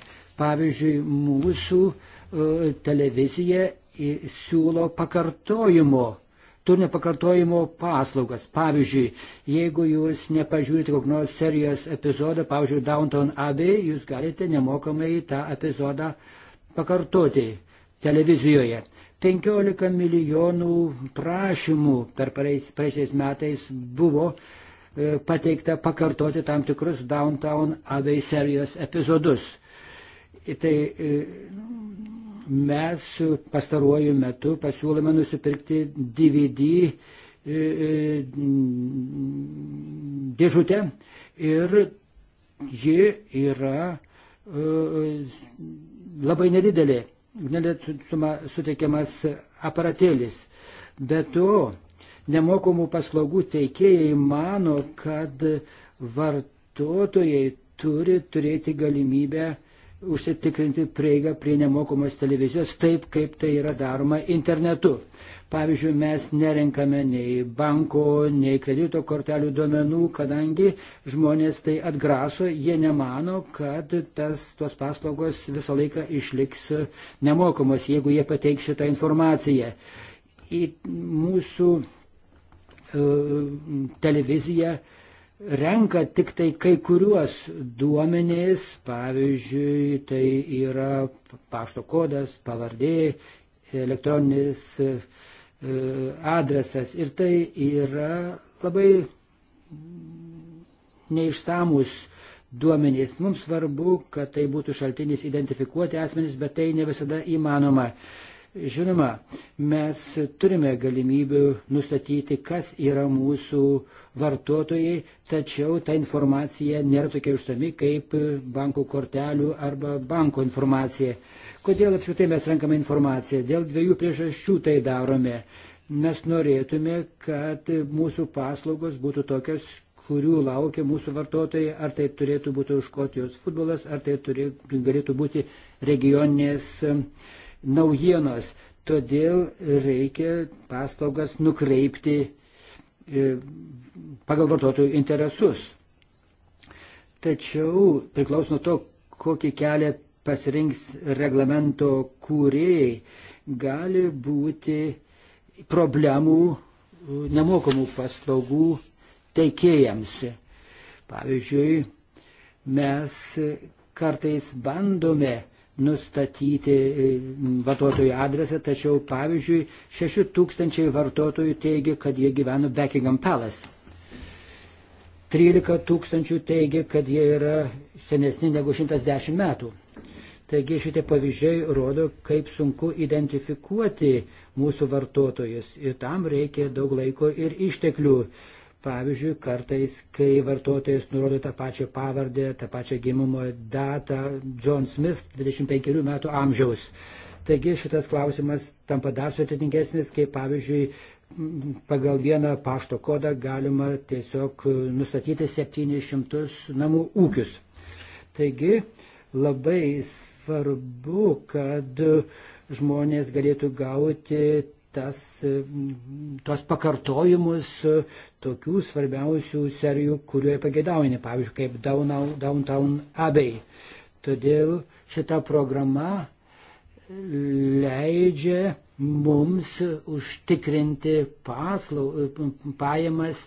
Pavyzdžiui, mūsų e, televizija siūlo pakartojimo turinio pakartojimo paslaugas. Pavyzdžiui, jeigu jūs nepažiūrite kokios serijos epizodą, pavyzdžiui, Downtown Abbey, jūs galite nemokamai tą epizodą pakartoti televizijoje. 15 milijonų prašymų per praeisiais metais buvo e, pateikta pakartoti tam tikrus Downtown Abbey serijos epizodus. Tai e, mes pastaruoju metu pasiūlėme nusipirkti DVD e, e, dėžutę ir ji yra e, labai nedidelė, suma suteikiamas aparatėlis. Be to, nemokamų paslaugų teikėjai mano, kad vartotojai turi turėti galimybę užsitikrinti prieigą prie nemokamos televizijos taip, kaip tai yra daroma internetu. Pavyzdžiui, mes nerenkame nei banko, nei kredito kortelių duomenų, kadangi žmonės tai atgraso, jie nemano, kad tas, tos paslaugos visą laiką išliks nemokamos, jeigu jie pateiks šitą informaciją. Į mūsų e, televiziją e, renka tik tai kai kuriuos duomenys, pavyzdžiui, tai yra pašto kodas, pavardė, elektroninis e, adresas ir tai yra labai neišsamus duomenys. Mums svarbu, kad tai būtų šaltinis identifikuoti asmenys, bet tai ne visada įmanoma. Žinoma, mes turime galimybių nustatyti, kas yra mūsų uh, vartotojai, tačiau ta informacija nėra tokia išsami kaip bankų kortelių arba banko informacija. Kodėl apskritai mes renkame informaciją? Dėl dviejų priežasčių tai darome. Mes norėtume, kad mūsų paslaugos būtų tokios, kurių laukia mūsų vartotojai, ar tai turėtų būti Škotijos futbolas, ar tai turė, galėtų būti regioninės um, naujienos. Todėl reikia paslaugas nukreipti pagal vartotojų interesus. Tačiau priklauso nuo to, kokį kelią pasirinks reglamento kūrėjai, gali būti problemų nemokamų paslaugų teikėjams. Pavyzdžiui, mes kartais bandome nustatyti e, vartotojų adresą, tačiau pavyzdžiui 6 tūkstančiai vartotojų teigia, kad jie gyvena Buckingham Palace. 13 tūkstančių teigia, kad jie yra senesni negu 110 metų. Taigi šitie pavyzdžiai rodo, kaip sunku identifikuoti mūsų vartotojus ir tam reikia daug laiko ir išteklių. Pavyzdžiui, kartais, kai vartotojas nurodo tą pačią pavardę, tą pačią gimimo datą, John Smith, 25 metų amžiaus. Taigi šitas klausimas tampa dar sudėtingesnis, kai pavyzdžiui, pagal vieną pašto kodą galima tiesiog nustatyti 700 namų ūkius. Taigi labai svarbu, kad žmonės galėtų gauti tas, tos pakartojimus tokių svarbiausių serijų, kurioje pagėdaujami, pavyzdžiui, kaip Downtown Abbey. Todėl šita programa leidžia mums užtikrinti paslau, pajamas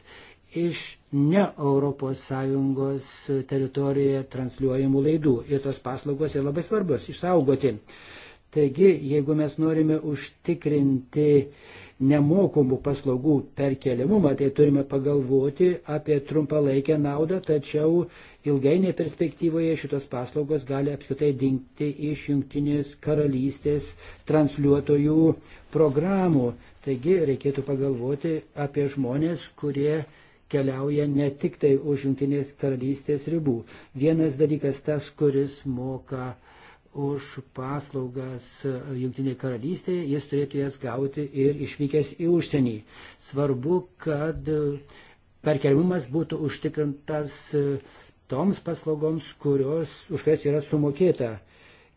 iš ne ES teritorijoje transliuojamų laidų. Ir tos paslaugos yra labai svarbios išsaugoti. Uh, Taigi, jeigu mes norime užtikrinti nemokamų paslaugų perkeliamumą, tai turime pagalvoti apie trumpalaikę naudą, tačiau ilgainėje perspektyvoje šitos paslaugos gali apskritai dinkti iš jungtinės karalystės transliuotojų programų. Taigi reikėtų pagalvoti apie žmonės, kurie keliauja ne tik tai už jungtinės karalystės ribų. Vienas dalykas tas, kuris moka uh, už paslaugas Junktinėje karalystėje, jis turėtų jas gauti ir išvykęs į užsienį. Svarbu, kad perkelimumas būtų užtikrintas toms paslaugoms, kurios, už kurias yra sumokėta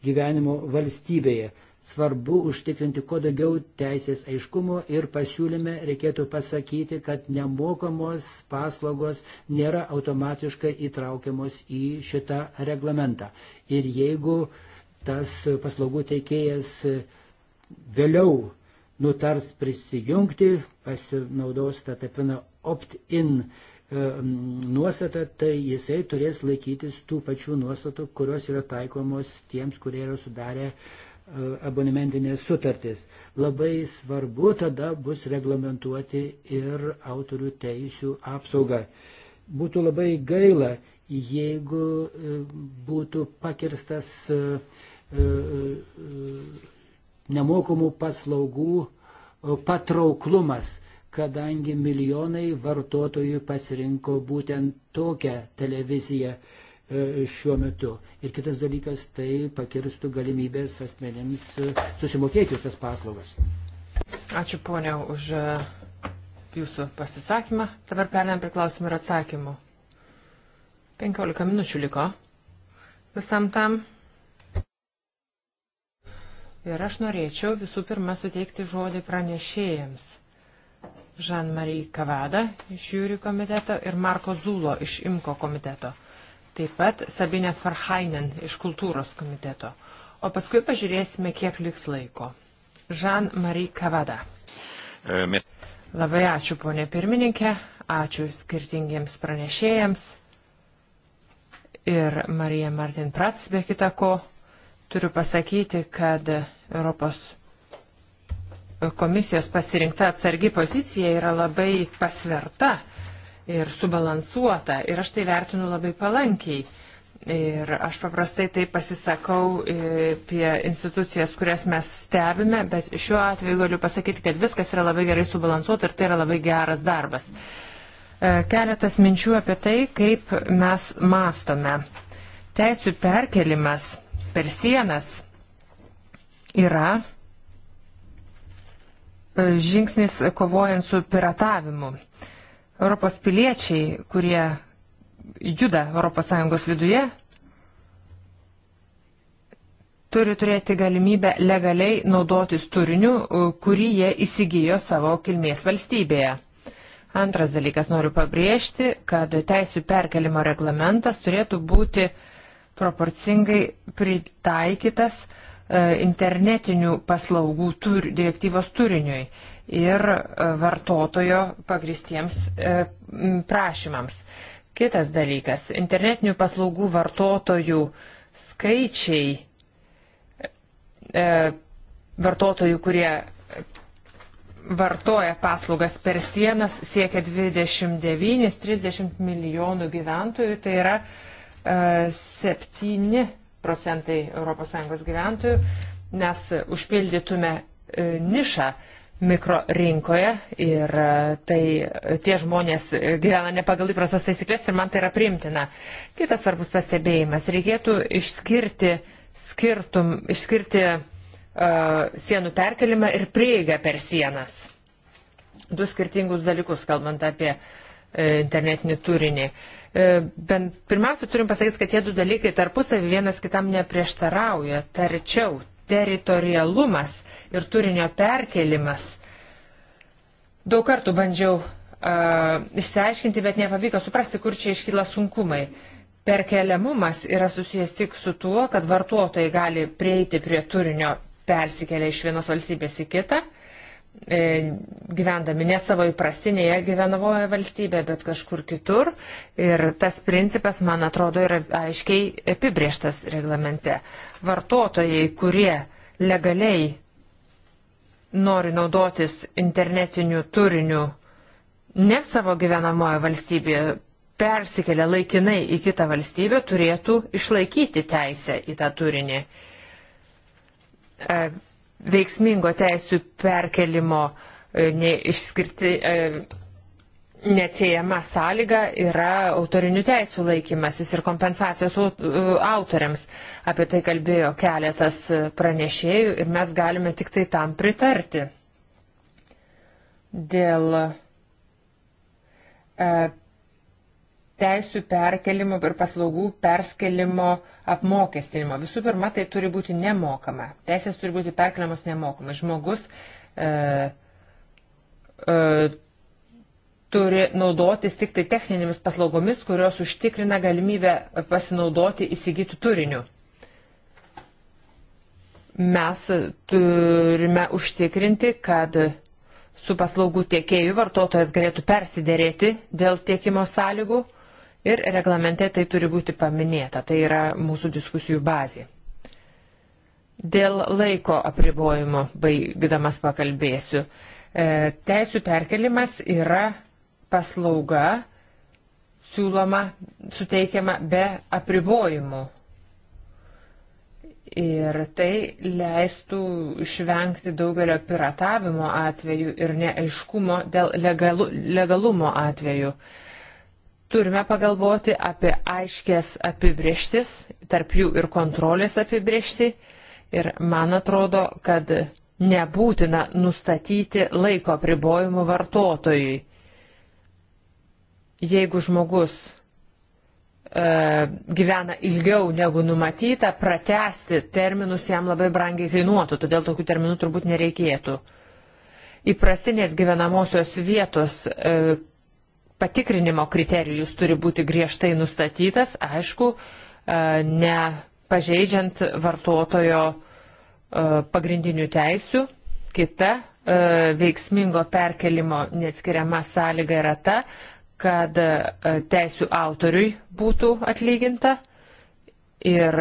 gyvenimo valstybėje. Svarbu užtikrinti kuo daugiau teisės aiškumo ir pasiūlyme reikėtų pasakyti, kad nemokamos paslaugos nėra automatiškai įtraukiamos į šitą reglamentą. Ir jeigu uh, tas paslaugų teikėjas vėliau nutars prisijungti, pasinaudos tą taip vieną opt-in e, nuostatą, tai jisai turės laikytis tų pačių nuostatų, kurios yra taikomos tiems, kurie yra sudarę e, abonementinės sutartys. Labai svarbu tada bus reglamentuoti ir autorių teisių apsaugą. Būtų labai gaila, jeigu e, būtų pakirstas uh, E, e, nemokamų paslaugų e, patrauklumas, kadangi milijonai vartotojų pasirinko būtent tokią televiziją šiuo metu. Ir kitas dalykas, tai pakirstų galimybės asmenėms susimokėti už tas paslaugas. Ačiū ponia už jūsų pasisakymą. Dabar perėm prie klausimų ir atsakymų. 15 minučių liko visam tam. Ir aš norėčiau visų pirma suteikti žodį pranešėjams. Žan-Marie Kavada iš Jūrių komiteto ir Marko Zulo iš Imko komiteto. Taip pat Sabinė Farhainen iš Kultūros komiteto. O paskui pažiūrėsime, kiek liks laiko. Žan-Marie Kavada. E, mes... Labai ačiū, ponė pirmininkė. Ačiū skirtingiems pranešėjams. Ir Marija Martin Prats, be kita ko, Turiu pasakyti, kad Europos komisijos pasirinkta atsargi pozicija yra labai pasverta ir subalansuota ir aš tai vertinu labai palankiai. Ir aš paprastai tai pasisakau e, apie institucijas, kurias mes stebime, bet šiuo atveju galiu pasakyti, kad viskas yra labai gerai subalansuota ir tai yra labai geras darbas. E, keletas minčių apie tai, kaip mes mastome. Teisų perkelimas per sienas yra e, žingsnis kovojant su piratavimu. Europos piliečiai, kurie juda ES viduje, turi turėti galimybę legaliai naudotis turiniu, e, kurį jie įsigijo savo kilmės valstybėje. Antras dalykas noriu pabrėžti, kad teisų perkelimo reglamentas turėtų būti uh, proporcingai pritaikytas e, internetinių paslaugų tur, direktyvos turiniui ir e, vartotojo pagristiems e, prašymams. Kitas dalykas - internetinių paslaugų vartotojų skaičiai, vartotojų, kurie vartoja paslaugas per sienas, siekia 29-30 milijonų gyventojų, tai yra 7 e, procentai ES gyventojų, mes užpildytume e, nišą mikro rinkoje ir e, tai tie žmonės gyvena ne pagal įprastas taisyklės ir man tai yra priimtina. Kitas svarbus pastebėjimas - reikėtų išskirti, skirtum, išskirti uh, sienų perkelimą ir prieigą per sienas. Du skirtingus dalykus, kalbant apie uh, internetinį turinį. Uh, E, Bent pirmiausia, turim pasakyti, kad tie du dalykai tarpusavį vienas kitam neprieštarauja. Tarčiau, teritorialumas ir turinio perkelimas. Daug kartų bandžiau uh, išsiaiškinti, bet nepavyko suprasti, kur čia iškyla sunkumai. Perkeliamumas yra susijęs tik su tuo, kad vartotojai gali prieiti prie turinio persikelia iš vienos valstybės į kitą. Uh, E, gyvendami ne savo įprastinėje gyvenavoje valstybėje, bet kažkur kitur. Ir tas principas, man atrodo, yra aiškiai apibrieštas reglamente. Vartotojai, kurie legaliai nori naudotis internetiniu turiniu ne savo gyvenamoje valstybėje, persikelia laikinai į kitą valstybę, turėtų išlaikyti teisę į tą turinį e, veiksmingo teisų perkelimo e, neišskirti. E, neatsiejama sąlyga yra autorinių teisų laikymasis ir kompensacijos e, autoriams. Apie tai kalbėjo keletas pranešėjų ir mes galime tik tai tam pritarti. Dėl teisų perkelimo ir paslaugų perskelimo apmokestinimo. Visų pirma, tai turi būti nemokama. Teisės turi būti perkeliamos nemokamai. Žmogus e, e, turi naudotis tik tai techninėmis paslaugomis, kurios užtikrina galimybę pasinaudoti įsigytų turiniu. Mes turime užtikrinti, kad su paslaugų tiekėjų vartotojas galėtų persiderėti dėl tiekimo sąlygų ir reglamente tai turi būti paminėta. Tai yra mūsų diskusijų bazė. Dėl laiko apribojimo, baigdamas pakalbėsiu, e, teisų perkelimas yra paslauga siūloma, suteikiama be apribojimų. Ir tai leistų išvengti daugelio piratavimo atvejų ir neaiškumo dėl legalu, legalumo atvejų. Uh, Turime pagalvoti apie aiškės apibrieštis, tarp jų ir kontrolės apibriešti. Ir man atrodo, kad nebūtina nustatyti laiko pribojimų vartotojui. Jeigu žmogus e, gyvena ilgiau negu numatyta, pratesti terminus jam labai brangiai kainuotų, todėl tokių terminų turbūt nereikėtų. Įprastinės gyvenamosios vietos e, patikrinimo kriterijus turi būti griežtai nustatytas, aišku, e, nepažeidžiant vartotojo e, pagrindinių teisių. Kita e, veiksmingo perkelimo neatskiriama sąlyga yra ta, kad teisių autoriui būtų atlyginta ir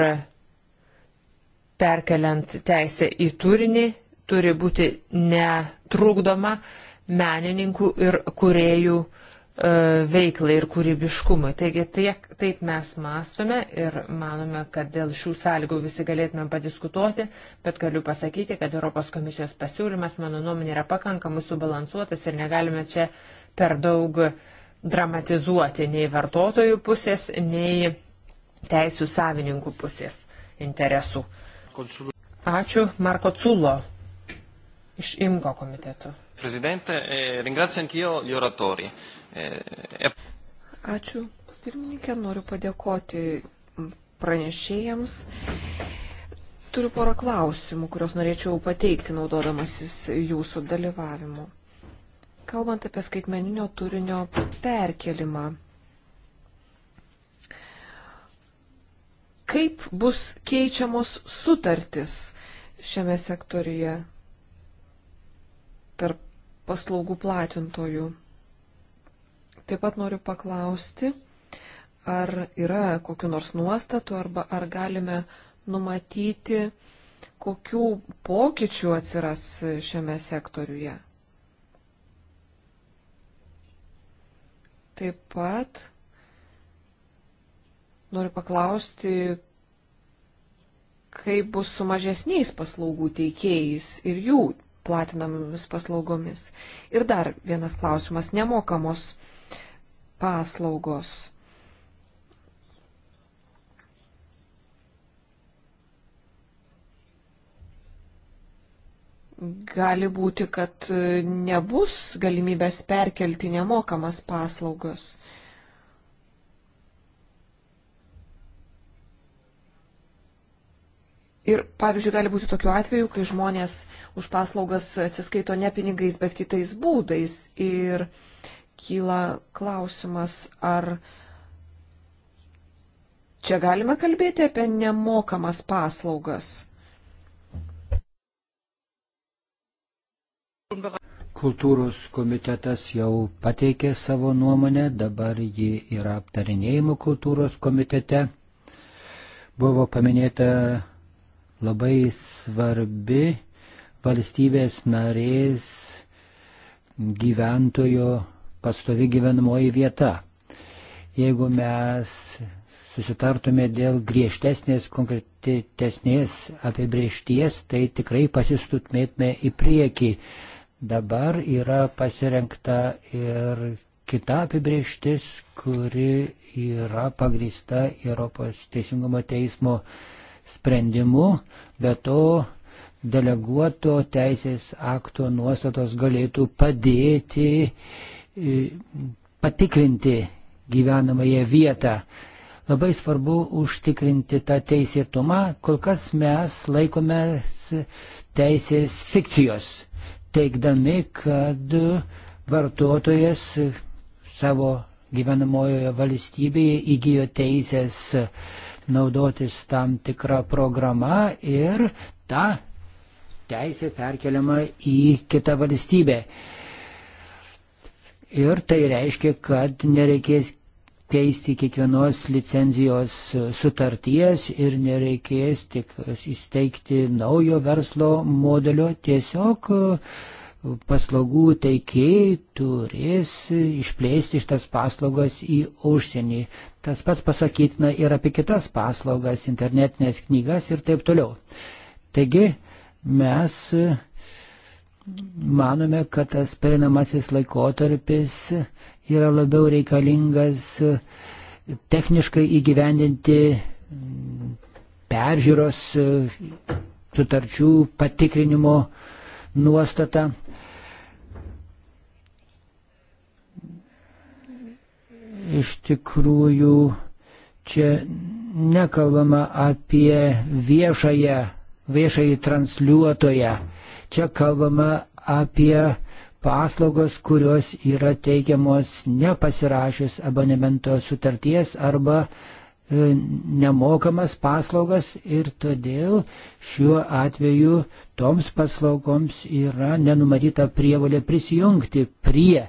perkeliant teisę į turinį turi būti netrukdoma menininkų ir kuriejų uh, E, veiklai ir kūrybiškumui. Taigi tiek, taip mes mastome ir manome, kad dėl šių sąlygų visi galėtumėm padiskutuoti, bet galiu pasakyti, kad Europos komisijos pasiūlymas, mano nuomonė, yra pakankamai subalansuotas ir negalime čia per daug dramatizuoti nei vartotojų pusės, nei teisų savininkų pusės interesų. Ačiū Marko Culo iš IMKO komiteto. Presidente, eh, ringrazio anch'io gli oratori. Ačiū. Pirmininkė, noriu padėkoti pranešėjams. Turiu porą klausimų, kuriuos norėčiau pateikti naudodamasis jūsų dalyvavimu. Kalbant apie skaitmeninio turinio perkelimą, kaip bus keičiamos sutartis šiame sektorije tarp paslaugų platintojų? Taip pat noriu paklausti, ar yra kokiu nors nuostatų arba ar galime numatyti, kokių pokyčių atsiras šiame sektoriuje. Taip pat noriu paklausti, kaip bus su mažesniais paslaugų teikėjais ir jų platinamomis paslaugomis. Ir dar vienas klausimas - nemokamos paslaugos. Gali būti, kad nebus galimybės perkelti nemokamas paslaugos. Ir, pavyzdžiui, gali būti tokių atvejų, kai žmonės už paslaugas atsiskaito ne pinigais, bet kitais būdais. Ir uh, kyla klausimas, ar čia galime kalbėti apie nemokamas paslaugas. Kultūros komitetas jau pateikė savo nuomonę, dabar ji yra aptarinėjimo kultūros komitete. Buvo paminėta labai svarbi valstybės narės gyventojo pastovi gyvenamoji vieta. Jeigu mes susitartume dėl griežtesnės, konkretesnės apibriešties, tai tikrai pasistutmėtume į priekį. Dabar yra pasirenkta ir kita apibrieštis, kuri yra pagrįsta Europos Teisingumo teismo sprendimu, bet to deleguoto teisės akto nuostatos galėtų padėti patikrinti gyvenamąją vietą. Labai svarbu užtikrinti tą teisėtumą, kol kas mes laikome teisės fikcijos, teikdami, kad vartotojas savo gyvenamojoje valstybėje įgyjo teisės naudotis tam tikrą programą ir ta teisė perkeliama į kitą valstybę. Ir tai reiškia, kad nereikės keisti kiekvienos licenzijos sutarties ir nereikės tik įsteigti naujo verslo modelio. Tiesiog uh, paslaugų teikėjai turės išplėsti šitas paslaugas į užsienį. Tas pats pasakytina ir apie kitas paslaugas, internetinės knygas ir taip toliau. Taigi mes manome, kad tas perinamasis laikotarpis yra labiau reikalingas techniškai įgyvendinti peržiūros sutarčių patikrinimo nuostatą. Iš tikrųjų, čia nekalbama apie viešąją, viešąjį transliuotoją Čia kalbama apie paslaugos, kurios yra teikiamos nepasirašius abonemento sutarties arba e, nemokamas paslaugas ir todėl šiuo atveju toms paslaugoms yra nenumatyta prievalė prisijungti prie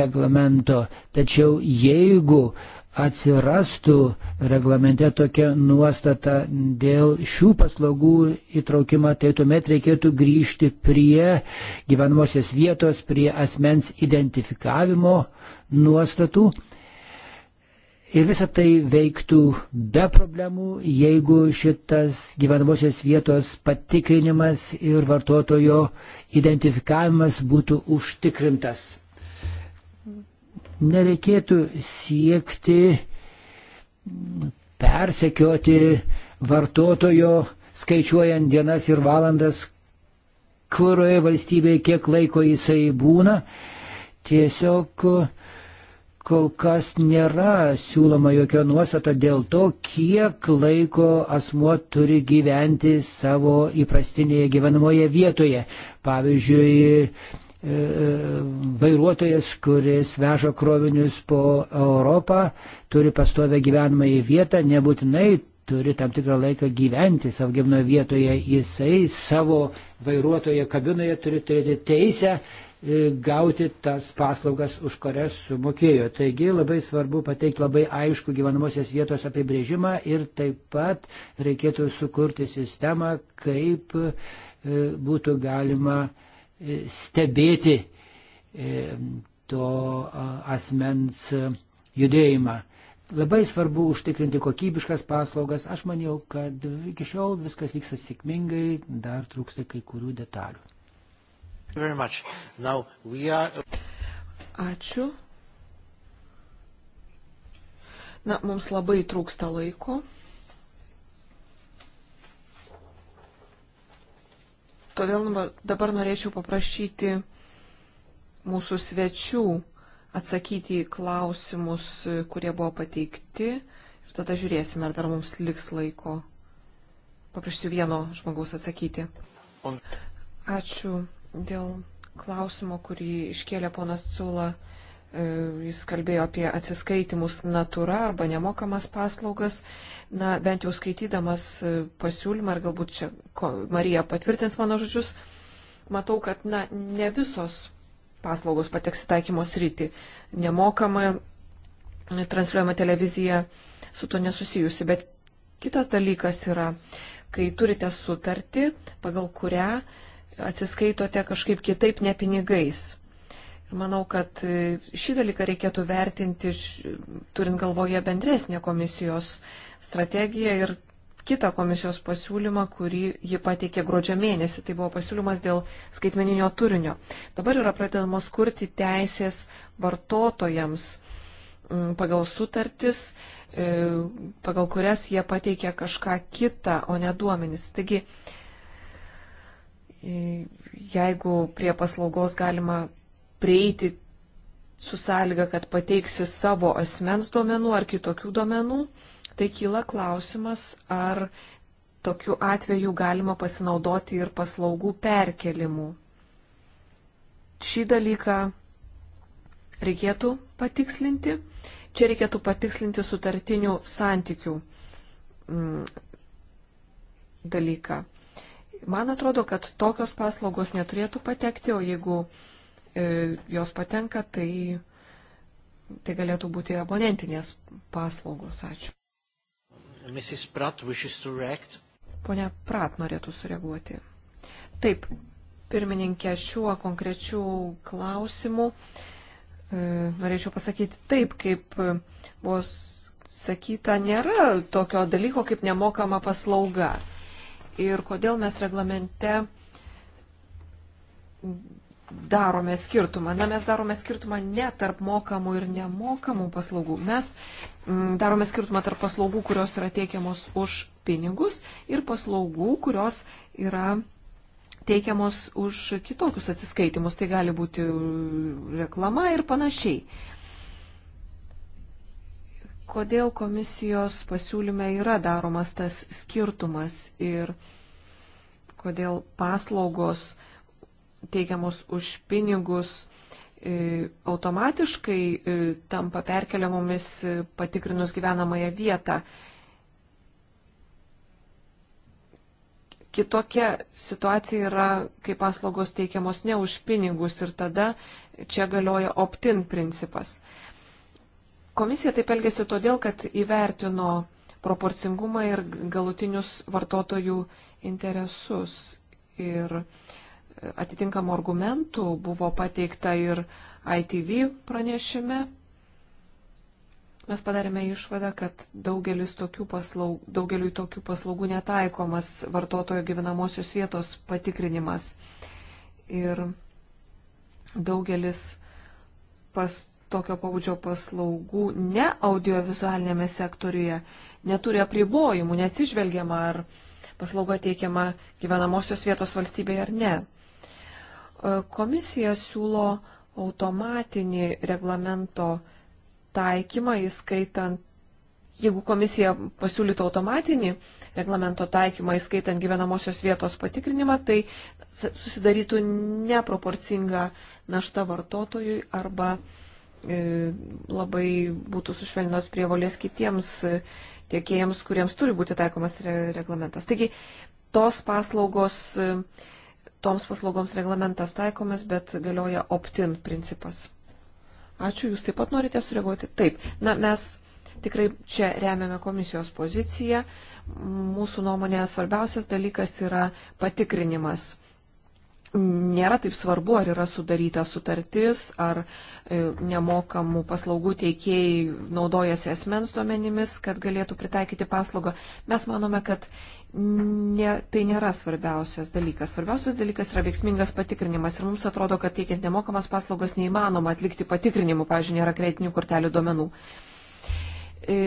reglamento. Tačiau jeigu atsirastų reglamente tokia nuostata dėl šių paslaugų įtraukimą, tai tuomet reikėtų grįžti prie gyvenamosios vietos, prie asmens identifikavimo nuostatų. Ir visa tai veiktų be problemų, jeigu šitas gyvenamosios vietos patikrinimas ir vartotojo identifikavimas būtų užtikrintas. Nereikėtų siekti persekioti vartotojo, skaičiuojant dienas ir valandas, kurioje valstybėje kiek laiko jisai būna. Tiesiog kol kas nėra siūloma jokia nuostata dėl to, kiek laiko asmuo turi gyventi savo įprastinėje gyvenamoje vietoje. Pavyzdžiui, E, vairuotojas, kuris veža krovinius po Europą, turi pastovę gyvenamąją vietą, nebūtinai turi tam tikrą laiką gyventi savo gimnoje vietoje, jisai savo vairuotoje kabinoje turi turėti teisę e, gauti tas paslaugas, už kurias sumokėjo. Taigi labai svarbu pateikti labai aišku gyvenamosios vietos apibrėžimą ir taip pat reikėtų sukurti sistemą, kaip e, būtų galima uh, E, stebėti e, to asmens e, judėjimą. Labai svarbu užtikrinti kokybiškas paslaugas. Aš maniau, kad iki šiol viskas vyksta sėkmingai, dar trūksta kai kurių detalių. Are... Ačiū. Na, mums labai trūksta laiko. Todėl dabar norėčiau paprašyti mūsų svečių atsakyti į klausimus, kurie buvo pateikti. Ir tada žiūrėsime, ar dar mums liks laiko. Paprašysiu vieno žmogaus atsakyti. Ačiū dėl klausimo, kurį iškėlė ponas Cūla E, jis kalbėjo apie atsiskaitimus natūra arba nemokamas paslaugas. Na, bent jau skaitydamas e, pasiūlymą, ar galbūt čia Marija patvirtins mano žodžius, matau, kad na, ne visos paslaugos pateks į taikymo sritį. Nemokama e, transliuojama televizija su to nesusijusi. Bet kitas dalykas yra, kai turite sutartį, pagal kurią atsiskaitote kažkaip kitaip ne pinigais. Manau, kad e, šį dalyką reikėtų vertinti, turint galvoje bendresnė komisijos strategija ir kitą komisijos pasiūlymą, kurį ji pateikė gruodžio mėnesį. Tai buvo pasiūlymas dėl skaitmeninio turinio. Dabar yra pradedamos kurti teisės vartotojams mm, pagal sutartis, e, pagal kurias jie pateikia kažką kitą, o ne duomenis. Taigi, e, jeigu prie paslaugos galima prieiti su sąlyga, kad pateiksi savo asmens duomenų ar kitokių duomenų, tai kyla klausimas, ar tokiu atveju galima pasinaudoti ir paslaugų perkelimų. Šį dalyką reikėtų patikslinti. Čia reikėtų patikslinti sutartinių santykių mm, dalyką. Man atrodo, kad tokios paslaugos neturėtų patekti, o jeigu E, jos patenka, tai, tai galėtų būti abonentinės paslaugos. Ačiū. Mrs. Pratt wishes to react. Pone Prat norėtų sureaguoti. Taip, pirmininkė, šiuo konkrečiu klausimu e, norėčiau pasakyti taip, kaip buvo sakyta, nėra tokio dalyko kaip nemokama paslauga. Ir kodėl mes reglamente darome skirtumą? Na, mes darome skirtumą ne tarp mokamų ir nemokamų paslaugų. Mes mm, darome skirtumą tarp paslaugų, kurios yra teikiamos už pinigus ir paslaugų, kurios yra teikiamos už kitokius atsiskaitimus. Tai gali būti reklama ir panašiai. Kodėl komisijos pasiūlyme yra daromas tas skirtumas ir kodėl paslaugos teikiamos už pinigus e, automatiškai e, tampa perkeliamomis e, patikrinus gyvenamąją vietą. Kitokia situacija yra, kai paslaugos teikiamos ne už pinigus ir tada čia galioja opt-in principas. Komisija taip elgėsi todėl, kad įvertino proporcingumą ir galutinius vartotojų interesus. Ir uh, atitinkamų argumentų buvo pateikta ir ITV pranešime. Mes padarėme išvadą, kad daugelis tokių paslaugų, daugeliu tokių paslaugų netaikomas vartotojo gyvenamosios vietos patikrinimas. Ir daugelis pas, tokio pabudžio paslaugų ne audiovizualinėme sektoriuje neturi apribojimų, neatsižvelgiama ar paslauga teikiama gyvenamosios vietos valstybėje ar ne. Komisija siūlo automatinį reglamento taikymą, įskaitant, jeigu komisija pasiūlytų automatinį reglamento taikymą, įskaitant gyvenamosios vietos patikrinimą, tai susidarytų neproporcinga našta vartotojui arba e, labai būtų sušvelnios prievolės kitiems e, tiekėjams, kuriems turi būti taikomas reglamentas. Taigi, tos paslaugos e, toms paslaugoms reglamentas taikomas, bet galioja opt-in principas. Ačiū, jūs taip pat norite sureaguoti? Taip. Na, mes tikrai čia remiame komisijos poziciją. Mūsų nuomonė svarbiausias dalykas yra patikrinimas. Nėra taip svarbu, ar yra sudaryta sutartis, ar e, nemokamų paslaugų teikėjai naudojasi esmens duomenimis, kad galėtų pritaikyti paslaugą. Mes manome, kad ne, tai nėra svarbiausias dalykas. Svarbiausias dalykas yra veiksmingas patikrinimas ir mums atrodo, kad teikiant nemokamas paslaugas neįmanoma atlikti patikrinimų, pavyzdžiui, nėra kreitinių kortelių duomenų. E,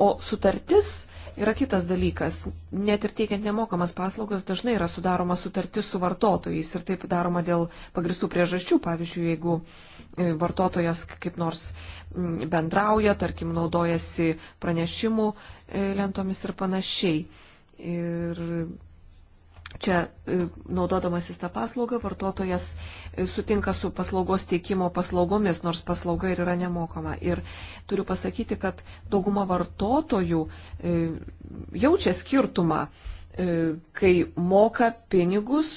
o sutartis yra kitas dalykas. Net ir teikiant nemokamas paslaugas dažnai yra sudaroma sutartis su vartotojais ir taip daroma dėl pagristų priežasčių. Pavyzdžiui, jeigu e, vartotojas kaip nors bendrauja, tarkim, naudojasi pranešimų e, lentomis ir panašiai Ir čia e, naudodamasis tą paslaugą vartotojas e, sutinka su paslaugos teikimo paslaugomis, nors paslauga ir yra nemokama. Ir turiu pasakyti, kad dauguma vartotojų e, jaučia skirtumą, kai moka pinigus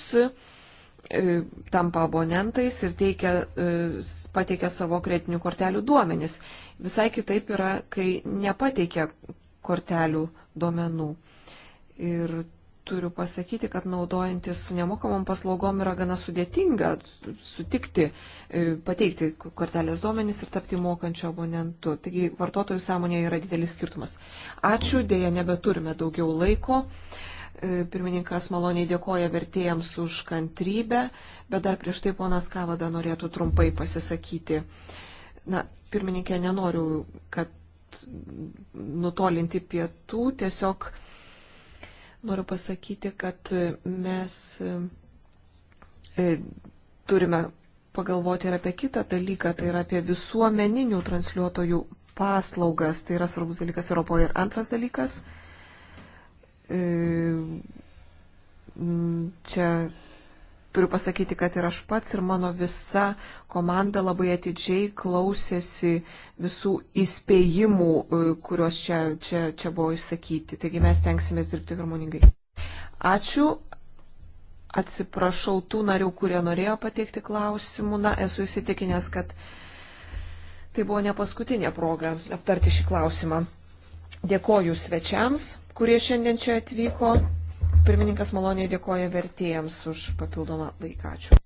tampa abonentais ir teikia, pateikia savo kreditinių kortelių duomenis. Visai kitaip yra, kai nepateikia kortelių duomenų. Ir turiu pasakyti, kad naudojantis nemokamom paslaugom yra gana sudėtinga sutikti, e, pateikti kortelės duomenys ir tapti mokančio abonentu. Taigi vartotojų sąmonėje yra didelis skirtumas. Ačiū, dėja nebeturime daugiau laiko. E, pirmininkas maloniai dėkoja vertėjams už kantrybę, bet dar prieš tai ponas Kavada norėtų trumpai pasisakyti. Na, pirmininkė, nenoriu, kad nutolinti pietų, tiesiog Noriu pasakyti, kad mes e, turime pagalvoti ir apie kitą dalyką, tai yra apie visuomeninių transliuotojų paslaugas. Tai yra svarbus dalykas Europoje. Ir antras dalykas, e, čia turiu pasakyti, kad ir aš pats, ir mano visa komanda labai atidžiai klausėsi visų įspėjimų, e, kuriuos čia, čia, čia buvo išsakyti. Taigi mes tenksimės dirbti harmoningai. Ačiū. Atsiprašau tų narių, kurie norėjo pateikti klausimų. Na, esu įsitikinęs, kad tai buvo ne paskutinė proga aptarti šį klausimą. Dėkoju svečiams, kurie šiandien čia atvyko. Pirmininkas maloniai dėkoja vertėjams už papildomą laiką. Ačiū.